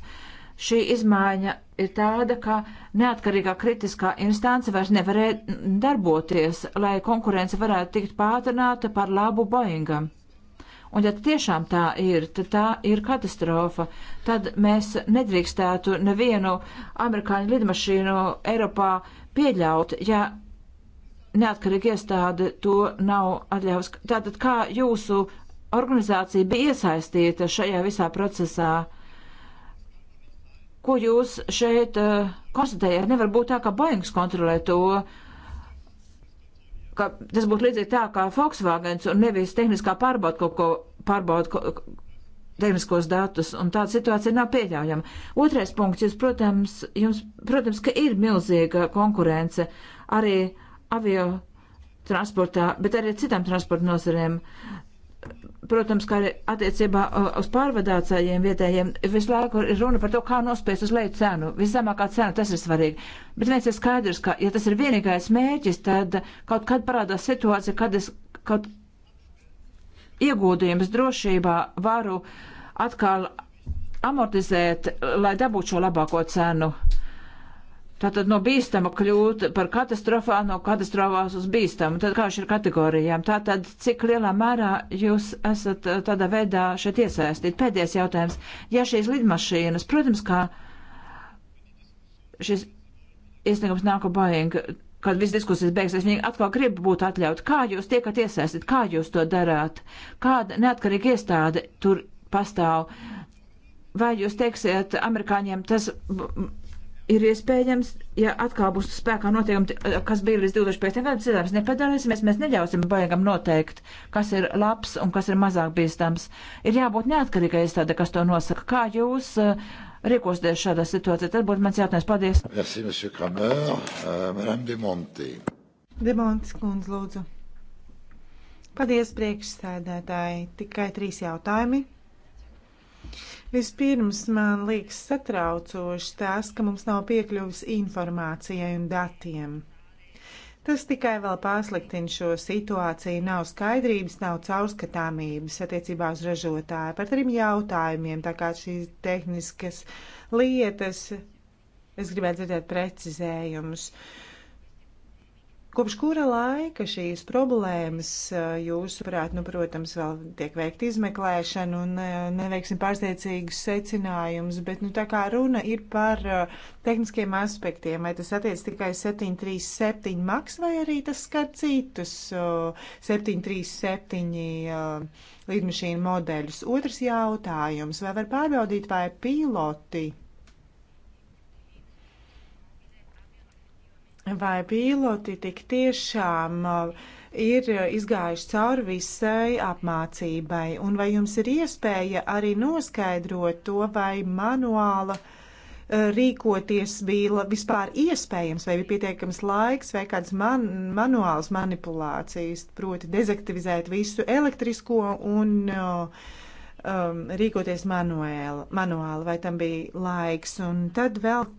Šī izmaiņa ir tāda, ka neatkarīgā kritiskā instance vairs nevarēja darboties, lai konkurence varētu tikt pātrināta par labu Boeingam. Un ja tiešām tā ir, tad tā ir katastrofa. Tad mēs nedrīkstētu nevienu amerikāņu lidmašīnu Eiropā pieļaut, ja neatkarīga iestāde to nav atļaus. Tātad kā jūsu organizācija bija iesaistīta šajā visā procesā? Ko jūs šeit uh, konstatējat? Nevar būt tā, ka Boeings kontrolē to, ka tas būtu līdzīgi tā kā Volkswagens un nevis tehniskā pārbauda kaut ko pārbauda ko, tehniskos datus, un tāda situācija nav pieļaujama. Otrais punkts, jūs, protams, jums, protams, ka ir milzīga konkurence arī uh, avio transportā, bet arī citām transporta nozarēm. Protams, kā arī attiecībā uh, uz pārvadātājiem vietējiem, visu laiku ir runa par to, kā nospēst uz leju cenu. Viszemākā cena, tas ir svarīgi. Bet viens ir skaidrs, ka, ja tas ir vienīgais mērķis, tad kaut kad parādās situācija, kad es kaut iegūdījums drošībā varu atkal amortizēt, lai dabūtu šo labāko cenu. Uh, Tātad no bīstama kļūt par katastrofā, no katastrofās uz bīstamu. Tad kā šī ir kategorijām? Tātad, cik lielā mērā jūs esat eh, tādā veidā šeit iesaistīt? Pēdējais jautājums. Ja šīs lidmašīnas, protams, kā šis iesniegums nāk Boeing, kad viss diskusijas beigsies, viņi atkal grib būt atļaut. Kā jūs tiekat iesaistīt? Kā jūs to darāt? Kāda neatkarīga iestāde tur pastāv? Vai jūs teiksiet amerikāņiem, tas ir iespējams, ja atkal būs spēkā noteikumi, eh, kas bija līdz 25. gadam, cilvēks nepadalīsimies, mēs neļausim baigam noteikt, kas ir labs un kas ir mazāk bīstams. Ir jābūt neatkarīgai iestāde, kas to nosaka. Kā jūs uh, rīkosieties šādā situācijā? Tad būtu mans jautājums. Paldies. Merci, monsieur Kramer. Uh, Madame Demonti. Demontis kundz, lūdzu. Paldies, priekšsēdētāji. Tikai trīs jautājumi. Vispirms man liekas satraucoši tas, ka mums nav piekļuvis informācijai un datiem. Tas tikai vēl pasliktina šo situāciju. Nav skaidrības, nav caurskatāmības attiecībā uz ražotāju par trim jautājumiem, tā kā šīs tehniskas lietas. Es gribētu dzirdēt precizējumus. Uh, Kopš kura laika šīs problēmas jūsuprāt, nu, protams, vēl tiek veikta izmeklēšana un neveiksim pārsteidzīgus secinājumus, bet, nu, tā kā runa ir par tehniskiem aspektiem, vai tas attiec tikai 737 maks vai arī tas skar citus 737 lidmašīnu modeļus? Otrs jautājums, vai var pārbaudīt, vai piloti vai piloti tik tiešām uh, ir izgājuši cauri visai apmācībai, un vai jums ir iespēja arī noskaidrot to, vai manuāla uh, rīkoties bija vispār iespējams, vai bija pietiekams laiks, vai kāds man, manuāls manipulācijas, proti dezaktivizēt visu elektrisko un uh, um, rīkoties manuēli, manuāli, vai tam bija laiks. Un tad vēl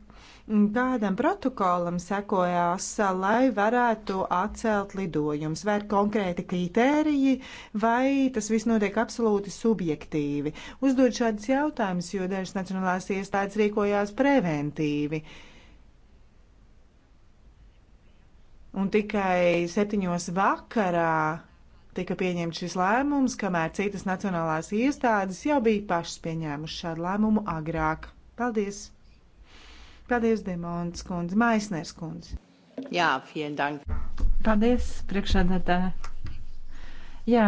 kādam protokolam sekojās, lai varētu atcelt lidojumus, vai ir konkrēti kriteriji, vai tas viss notiek absolūti subjektīvi. Uzdod šādus jautājumus, jo dažas nacionālās iestādes rīkojās preventīvi. Un tikai septiņos vakarā tika pieņemts šis lēmums, kamēr citas nacionālās iestādes jau bija pašas pieņēmušas šādu lēmumu agrāk. Paldies! Paldies, Demons kundze, Maisners kundze. Jā, vielen dank. Paldies, priekšādātāja. Jā,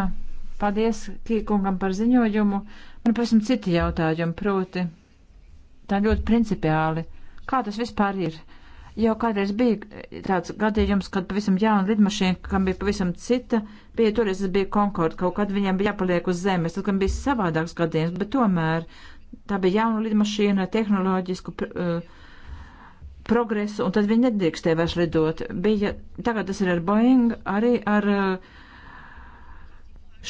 paldies Kīkungam par ziņojumu. Man pēc tam citi jautājumi, proti, tā ļoti principiāli. Kā tas vispār ir? Jau kādreiz bija tāds gadījums, kad pavisam jauna lidmašīna, kam bija pavisam cita, bija toreiz tas bija Concorde, kaut kad viņiem bija jāpaliek uz zemes, tad, kad bija savādāks gadījums, bet tomēr tā bija jauna lidmašīna, tehnoloģisku. Uh, progresu, un tad viņi nedrīkstēja vairs lidot. Bija, tagad tas ir ar Boeing, arī ar uh,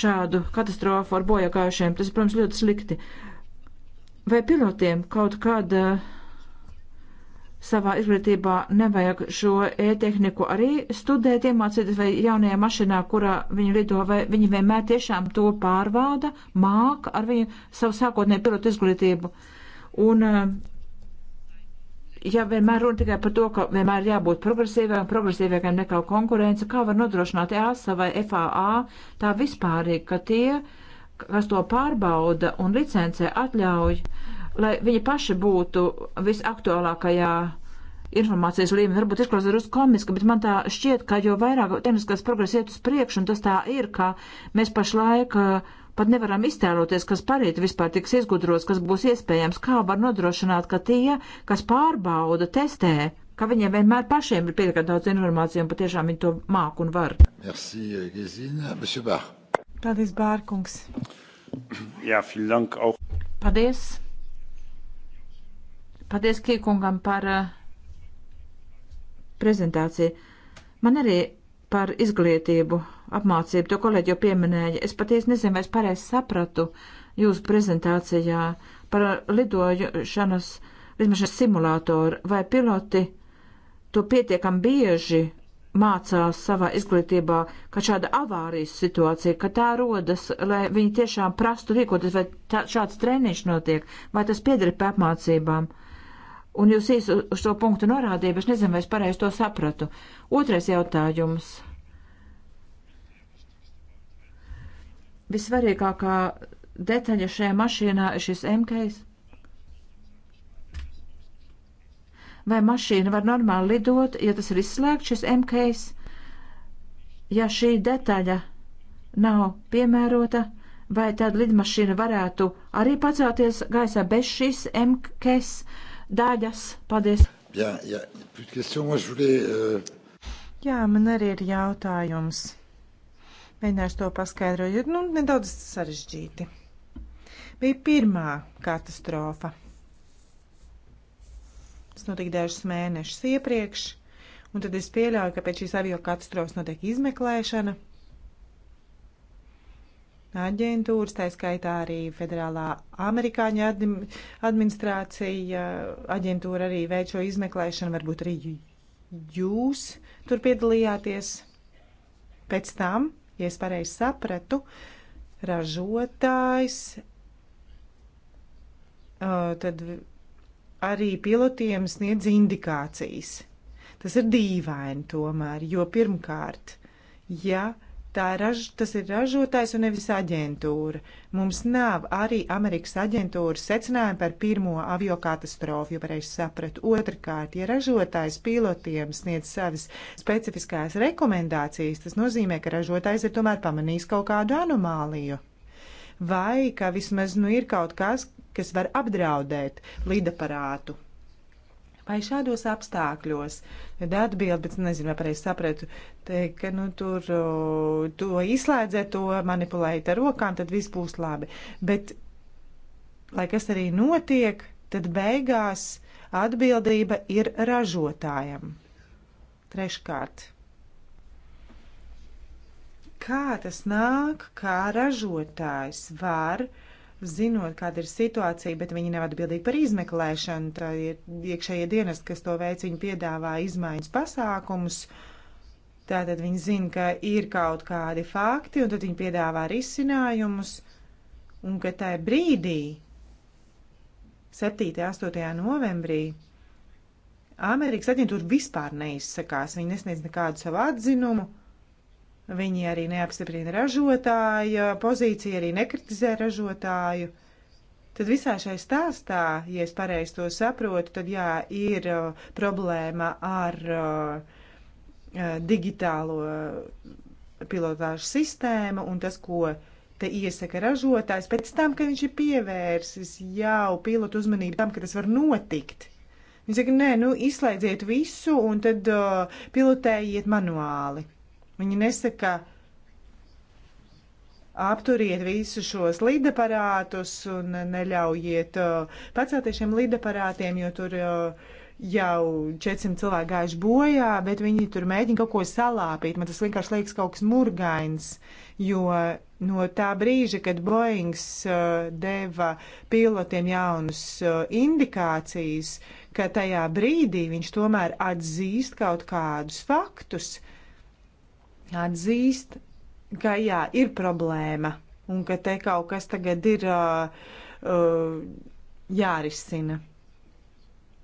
šādu katastrofu ar bojakājušiem. Tas, protams, ļoti slikti. Vai pilotiem kaut kāda uh, savā izglītībā nevajag šo e-tehniku arī studēt, iemācīties vai jaunajā mašīnā, kurā viņi lido, vai viņi vienmēr tiešām to pārvalda, māk ar viņu savu sākotnēju pilotu izglītību. Un uh, ja vienmēr runa tikai par to, ka vienmēr jābūt progresīvākam, progresīvākam nekā konkurence, kā var nodrošināt EASA vai FAA tā vispārīgi, ka tie, kas to pārbauda un licencē atļauj, lai viņi paši būtu visaktuālākajā informācijas līmeni. Varbūt izklausās nedaudz komiski, bet man tā šķiet, ka jo vairāk tehniskās progresa iet uz priekšu, un tas tā ir, ka mēs pašlaik uh, Pat nevaram iztēloties, kas parīt vispār tiks izgudros, kas būs iespējams, kā var nodrošināt, ka tie, kas pārbauda, testē, ka viņiem vienmēr pašiem ir pietiekami daudz informāciju un patiešām viņi to māk un var. Merci, Gezina. Monsieur Bār. Paldies, Bārkungs. Jā, ja, filank auch. Paldies. Paldies Kīkungam par uh, prezentāciju. Man arī par izglītību apmācību. To kolēģi jau pieminēja. Es patiesi nezinu, vai es pareizi sapratu jūsu prezentācijā par lidošanas vismašanas simulātoru. Vai piloti to pietiekam bieži mācās savā izglītībā, ka šāda avārijas situācija, ka tā rodas, lai viņi tiešām prastu rīkoties, vai tā, šāds treniņš notiek, vai tas pieder pie apmācībām. Un jūs īsi uz to punktu norādījāt, bet es nezinu, vai es pareizi to sapratu. Otrais jautājums. Visvarīgākā detaļa šajā mašīnā ir šis MKs. Vai mašīna var normāli lidot, ja tas ir izslēgts šis MKs? Ja šī detaļa nav piemērota, vai tad lidmašīna varētu arī pacelties gaisā bez šīs MKs daļas? Paldies! Jā, jā, Moi, voulais, uh... jā, man arī ir jautājums. Mēģināšu to paskaidrot, jo nu, nedaudz sarežģīti. Bija pirmā katastrofa. Tas notika dažus mēnešus iepriekš, un tad es pieļauju, ka pēc šīs avio katastrofas notiek izmeklēšana. Aģentūras, tā skaitā arī Federālā amerikāņu admi administrācija, aģentūra arī veic šo izmeklēšanu, varbūt arī jūs tur piedalījāties pēc tam Ja es pareizi sapratu, ražotājs tad arī pilotiem sniedz indikācijas. Tas ir dīvaini tomēr, jo pirmkārt, ja Tā ir raž, tas ir ražotājs un nevis aģentūra. Mums nav arī Amerikas aģentūras secinājumi par pirmo avio katastrofu, jo pareizi sapratu. Otrakārt, ja ražotājs pilotiem sniedz savas specifiskās rekomendācijas, tas nozīmē, ka ražotājs ir tomēr pamanījis kaut kādu anomāliju. Vai ka vismaz nu ir kaut kas, kas var apdraudēt lidaparātu. Vai šādos apstākļos, tad atbild, bet nezinu, vai pareizi sapratu, te, ka, nu, tur to izslēdzēt, to manipulēt ar rokām, tad viss būs labi. Bet, lai kas arī notiek, tad beigās atbildība ir ražotājam. Treškārt kā tas nāk, kā ražotājs var zinot, kāda ir situācija, bet viņi nav atbildīgi par izmeklēšanu. Tā ir iekšējie dienesti, kas to veic, viņi piedāvā izmaiņas pasākumus. Tātad viņi zina, ka ir kaut kādi fakti, un tad viņi piedāvā risinājumus, un ka tajā brīdī, 7. un 8. novembrī, Amerikas aģentūra vispār neizsakās, viņi nesniedz nekādu savu atzinumu. Viņi arī neapstiprina ražotāju pozīciju, arī nekritizē ražotāju. Tad visā šajā stāstā, ja es pareizi to saprotu, tad jā, ir uh, problēma ar uh, uh digitālo uh, pilotāžu sistēmu un tas, ko te iesaka ražotājs, pēc tam, kad viņš ir pievērsis jau pilotu uzmanību tam, ka tas var notikt. Viņš saka, nē, nu izslēdziet visu un tad uh, pilotējiet manuāli. Viņi nesaka, apturiet visus šos lidaparātus un neļaujiet uh, pacelties šiem lidaparātiem, jo tur uh, jau 400 cilvēki gājuši bojā, bet viņi tur mēģina kaut ko salāpīt. Man tas vienkārši liekas kaut kas murgains, jo no tā brīža, kad Boeings uh, deva pilotiem jaunas uh, indikācijas, ka tajā brīdī viņš tomēr atzīst kaut kādus faktus. Uh, atzīst, ka jā, ir problēma un ka te kaut kas tagad ir uh, uh, jārisina.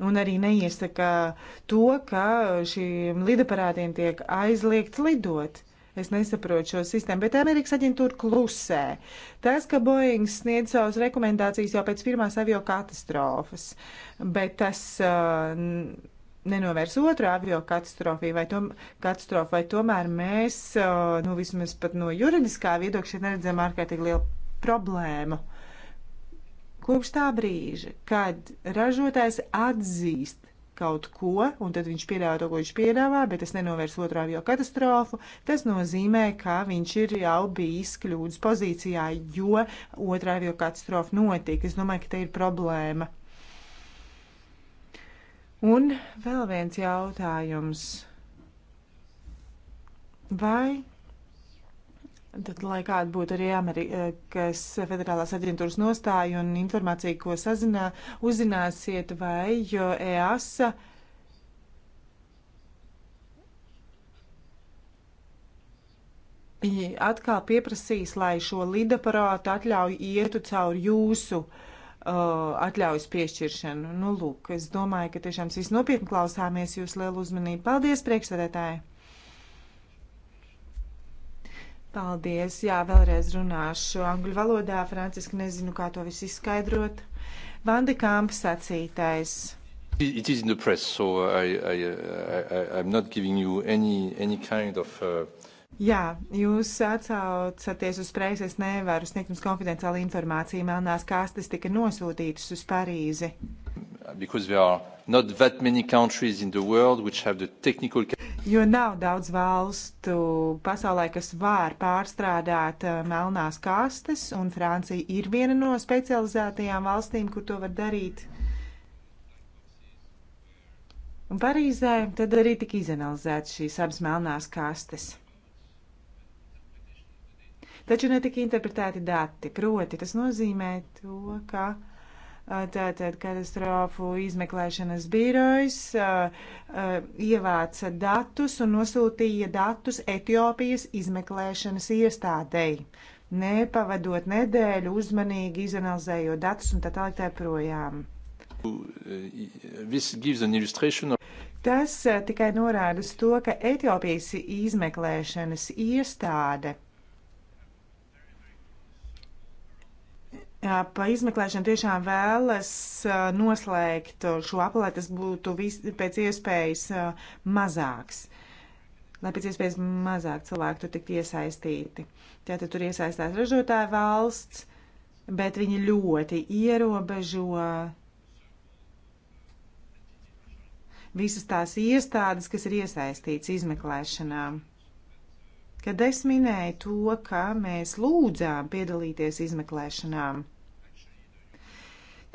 Un arī neiesaka to, ka šiem lidaparātiem tiek aizliegts lidot. Es nesaprotu šo sistēmu, bet Amerikas aģentūra klusē. Tas, ka Boeing sniedz savas rekomendācijas jau pēc pirmās avio katastrofas, bet tas. Uh, nenovērs otru avio katastrofiju vai, tom, katastrofu, vai tomēr mēs, nu vismaz pat no juridiskā viedokļa, šeit neredzam ārkārtīgi lielu problēmu. Kopš tā brīža, kad ražotājs atzīst kaut ko, un tad viņš piedāvā to, ko viņš piedāvā, bet tas nenovērs otru avio katastrofu, tas nozīmē, ka viņš ir jau bijis kļūdas pozīcijā, jo otrā avio katastrofa notika. Es domāju, ka te ir problēma. Un vēl viens jautājums. Vai Tad, lai kāda būtu arī Amerikas Federālās aģentūras nostāja un informācija, ko sazinā, uzzināsiet, vai EASA atkal pieprasīs, lai šo lidaparātu atļauju ietu caur jūsu uh, Uh, atļaujas piešķiršanu. Nu, lūk, es domāju, ka tiešām viss nopietni klausāmies jūs lielu uzmanību. Paldies, priekšsēdētāji! Paldies! Jā, vēlreiz runāšu angļu valodā. Franciski nezinu, kā to visu izskaidrot. Vanda Kāmps sacītais. It is in the press, so I, I, I, I, I'm not giving you any, any kind of uh, Jā, jūs atsaucaties uz praisi, es nevaru sniegt jums konfidenciālu informāciju. Melnās kastes tika nosūtītas uz Parīzi. Technical... Jo nav daudz valstu pasaulē, kas var pārstrādāt eh, melnās kastes, un Francija ir viena no specializētajām valstīm, kur to var darīt. Un Parīzē tad arī tika izanalizētas šīs abas melnās kastes taču netika interpretēti dati. Proti, tas nozīmē to, ka tātad katastrofu izmeklēšanas birojs uh, uh, ievāca datus un nosūtīja datus Etiopijas izmeklēšanas iestādei. Nepavadot nedēļu, uzmanīgi izanalizējot datus un tā tālāk tā projām. Tas tikai norāda uz to, ka Etiopijas izmeklēšanas iestāde pa izmeklēšanu tiešām vēlas uh, noslēgt šo apu, lai tas būtu vis, pēc iespējas uh, mazāks. Lai pēc iespējas mazāk cilvēku tur tiktu iesaistīti. Tātad tur iesaistās ražotāja valsts, bet viņi ļoti ierobežo visas tās iestādes, kas ir iesaistīts izmeklēšanām kad es minēju to, ka mēs lūdzām piedalīties izmeklēšanām.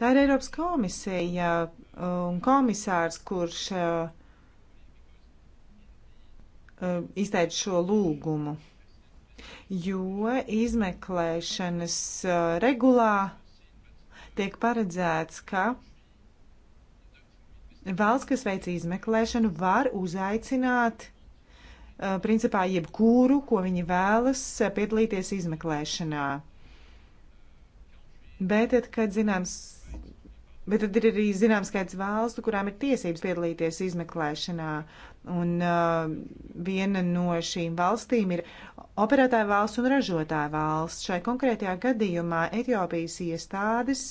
Tā ir Eiropas komisija uh, un komisārs, kurš uh, uh, izteica šo lūgumu, jo izmeklēšanas regulā tiek paredzēts, ka valsts, kas veic izmeklēšanu, var uzaicināt Eh, principā jebkuru, ko viņi vēlas eh, piedalīties izmeklēšanā. Bet tad, kad zināms, bet tad ir arī zināms skaits valstu, kurām ir tiesības piedalīties izmeklēšanā, un uh, viena no šīm valstīm ir operētāja valsts un ražotāja valsts. Šai konkrētajā gadījumā Etiopijas iestādes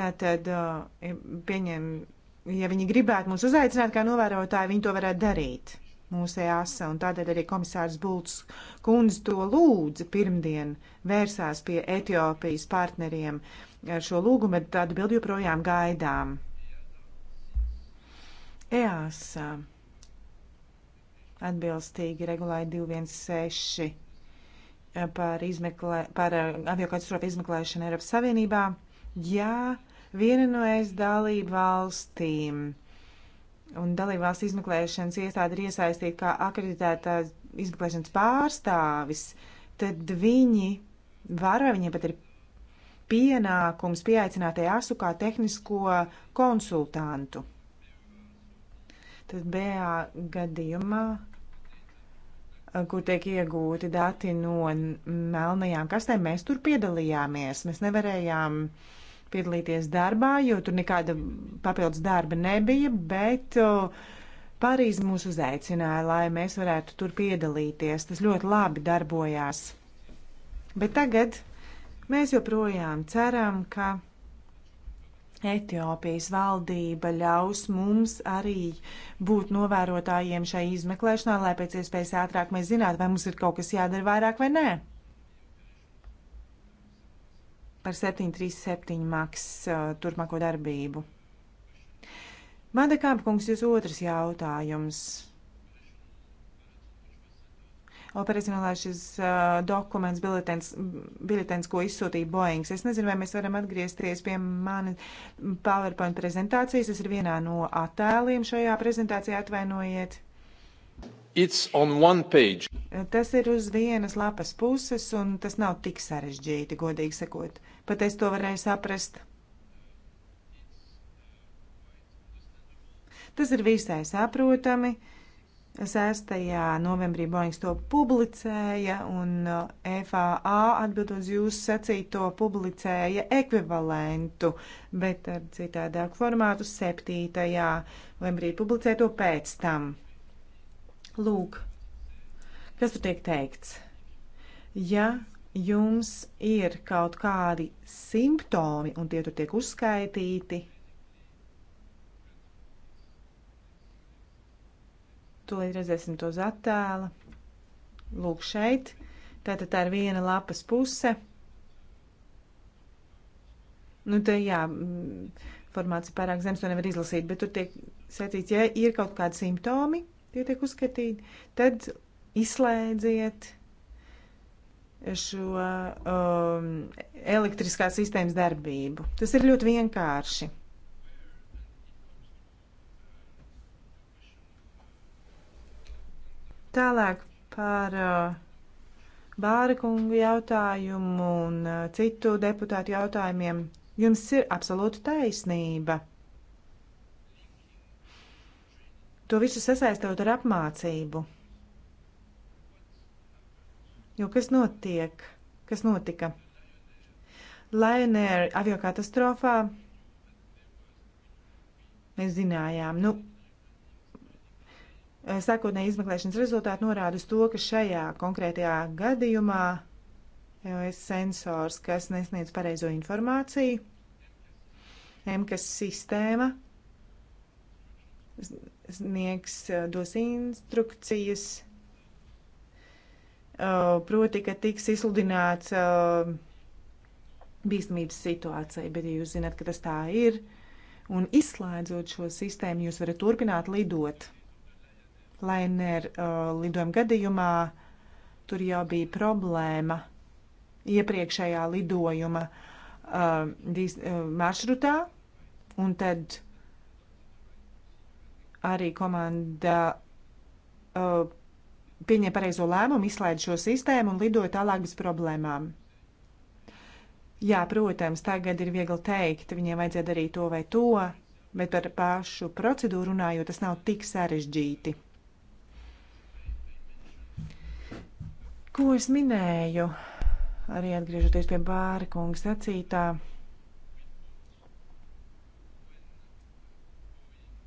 tātad uh, pieņem ja viņi gribētu mūs uzaicināt kā novērotāji, viņi to varētu darīt mūsu EASA, un tādēļ arī komisārs Bults kundze to lūdza pirmdien vērsās pie Etiopijas partneriem ar šo lūgumu, bet tādu bildi joprojām gaidām. EASA atbilstīgi regulēja 216 eh, par, izmeklē, par eh, aviokatastrofu izmeklēšanu Eiropas Savienībā. Jā, viena no es dalību valstīm. Un dalībvalsts izmeklēšanas iestāde ir iesaistīta kā akreditētā izmeklēšanas pārstāvis, tad viņi var vai viņiem pat ir pienākums pieaicinātajā asu kā tehnisko konsultantu. Tad BA gadījumā, kur tiek iegūti dati no melnajām kastēm, mēs tur piedalījāmies. Mēs nevarējām uh, piedalīties darbā, jo tur nekāda papildus darba nebija, bet Parīze mūs uzaicināja, lai mēs varētu tur piedalīties. Tas ļoti labi darbojās. Bet tagad mēs joprojām ceram, ka Etiopijas valdība ļaus mums arī būt novērotājiem šai izmeklēšanā, lai pēc iespējas ātrāk mēs zinātu, vai mums ir kaut kas jādara vairāk vai nē par 737 maks uh, turpmāko darbību. Manda Kāpkungs, jūs otrs jautājums. Operacionālais šis uh, dokuments, biletens, biletens, ko izsūtīja Boeings. Es nezinu, vai mēs varam atgriezties pie mana PowerPoint prezentācijas. Tas ir vienā no attēliem šajā prezentācijā atvainojiet. Tas ir uz vienas lapas puses, un tas nav tik sarežģīti, godīgi sakot. Pat es to varēju saprast. Tas ir visai saprotami. 6. novembrī Boeings to publicēja, un uh, FAA atbildot uz jūsu sacīto publicēja ekvivalentu, bet ar citādāku formātu 7. novembrī publicēja to pēc tam. Lūk, kas tur tiek teikts? Ja jums ir kaut kādi simptomi un tie tur tiek uzskaitīti, tūlīt redzēsim to uz attēla. Lūk, šeit. Tātad tā ir viena lapas puse. Nu, te jā, formāts ir pārāk zems, to nevar izlasīt, bet tur tiek sacīts, ja ir kaut kādi simptomi, tie tiek uzskatīti, tad izslēdziet šo um, elektriskās sistēmas darbību. Tas ir ļoti vienkārši. Tālāk par uh, Bāra kungu jautājumu un uh, citu deputātu jautājumiem. Jums ir absolūta taisnība. To visu sasaistot ar apmācību. Jo kas notiek? Kas notika? Lionair aviokatastrofā mēs zinājām, nu, sākotnēji izmeklēšanas rezultāti norāda uz to, ka šajā konkrētajā gadījumā EOS sensors, kas nesniedz pareizo informāciju, MKS sistēma sniegs, eh, dos instrukcijas, eh, proti, ka tiks izsludināts eh, bīstamības situācija, bet ja jūs zināt, ka tas tā ir, un izslēdzot šo sistēmu, jūs varat turpināt lidot. Lainer uh, lidojuma gadījumā tur jau bija problēma iepriekšējā lidojuma uh, maršrutā, un tad arī komanda uh, pieņem pareizo lēmumu, izslēdz šo sistēmu un lidoja tālāk bez problēmām. Jā, protams, tagad ir viegli teikt, viņiem vajadzēja darīt to vai to, bet par pašu procedūru runājot, tas nav tik sarežģīti. Ko es minēju, arī atgriežoties pie Bāra kungas sacītā,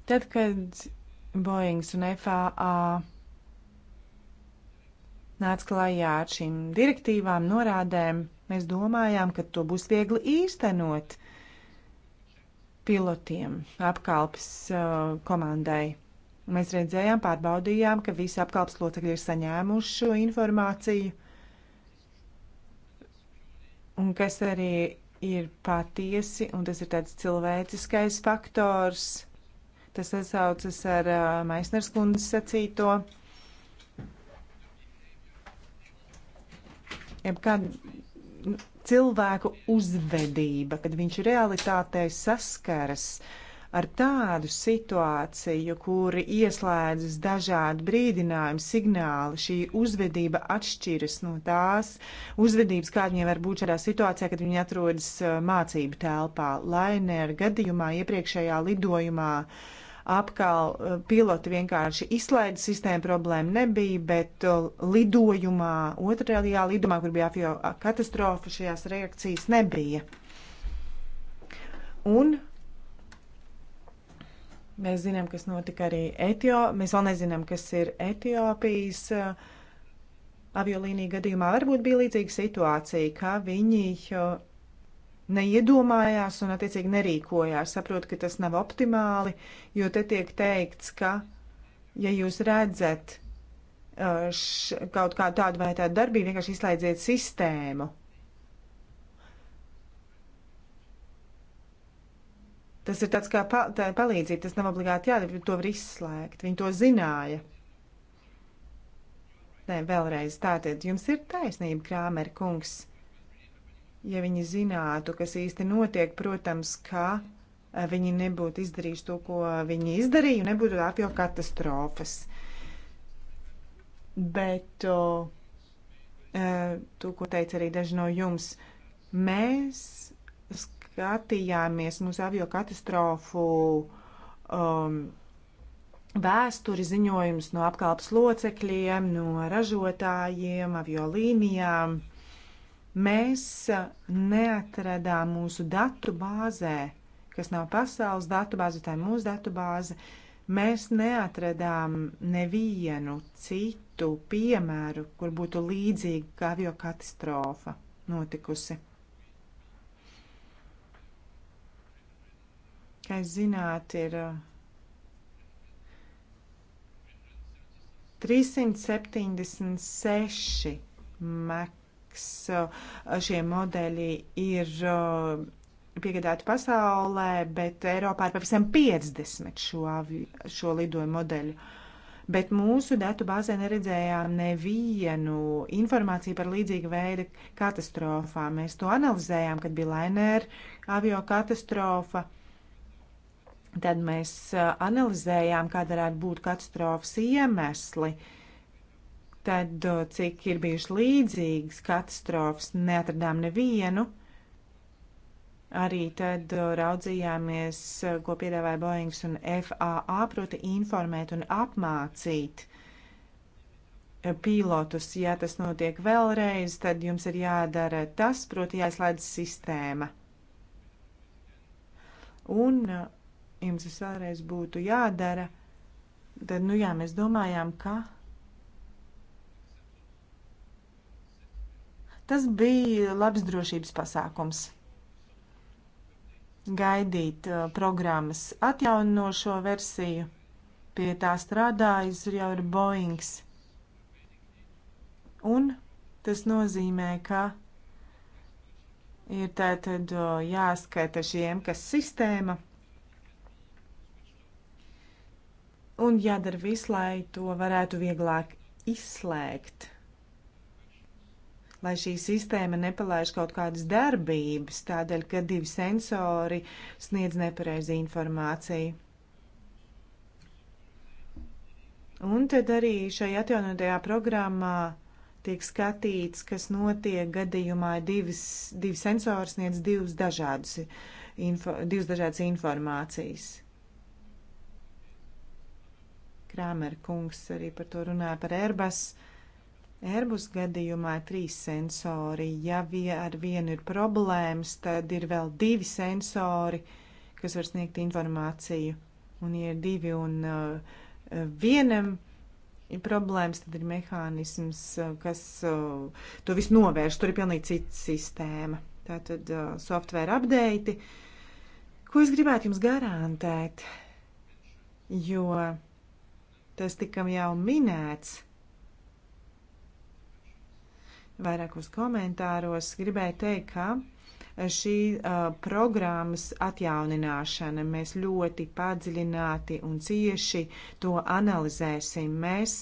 Tad, kad Boeings un FAA nāca klajā ar šīm direktīvām, norādēm, mēs domājām, ka to būs viegli īstenot pilotiem, apkalpes uh, komandai. Mēs redzējām, pārbaudījām, ka visi apkalpes locekļi ir saņēmuši šo informāciju, un kas arī ir patiesi, un tas ir tāds cilvēciskais faktors Tas sasaucas ar uh, Maisners kundzes sacīto. Jebkāda nu, cilvēku uzvedība, kad viņš realitātē saskaras ar tādu situāciju, kuri ieslēdzas dažādi brīdinājumi, signāli, šī uzvedība atšķiras no tās uzvedības, kāda viņiem var būt šādā situācijā, kad viņi atrodas mācību telpā, lai ne ar gadījumā iepriekšējā lidojumā uh, Apkal eh, piloti vienkārši izslaida sistēmu, problēma nebija, bet eh, lidojumā, otrajā lidojumā, kur bija afio katastrofa, šajās reakcijas nebija. Un mēs zinām, kas notika arī Etiopijā. Mēs vēl nezinām, kas ir Etiopijas eh, aviolīnija gadījumā. Varbūt bija līdzīga situācija, ka viņi neiedomājās un, attiecīgi, nerīkojās. Saprotu, ka tas nav optimāli, jo te tiek teikts, ka, ja jūs redzat uh, š, kaut kādu tādu vai tādu darbību, vienkārši izslēdziet sistēmu. Tas ir tāds kā pal palīdzība, tas nav obligāti jādara, to var izslēgt. Viņi to zināja. Nē, vēlreiz tātad jums ir taisnība, Krāmer kungs. Ja viņi zinātu, kas īsti notiek, protams, ka eh, viņi nebūtu izdarījuši to, ko viņi izdarīja, un nebūtu avio katastrofas. Bet o, eh, to, ko teica arī daži no jums, mēs skatījāmies mūsu avio katastrofu um, vēsturi ziņojumus no apkalpes locekļiem, no ražotājiem, avio līnijām Mēs neatradām mūsu datu bāzē, kas nav pasaules datu bāze, tā ir mūsu datu bāze. Mēs neatradām nevienu citu piemēru, kur būtu līdzīga avio katastrofa notikusi. kā jūs zināt, ir 376 mek tiks eh, šie modeļi ir eh, piegādāti pasaulē, bet Eiropā ir pavisam 50 šo, avi, šo lidojumu modeļu. Bet mūsu datu bāzē neredzējām nevienu informāciju par līdzīga veida katastrofām. Mēs to analizējām, kad bija Lainēra avio katastrofa. Tad mēs eh, analizējām, kāda varētu būt katastrofas iemesli. Uh, tad cik ir bijuši līdzīgas katastrofas, neatradām nevienu. Arī tad raudzījāmies, ko piedāvāja Boeings un FAA, proti informēt un apmācīt pilotus. Ja tas notiek vēlreiz, tad jums ir jādara tas, proti jāizslēdz sistēma. Un jums tas vēlreiz būtu jādara, tad, nu jā, mēs domājām, ka Tas bija labs drošības pasākums. Gaidīt uh, programmas atjaunošo versiju. Pie tā strādājas jau ir Boeings. Un tas nozīmē, ka ir tātad uh, jāskaita šī MKS sistēma un jādara viss, lai to varētu vieglāk izslēgt lai šī sistēma nepalaiž kaut kādas darbības, tādēļ, ka divi sensori sniedz nepareizi informāciju. Un tad arī šajā atjaunotajā programmā tiek skatīts, kas notiek gadījumā divas, divi sensori sniedz divas dažādas, info, divas dažādas informācijas. Krāmer kungs arī par to runāja par Airbus. Uh, Airbus gadījumā ir trīs sensori. Ja vie ar vienu ir problēmas, tad ir vēl divi sensori, kas var sniegt informāciju. Un, ja ir divi un uh, vienam ir problēmas, tad ir mehānisms, uh, kas uh, to visu novērš. Tur ir pilnīgi cita sistēma. Tātad uh, software update. Ko es gribētu jums garantēt? Jo tas tikam jau minēts vairākos komentāros. Gribēju teikt, ka eh, šī uh, programmas atjaunināšana mēs ļoti padziļināti un cieši to analizēsim. Mēs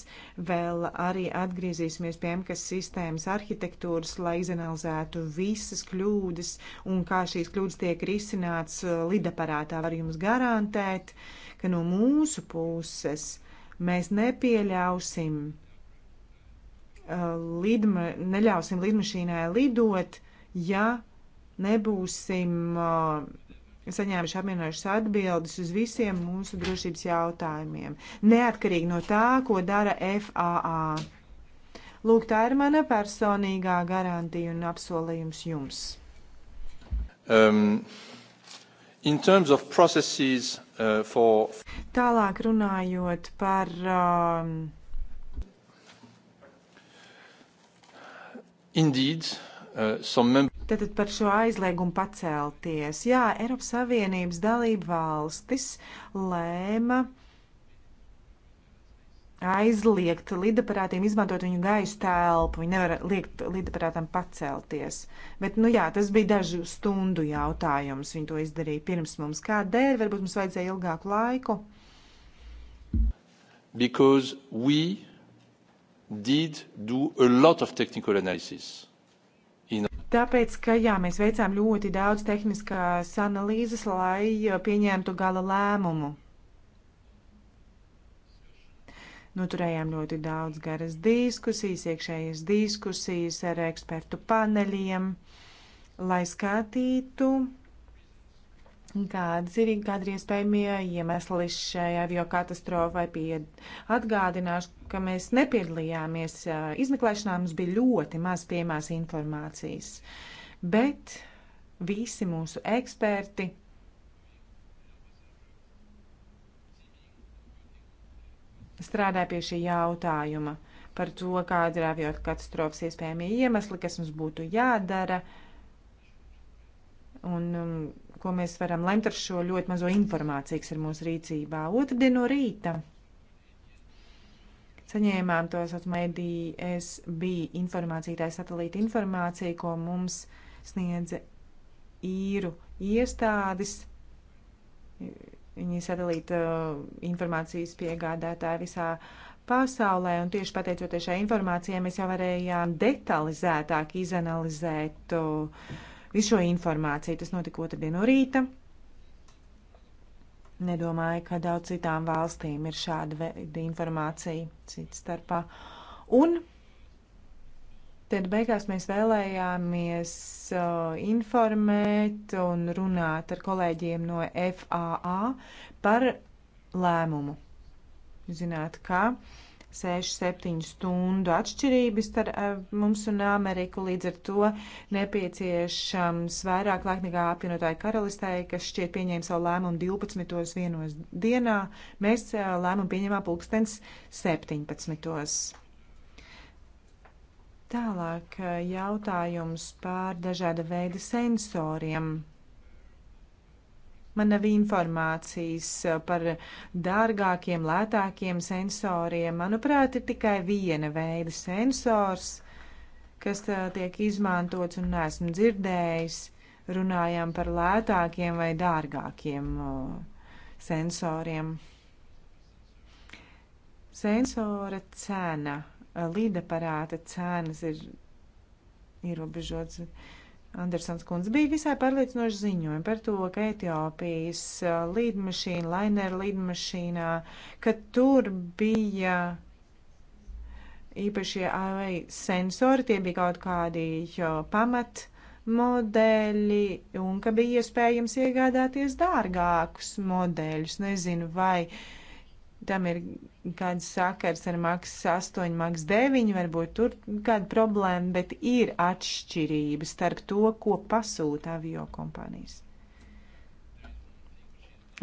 vēl arī atgriezīsimies pie MKS sistēmas arhitektūras, lai izanalizētu visas kļūdas un kā šīs kļūdas tiek risināts uh, lidaparātā. Var jums garantēt, ka no mūsu puses mēs nepieļausim Uh, lidma, neļausim lidmašīnai lidot, ja nebūsim uh, saņēmuši apmierinošas atbildes uz visiem mūsu drošības jautājumiem, neatkarīgi no tā, ko dara FAA. Lūk, tā ir mana personīgā garantija un apsolījums jums. Um, uh, for... Tālāk runājot par um, Indeed, uh, some... Tātad par šo aizliegumu pacelties. Jā, Eiropas Savienības dalība valstis lēma aizliegt lidaparātiem izmantot viņu gaisa telpu. Viņi nevar liekt lidaparātam pacelties. Bet, nu jā, tas bija dažu stundu jautājums. Viņi to izdarīja pirms mums. Kādēļ? Varbūt mums vajadzēja ilgāku laiku. Because we did do a lot of technical analysis. In... Tāpēc, ka jā, mēs veicām ļoti daudz tehniskās analīzes, lai uh, pieņemtu gala lēmumu. Noturējām ļoti daudz garas diskusijas, iekšējas diskusijas ar ekspertu paneļiem, lai skatītu Kādas ir, kāda ir iespējamie iemesli šai aviokatastrofai? Atgādināšu, ka mēs nepiedalījāmies izmeklēšanā, mums bija ļoti maz piemās informācijas. Bet visi mūsu eksperti. Strādāja pie šī jautājuma par to, kāda ir aviokatastrofas iespējamie iemesli, kas mums būtu jādara. Un, um, ko mēs varam lemt ar šo ļoti mazo informāciju, kas ir mūsu rīcībā. Otradien no rīta saņēmām to SB informāciju, tā ir satelīta informācija, ko mums sniedza īru iestādes. Viņi sadalīta uh, informācijas piegādātāji visā pasaulē, un tieši pateicoties šai informācijai, mēs jau varējām detalizētāk izanalizēt uh, visu šo informāciju. Tas notika otrdien no rīta. Nedomāju, ka daudz citām valstīm ir šāda veida informācija cits starpā. Un tad beigās mēs vēlējāmies uh, informēt un runāt ar kolēģiem no FAA par lēmumu. Zināt, kā. Uh, 6-7 stundu atšķirības starp eh, mums un Ameriku. Līdz ar to nepieciešams vairāk laika nekā apvienotāja karalistē, kas šķiet pieņēma savu lēmumu 12.1. dienā. Mēs eh, lēmumu pieņemām pulkstens 17. Tālāk eh, jautājums par dažāda veida sensoriem. Man nav informācijas eh, par dārgākiem, lētākiem sensoriem. Manuprāt, ir tikai viena veida sensors, kas eh, tiek izmantots un esmu dzirdējis. Runājām par lētākiem vai dārgākiem eh, sensoriem. Sensora cena, līdaparāta cenas ir ierobežotas Andersons kundze bija visai pārliecinoši ziņojumi par to, ka Etiopijas uh, līdmašīna, lainera līdmašīnā, ka tur bija īpašie AI sensori, tie bija kaut kādi pamat modeļi, un ka bija iespējams iegādāties dārgākus modeļus. Nezinu, vai uh, tam ir kāds sakars ar maksas 8, maksas 9, varbūt tur kāda problēma, bet ir atšķirība starp to, ko pasūta avio kompānijas.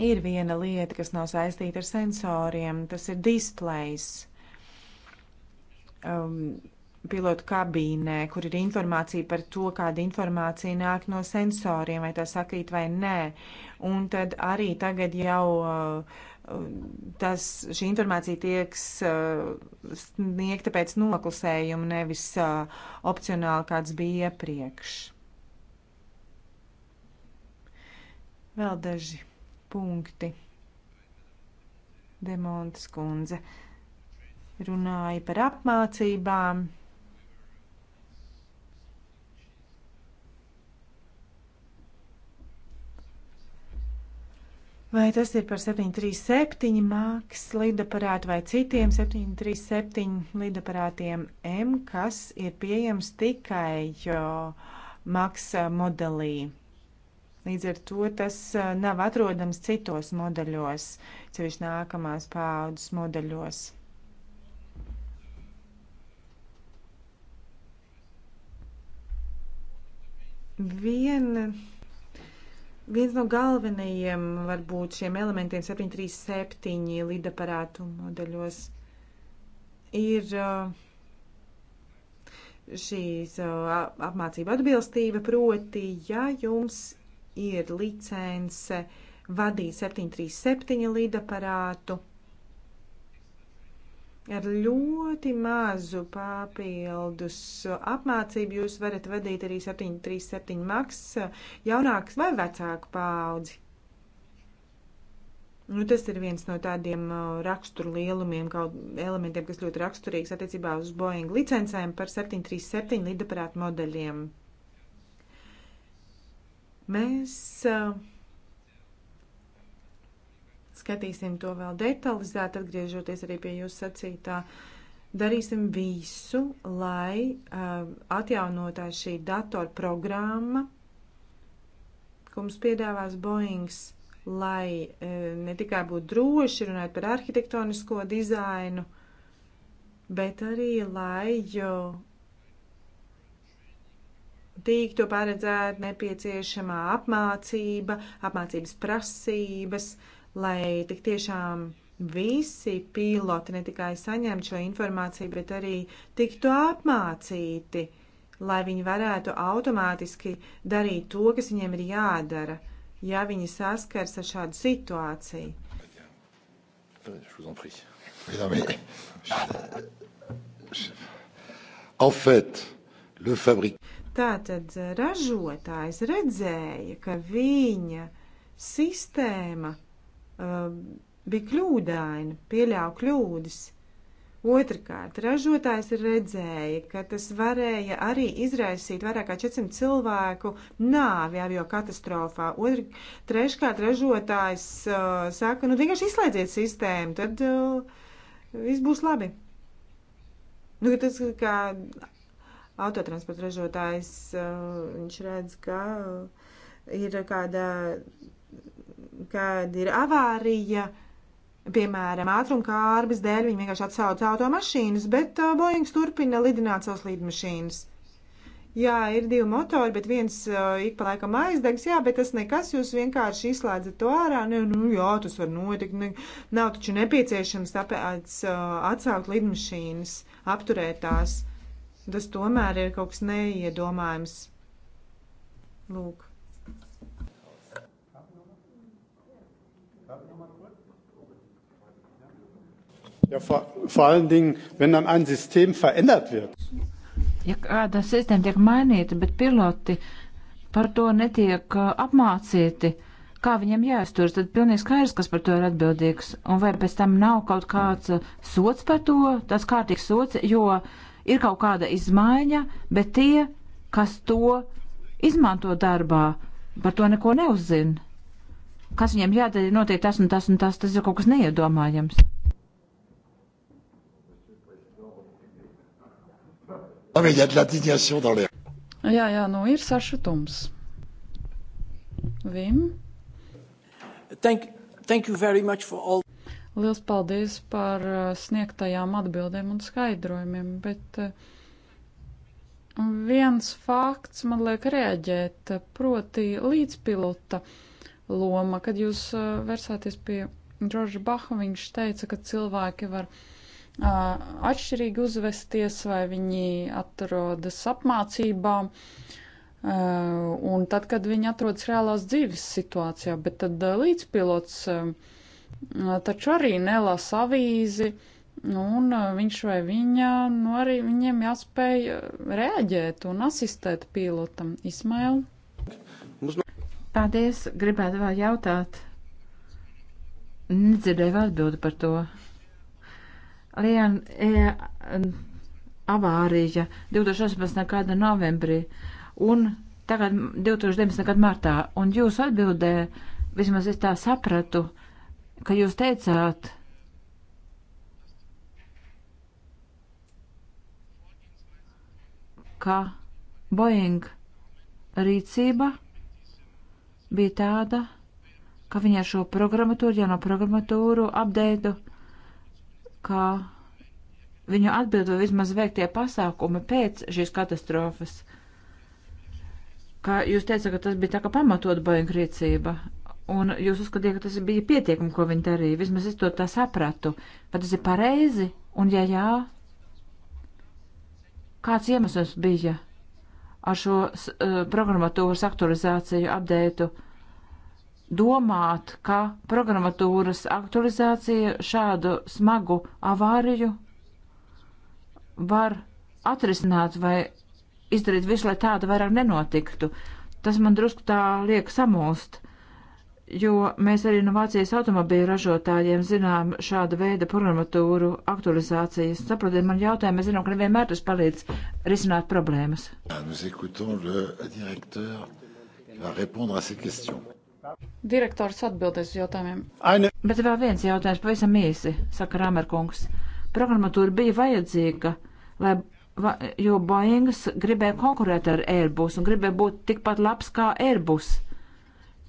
Ir viena lieta, kas nav saistīta ar sensoriem, tas ir displejs um, pilotu kabīnē, kur ir informācija par to, kāda informācija nāk no sensoriem, vai tā sakrīt vai nē. Un tad arī tagad jau uh, tas, šī informācija tiek uh, sniegta pēc noklusējuma, nevis uh, opcionāli kāds bija iepriekš. Vēl daži punkti. Demontas kundze runāja par apmācībām. Vai tas ir par 737 māks lidaparātu vai citiem 737 lidaparātiem M, kas ir pieejams tikai maks modelī? Līdz ar to tas nav atrodams citos modeļos, sevišķi nākamās paaudzes modeļos. Viena Viens no galvenajiem varbūt šiem elementiem 737 lidaparātu modeļos ir uh, šīs uh, apmācība atbilstība, proti, ja jums ir licence vadīt 737 lidaparātu, Ar ļoti mazu papildus apmācību jūs varat vadīt arī 737 maks jaunāks vai vecāku paudzi. Nu, tas ir viens no tādiem uh, rakstura lielumiem, kaut elementiem, kas ļoti raksturīgs attiecībā uz Boeing licencēm par 737 lidaparātu modeļiem. Mēs uh, Skatīsim to vēl detalizēt, atgriežoties arī pie jūsu sacītā. Darīsim visu, lai uh, atjaunotā šī datorprogramma, ko mums piedāvās Boeings, lai uh, ne tikai būtu droši runāt par arhitektonisko dizainu, bet arī lai jau tiktu paredzēta nepieciešamā apmācība, apmācības prasības, uh, lai tik tiešām visi piloti ne tikai saņemtu šo informāciju, bet arī tiktu apmācīti, lai viņi varētu automātiski darīt to, kas viņiem ir jādara, ja viņi saskars ar šādu situāciju. Je vous en prie. Mais non, mais, je, je, en fait, le fabricant. Tātad ražotājs redzēja, ka viņa sistēma Um, bija kļūdaini, pieļāva kļūdas. Otrakārt, ražotājs redzēja, ka tas varēja arī izraisīt vairāk kā 400 cilvēku nāvi avio katastrofā. Otru, treškārt, ražotājs uh, saka, nu vienkārši izslēdziet sistēmu, tad uh, viss būs labi. Nu, tas, kā autotransporta ražotājs, uh, viņš redz, ka uh, ir kāda kad ir avārija, piemēram, ātrumkārbis dēļ, viņi vienkārši atsauca automašīnas, bet uh, Boeings turpina lidināt savus lidmašīnas. Jā, ir divi motori, bet viens uh, ik pa laikam aizdegs, jā, bet tas nekas, jūs vienkārši izslēdzat to ārā, ne, nu, nu jā, tas var notikt, ne, nu, nav taču nepieciešams tāpēc uh, atsaukt lidmašīnas, apturēt tās. Tas tomēr ir kaut kas neiedomājams. Lūk. Ja, vor, vor allen Dingen, wenn dann ein System verändert wird. Ja kāda sistēma tiek mainīta, bet piloti par to netiek uh, apmācīti, kā viņiem jāizturas, tad pilnīgi skaidrs, kas par to ir atbildīgs. Un vai pēc tam nav kaut kāds uh, sots par to, tas kārtīgs sots, jo ir kaut kāda izmaiņa, bet tie, kas to izmanto darbā, par to neko neuzzina. Kas viņiem jādara, ir noteikti tas un tas un tas, tas ir kaut kas neiedomājams. Oh, mais il y a de l'indignation dans l'air. Jā, jā, nu ir sašutums. Vim? Thank, thank you very much for all. Liels paldies par uh, sniegtajām atbildēm un skaidrojumiem, bet uh, viens fakts man liek reaģēt, uh, proti līdzpilota loma, kad jūs versāties pie Džordža Baha, viņš teica, ka cilvēki var atšķirīgi uzvesties, vai viņi atrodas apmācībā. Un tad, kad viņi atrodas reālās dzīves situācijā, bet tad līdzpilots taču arī nelasa avīzi, un viņš vai viņa, nu arī viņiem jāspēj reaģēt un asistēt pilotam. Ismail? Paldies, gribētu vēl jautāt. Nedzirdēju atbildi par to liela e, eh, avārija 2018. gada novembrī un tagad 2019. gada martā. Un jūs atbildē, vismaz es tā sapratu, ka jūs teicāt, ka Boeing rīcība bija tāda, ka viņi ar šo programmatūru, jauno programmatūru apdeidu, ka viņu atbild vai vismaz veiktie pasākumi pēc šīs katastrofas. Kā jūs teicāt, ka tas bija tā kā pamatot Boeing rīcība, un jūs uzskatījāt, ka tas bija pietiekami, ko viņi darīja. Vismaz es to tā sapratu. Vai tas ir pareizi? Un ja jā, kāds iemesls bija ar šo uh, programmatūras aktualizāciju, apdeitu? Uh, domāt, ka programmatūras aktualizācija šādu smagu avāriju var atrisināt vai izdarīt visu, lai tāda vairāk nenotiktu. Tas man drusku tā liek samulst, jo mēs arī no Vācijas automobīļu ražotājiem zinām šāda veida programmatūru aktualizācijas. Saprotiet man jautājumu, mēs zinām, ka nevienmēr tas palīdz risināt problēmas. Nous écoutons le directeur qui va répondre à ces questions. Direktors atbildēs uz jautājumiem. Aine. Bet vēl viens jautājums, pavisam īsi, saka Rāmerkungs. Programmatūra bija vajadzīga, lai, va, jo Boeings gribēja konkurēt ar Airbus un gribēja būt tikpat labs kā Airbus.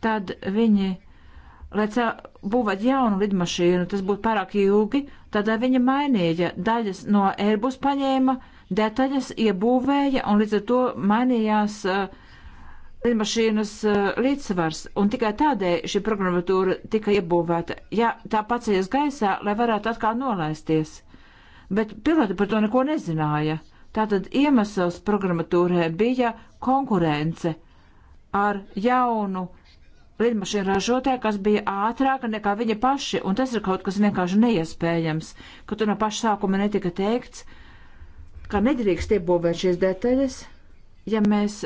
Tad viņi, lai cē, būvēt jaunu lidmašīnu, tas būtu pārāk ilgi, tad viņi mainīja daļas no Airbus paņēma, detaļas iebūvēja un līdz ar to mainījās. Uh, lidmašīnas eh, līdzsvars, un tikai tādēļ šī programmatūra tika iebūvēta. Ja tā pacēlies gaisā, lai varētu atkal nolaisties. Bet piloti par to neko nezināja. Tātad iemesls programmatūrē bija konkurence ar jaunu lidmašīnu ražotāju, kas bija ātrāka nekā viņa paši, un tas ir kaut kas vienkārši neiespējams, ka tur no paša sākuma netika teikts, ka nedrīkst iebūvēt šīs detaļas, ja mēs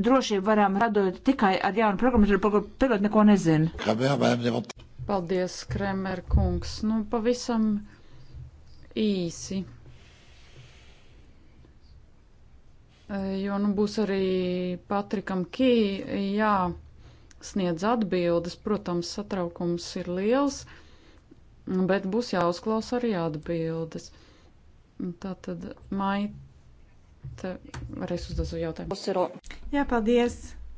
drošību varam radot tikai ar jaunu programmatūru, par kuru pilot neko nezinu. Paldies, Kremer kungs. Nu, pavisam īsi. E, jo, nu, būs arī Patrikam Kī, jā, sniedz atbildes. Protams, satraukums ir liels, bet būs jāuzklaus arī atbildes. Tātad, Maita, varēs uzdot jautājumu. Jā, paldies,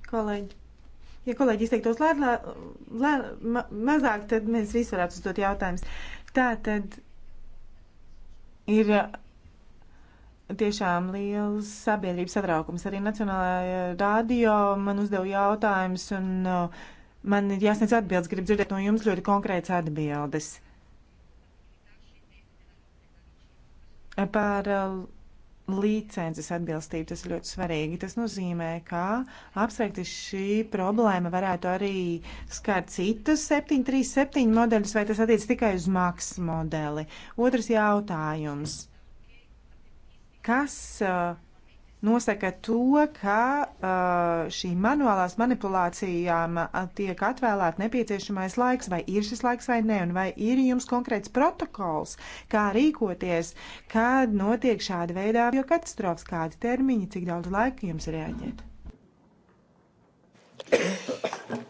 kolēģi. Ja kolēģi izteiktos lē, lē, lē, ma, mazāk, tad mēs visi varētu uzdot jautājumus. Tā tad ir uh, tiešām liels sabiedrības satraukums. Arī Nacionālajā radio man uzdeva jautājumus, un uh, man ir jāsniedz atbildes. Gribu dzirdēt no jums ļoti konkrētas atbildes. Par uh, licences atbilstību. Tas ir ļoti svarīgi. Tas nozīmē, ka abstrakti šī problēma varētu arī skart citus 737 modeļus, vai tas attiec tikai uz maks modeli. Otrs jautājums. Kas uh, nosaka to, ka uh, šīm manuālās manipulācijām uh, tiek atvēlēt nepieciešamais laiks, vai ir šis laiks vai nē, un vai ir jums konkrēts protokols, kā rīkoties, kad notiek šāda veidā jo katastrofas, kādi termiņi, cik daudz laika jums reaģēt.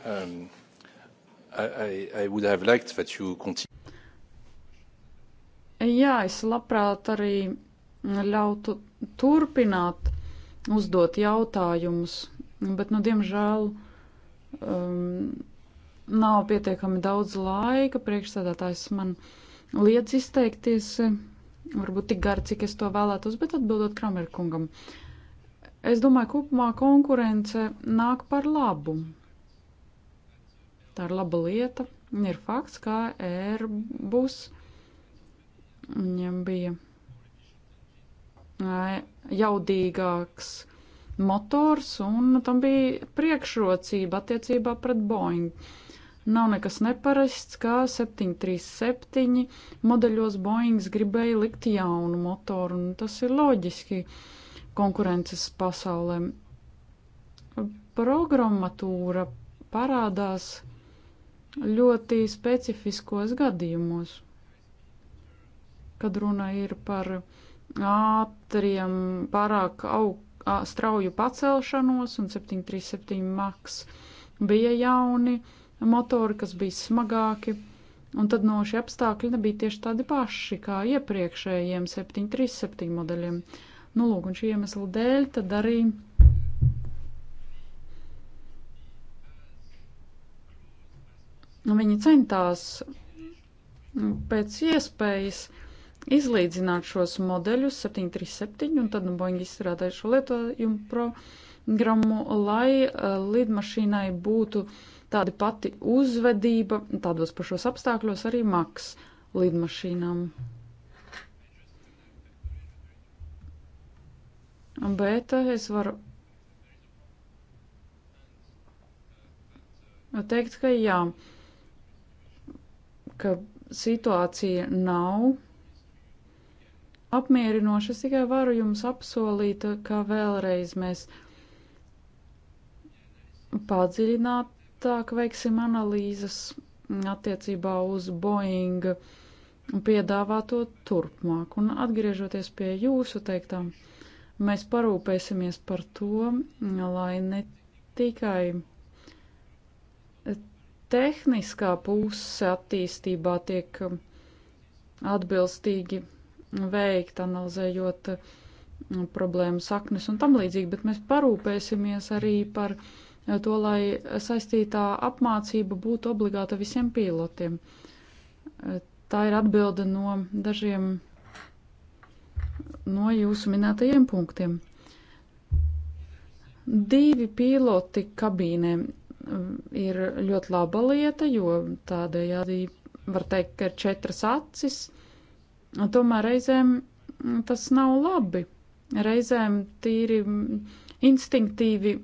Um, I, I, I would have liked that you continue. Jā, es labprāt arī ļautu turpināt uzdot jautājumus, bet, nu, diemžēl um, nav pietiekami daudz laika. Priekšsēdētājs man liedz izteikties, varbūt tik gari, cik es to vēlētos, bet atbildot Kramerkungam. Es domāju, kopumā konkurence nāk par labu. Tā ir laba lieta. Ir fakts, kā Airbus viņam bija jaudīgāks motors, un tam bija priekšrocība attiecībā pret Boeing. Nav nekas neparasts, kā 737 modeļos Boeings gribēja likt jaunu motoru, un tas ir loģiski konkurences pasaulē. Programmatūra parādās ļoti specifiskos gadījumos, kad runa ir par uh, ātriem pārāk aug, strauju pacelšanos un 737 maks bija jauni motori, kas bija smagāki. Un tad no šie apstākļi nebija tieši tādi paši kā iepriekšējiem 737 modeļiem. Nu, lūk, un šī iemesla dēļ tad arī viņi centās pēc iespējas uh, izlīdzināt šos modeļus 737 un tad nu, Boeing izstrādāja šo lietojumu programmu, lai uh, lidmašīnai būtu tāda pati uzvedība, tādos pašos apstākļos arī maks lidmašīnām. Bet e, es varu teikt, ka jā, ka situācija nav apmierinoši. Es tikai varu jums apsolīt, ka vēlreiz mēs padziļinātāk veiksim analīzes attiecībā uz Boeing piedāvāto turpmāk. Un atgriežoties pie jūsu teiktām, mēs parūpēsimies par to, lai ne tikai tehniskā puse attīstībā tiek atbilstīgi veikt, analizējot mm, problēmu saknes un tam līdzīgi, bet mēs parūpēsimies arī par to, lai saistītā apmācība būtu obligāta visiem pilotiem. Tā ir atbilde no dažiem no jūsu minētajiem punktiem. Divi piloti kabīnē mm, ir ļoti laba lieta, jo tādējādi var teikt, ka ir četras acis Tomēr reizēm mm, tas nav labi. Reizēm tīri mm, instinktīvi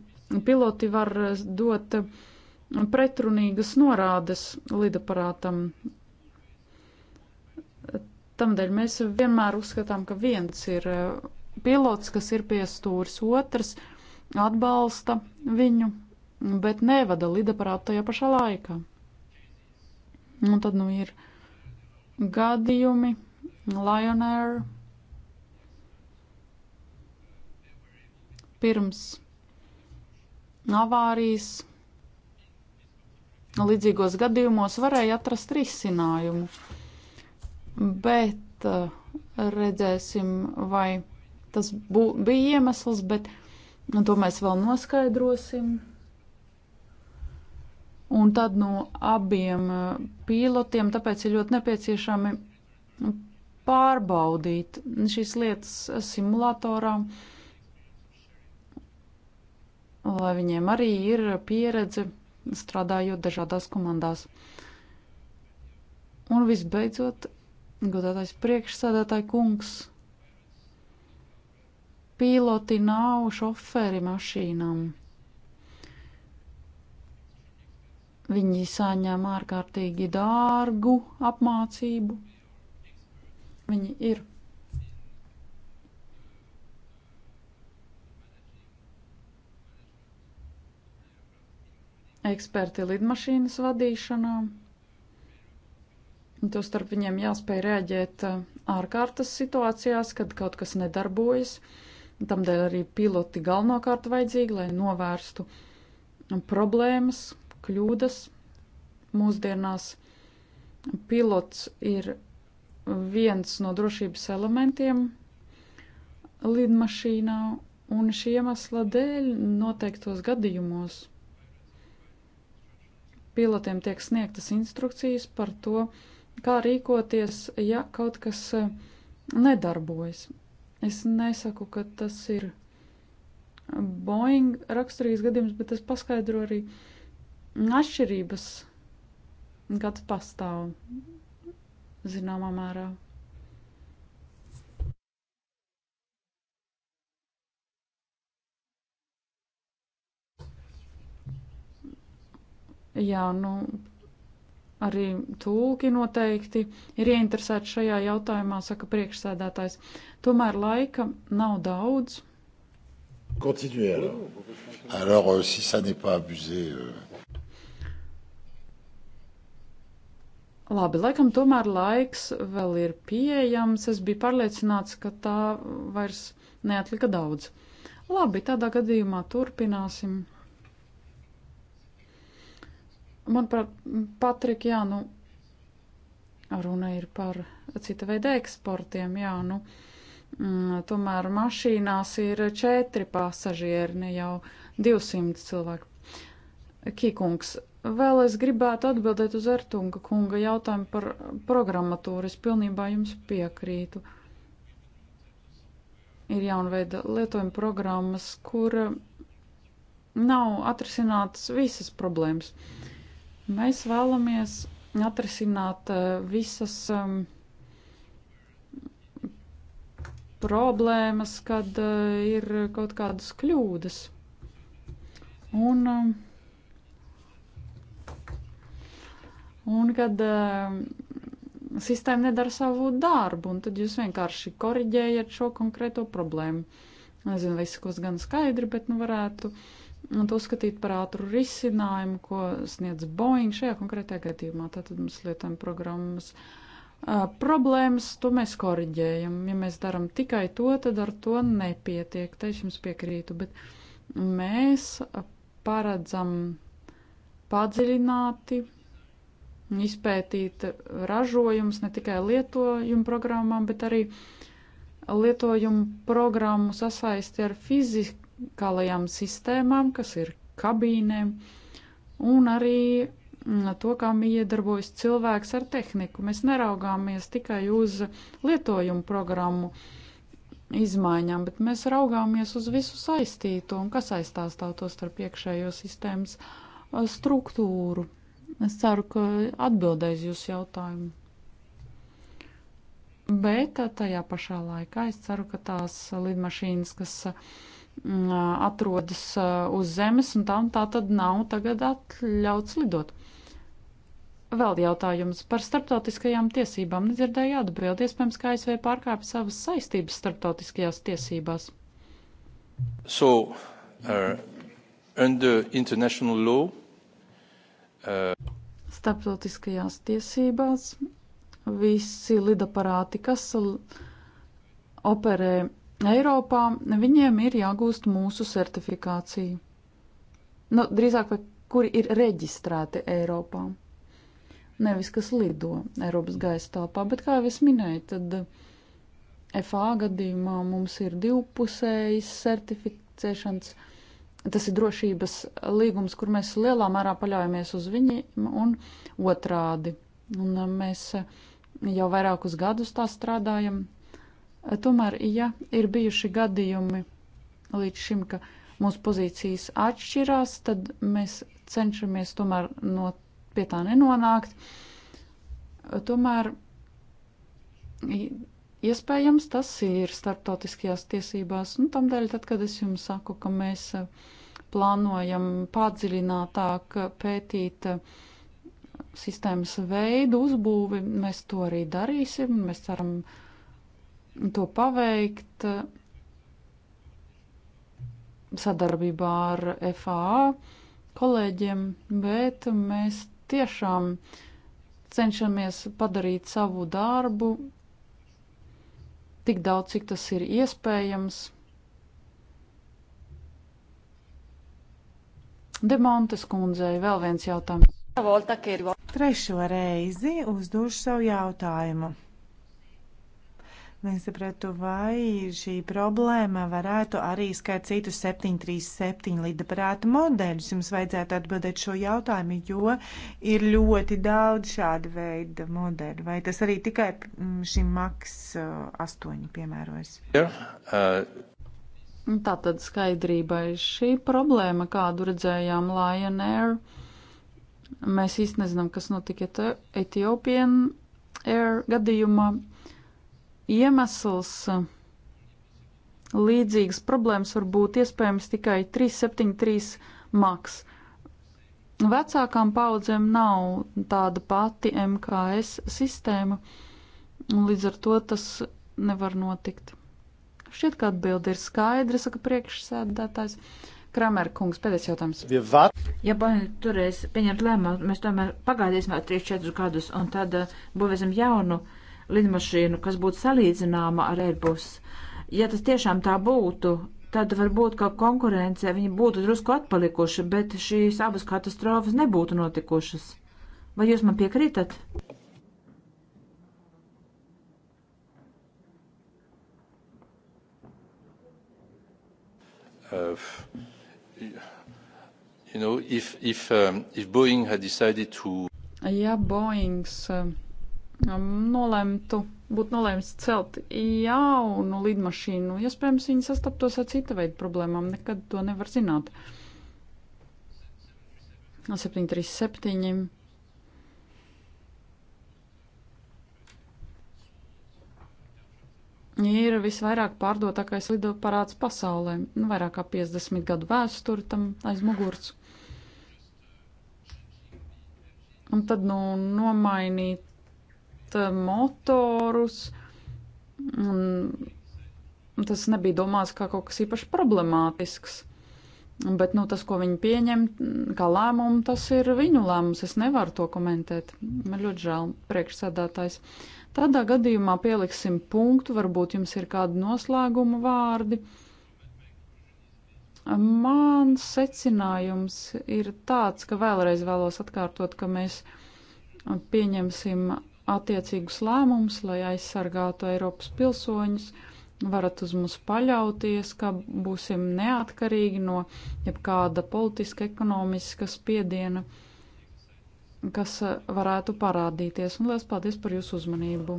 piloti var eh, dot mm, pretrunīgas norādes lidaparātam. Tamdēļ mēs vienmēr uzskatām, ka viens ir eh, pilots, kas ir pie stūris, otrs atbalsta viņu, bet nevada lidaparātu tajā pašā laikā. Un tad nu ir gadījumi, Lion Air. Pirms avārijas līdzīgos gadījumos varēja atrast risinājumu, bet eh, redzēsim, vai tas bū, bija iemesls, bet nu, to mēs vēl noskaidrosim. Un tad no abiem eh, pilotiem tāpēc ir ļoti nepieciešami pārbaudīt šīs lietas simulatorā, lai viņiem arī ir pieredze strādājot dažādās komandās. Un visbeidzot, godātais priekšsēdētāji kungs, piloti nav šoferi mašīnām. Viņi saņem ārkārtīgi dārgu apmācību, viņi ir. Eksperti lidmašīnas vadīšanā. To starp viņiem jāspēj rēģēt eh, ārkārtas situācijās, kad kaut kas nedarbojas. Tamdēļ arī piloti galvenokārt vajadzīgi, lai novērstu problēmas, kļūdas. Mūsdienās pilots ir viens no drošības elementiem lidmašīnā, un šī iemesla dēļ noteiktos gadījumos pilotiem tiek sniegtas instrukcijas par to, kā rīkoties, ja kaut kas eh, nedarbojas. Es nesaku, ka tas ir Boeing raksturīgs gadījums, bet es paskaidroju arī atšķirības, kad pastāv zināmā mērā. Jā, nu, arī tūki noteikti ir ieinteresēti šajā jautājumā, saka priekšsēdētājs. Tomēr laika nav daudz. Continuez alors. Alors, euh, si ça n'est pas abusé. Euh... Labi, laikam tomēr laiks vēl ir pieejams. Es biju pārliecināts, ka tā vairs neatlika daudz. Labi, tādā gadījumā turpināsim. Manuprāt, Patrik, jā, nu, runa ir par cita veida eksportiem, jā, nu, mm, tomēr mašīnās ir četri pasažieri, ne jau 200 cilvēki. Kīkungs, Vēl es gribētu atbildēt uz Ertunga kunga jautājumu par programmatūru. Es pilnībā jums piekrītu. Ir jauna veida lietojuma programmas, kur nav atrisinātas visas problēmas. Mēs vēlamies atrisināt eh, visas um, problēmas, kad uh, ir kaut kādas kļūdas. Un um, un kad ehm, sistēma nedara savu darbu, un tad jūs vienkārši koriģējat šo konkrēto problēmu. Nezinu, vai izsakos gan skaidri, bet nu varētu to skatīt par ātru risinājumu, ko sniedz Boeing šajā konkrētajā gadījumā. Tātad mums lietojam programmas uh, problēmas, to mēs koriģējam. Ja mēs daram tikai to, tad ar to nepietiek, te es jums piekrītu, bet mēs paredzam padziļināti izpētīt ražojumus ne tikai lietojumu programmām, bet arī lietojumu programmu sasaisti ar fizikālajām sistēmām, kas ir kabīnēm, un arī mm, to, kā iedarbojas cilvēks ar tehniku. Mēs neraugāmies tikai uz lietojumu programmu izmaiņām, bet mēs raugāmies uz visu saistīto un kas aizstāstā to starp iekšējo sistēmas struktūru. Es ceru, ka atbildēs jūs jautājumu. Bet uh, tajā pašā laikā es ceru, ka tās lidmašīnas, kas mm, uh, atrodas uh, uz zemes, un tam tā tad nav tagad atļauts lidot. Vēl jautājums par starptautiskajām tiesībām. Nedzirdēju atbildi, iespējams, ka ASV pārkāpj savas saistības starptautiskajās tiesībās. So, uh, under international law, Starptautiskajās tiesībās visi lidaparāti, kas operē Eiropā, viņiem ir jāgūst mūsu certifikāciju. Nu, drīzāk, vai kuri ir reģistrēti Eiropā. Nevis, kas lido Eiropas gaisa telpā, bet, kā jau es minēju, tad FA gadījumā mums ir divpusējas certificēšanas. Uh, tas ir drošības līgums, kur mēs lielā mērā paļaujamies uz viņiem un otrādi. Un uh, mēs uh, jau vairākus gadus tā strādājam. Uh, tomēr, ja ir bijuši gadījumi līdz šim, ka mūsu pozīcijas atšķirās, tad mēs cenšamies tomēr no pie tā nenonākt. Tomēr Iespējams, tas ir starptautiskajās tiesībās, un nu, tamdēļ, tad, kad es jums saku, ka mēs eh, plānojam padziļinātāk pētīt eh, sistēmas veidu uzbūvi, mēs to arī darīsim, mēs ceram to paveikt eh, sadarbībā ar FAA kolēģiem, bet mēs tiešām cenšamies padarīt savu darbu tik daudz, cik tas ir iespējams. Demontes kundzei vēl viens jautājums. Trešo reizi uzdošu savu jautājumu. Nesapratu, vai šī problēma varētu arī skart citus 737 lidaparātu modeļus. Jums vajadzētu atbildēt šo jautājumu, jo ir ļoti daudz šāda veida modeļu. Vai tas arī tikai mm, šim maks 8 uh, piemērojas? Jā. Yeah. Uh... Tā tad skaidrībai šī problēma, kādu redzējām Lion Air, mēs īsti nezinām, kas notika Ethiopian Air gadījumā iemesls līdzīgas problēmas var būt iespējams tikai 373 maks. Vecākām paudzēm nav tāda pati MKS sistēma, un līdz ar to tas nevar notikt. Šķiet, ka atbildi ir skaidra, saka priekšsēdētājs. Kramer kungs, pēdējais jautājums. Ja turēs pieņemt lēmumu, mēs tomēr pagaidīsim vēl 3-4 gadus, un tad uh, būvēsim jaunu uh, lidmašīnu, kas būtu salīdzināma ar Airbus. Ja tas tiešām tā būtu, tad varbūt, ka konkurence viņi būtu drusku atpalikuši, bet šīs abas katastrofas nebūtu notikušas. Vai jūs man piekrītat? Uh, you know, if, if, um, if Boeing had decided to... Ja Boeings uh, nolemtu, būtu nolēmis celt jaunu lidmašīnu, iespējams, ja viņi sastaptos ar cita veida problēmām, nekad to nevar zināt. 737. Ir visvairāk pārdotākais lidoparāts pasaulē, nu, vairāk kā 50 gadu vēsturi tam aiz muguras. Un tad, nu, nomainīt Eh, motorus. Un, tas nebija domāts kā kaut kas īpaši problemātisks. Bet nu, tas, ko viņi pieņem mm, kā lēmumu, tas ir viņu lēmums. Es nevaru to komentēt. Man ļoti žēl, priekšsēdētājs. Tādā gadījumā pieliksim punktu. Varbūt jums ir kādi noslēguma vārdi. Mans secinājums ir tāds, ka vēlreiz vēlos atkārtot, ka mēs pieņemsim attiecīgus lēmumus, lai aizsargātu Eiropas pilsoņus. Varat uz mums paļauties, ka būsim neatkarīgi no jebkāda politiska, ekonomiska spiediena, kas eh, varētu parādīties. Un liels paldies par jūsu uzmanību!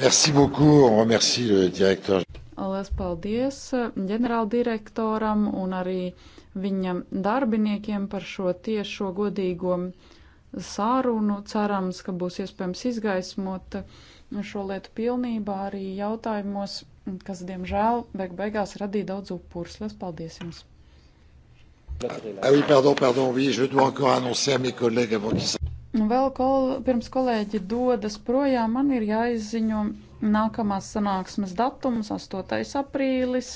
Merci beaucoup, on remercie le directeur. Lielas paldies eh, ģenerāldirektoram un arī viņa darbiniekiem par šo tiešo godīgo sārunu. Cerams, ka būs iespējams izgaismot šo lietu pilnībā arī jautājumos, kas, diemžēl, beig beigās radīja daudz upurs. Lies paldies jums! Ah oui, pardon, pardon, oui, je dois encore annoncer à mes collègues avant qu'ils... Vēl kol, pirms kolēģi dodas projām, man ir jāizziņo nākamās sanāksmes datums - 8. aprīlis,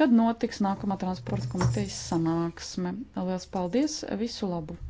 kad notiks nākamā transporta komitejas sanāksme. Lielas paldies, visu labu!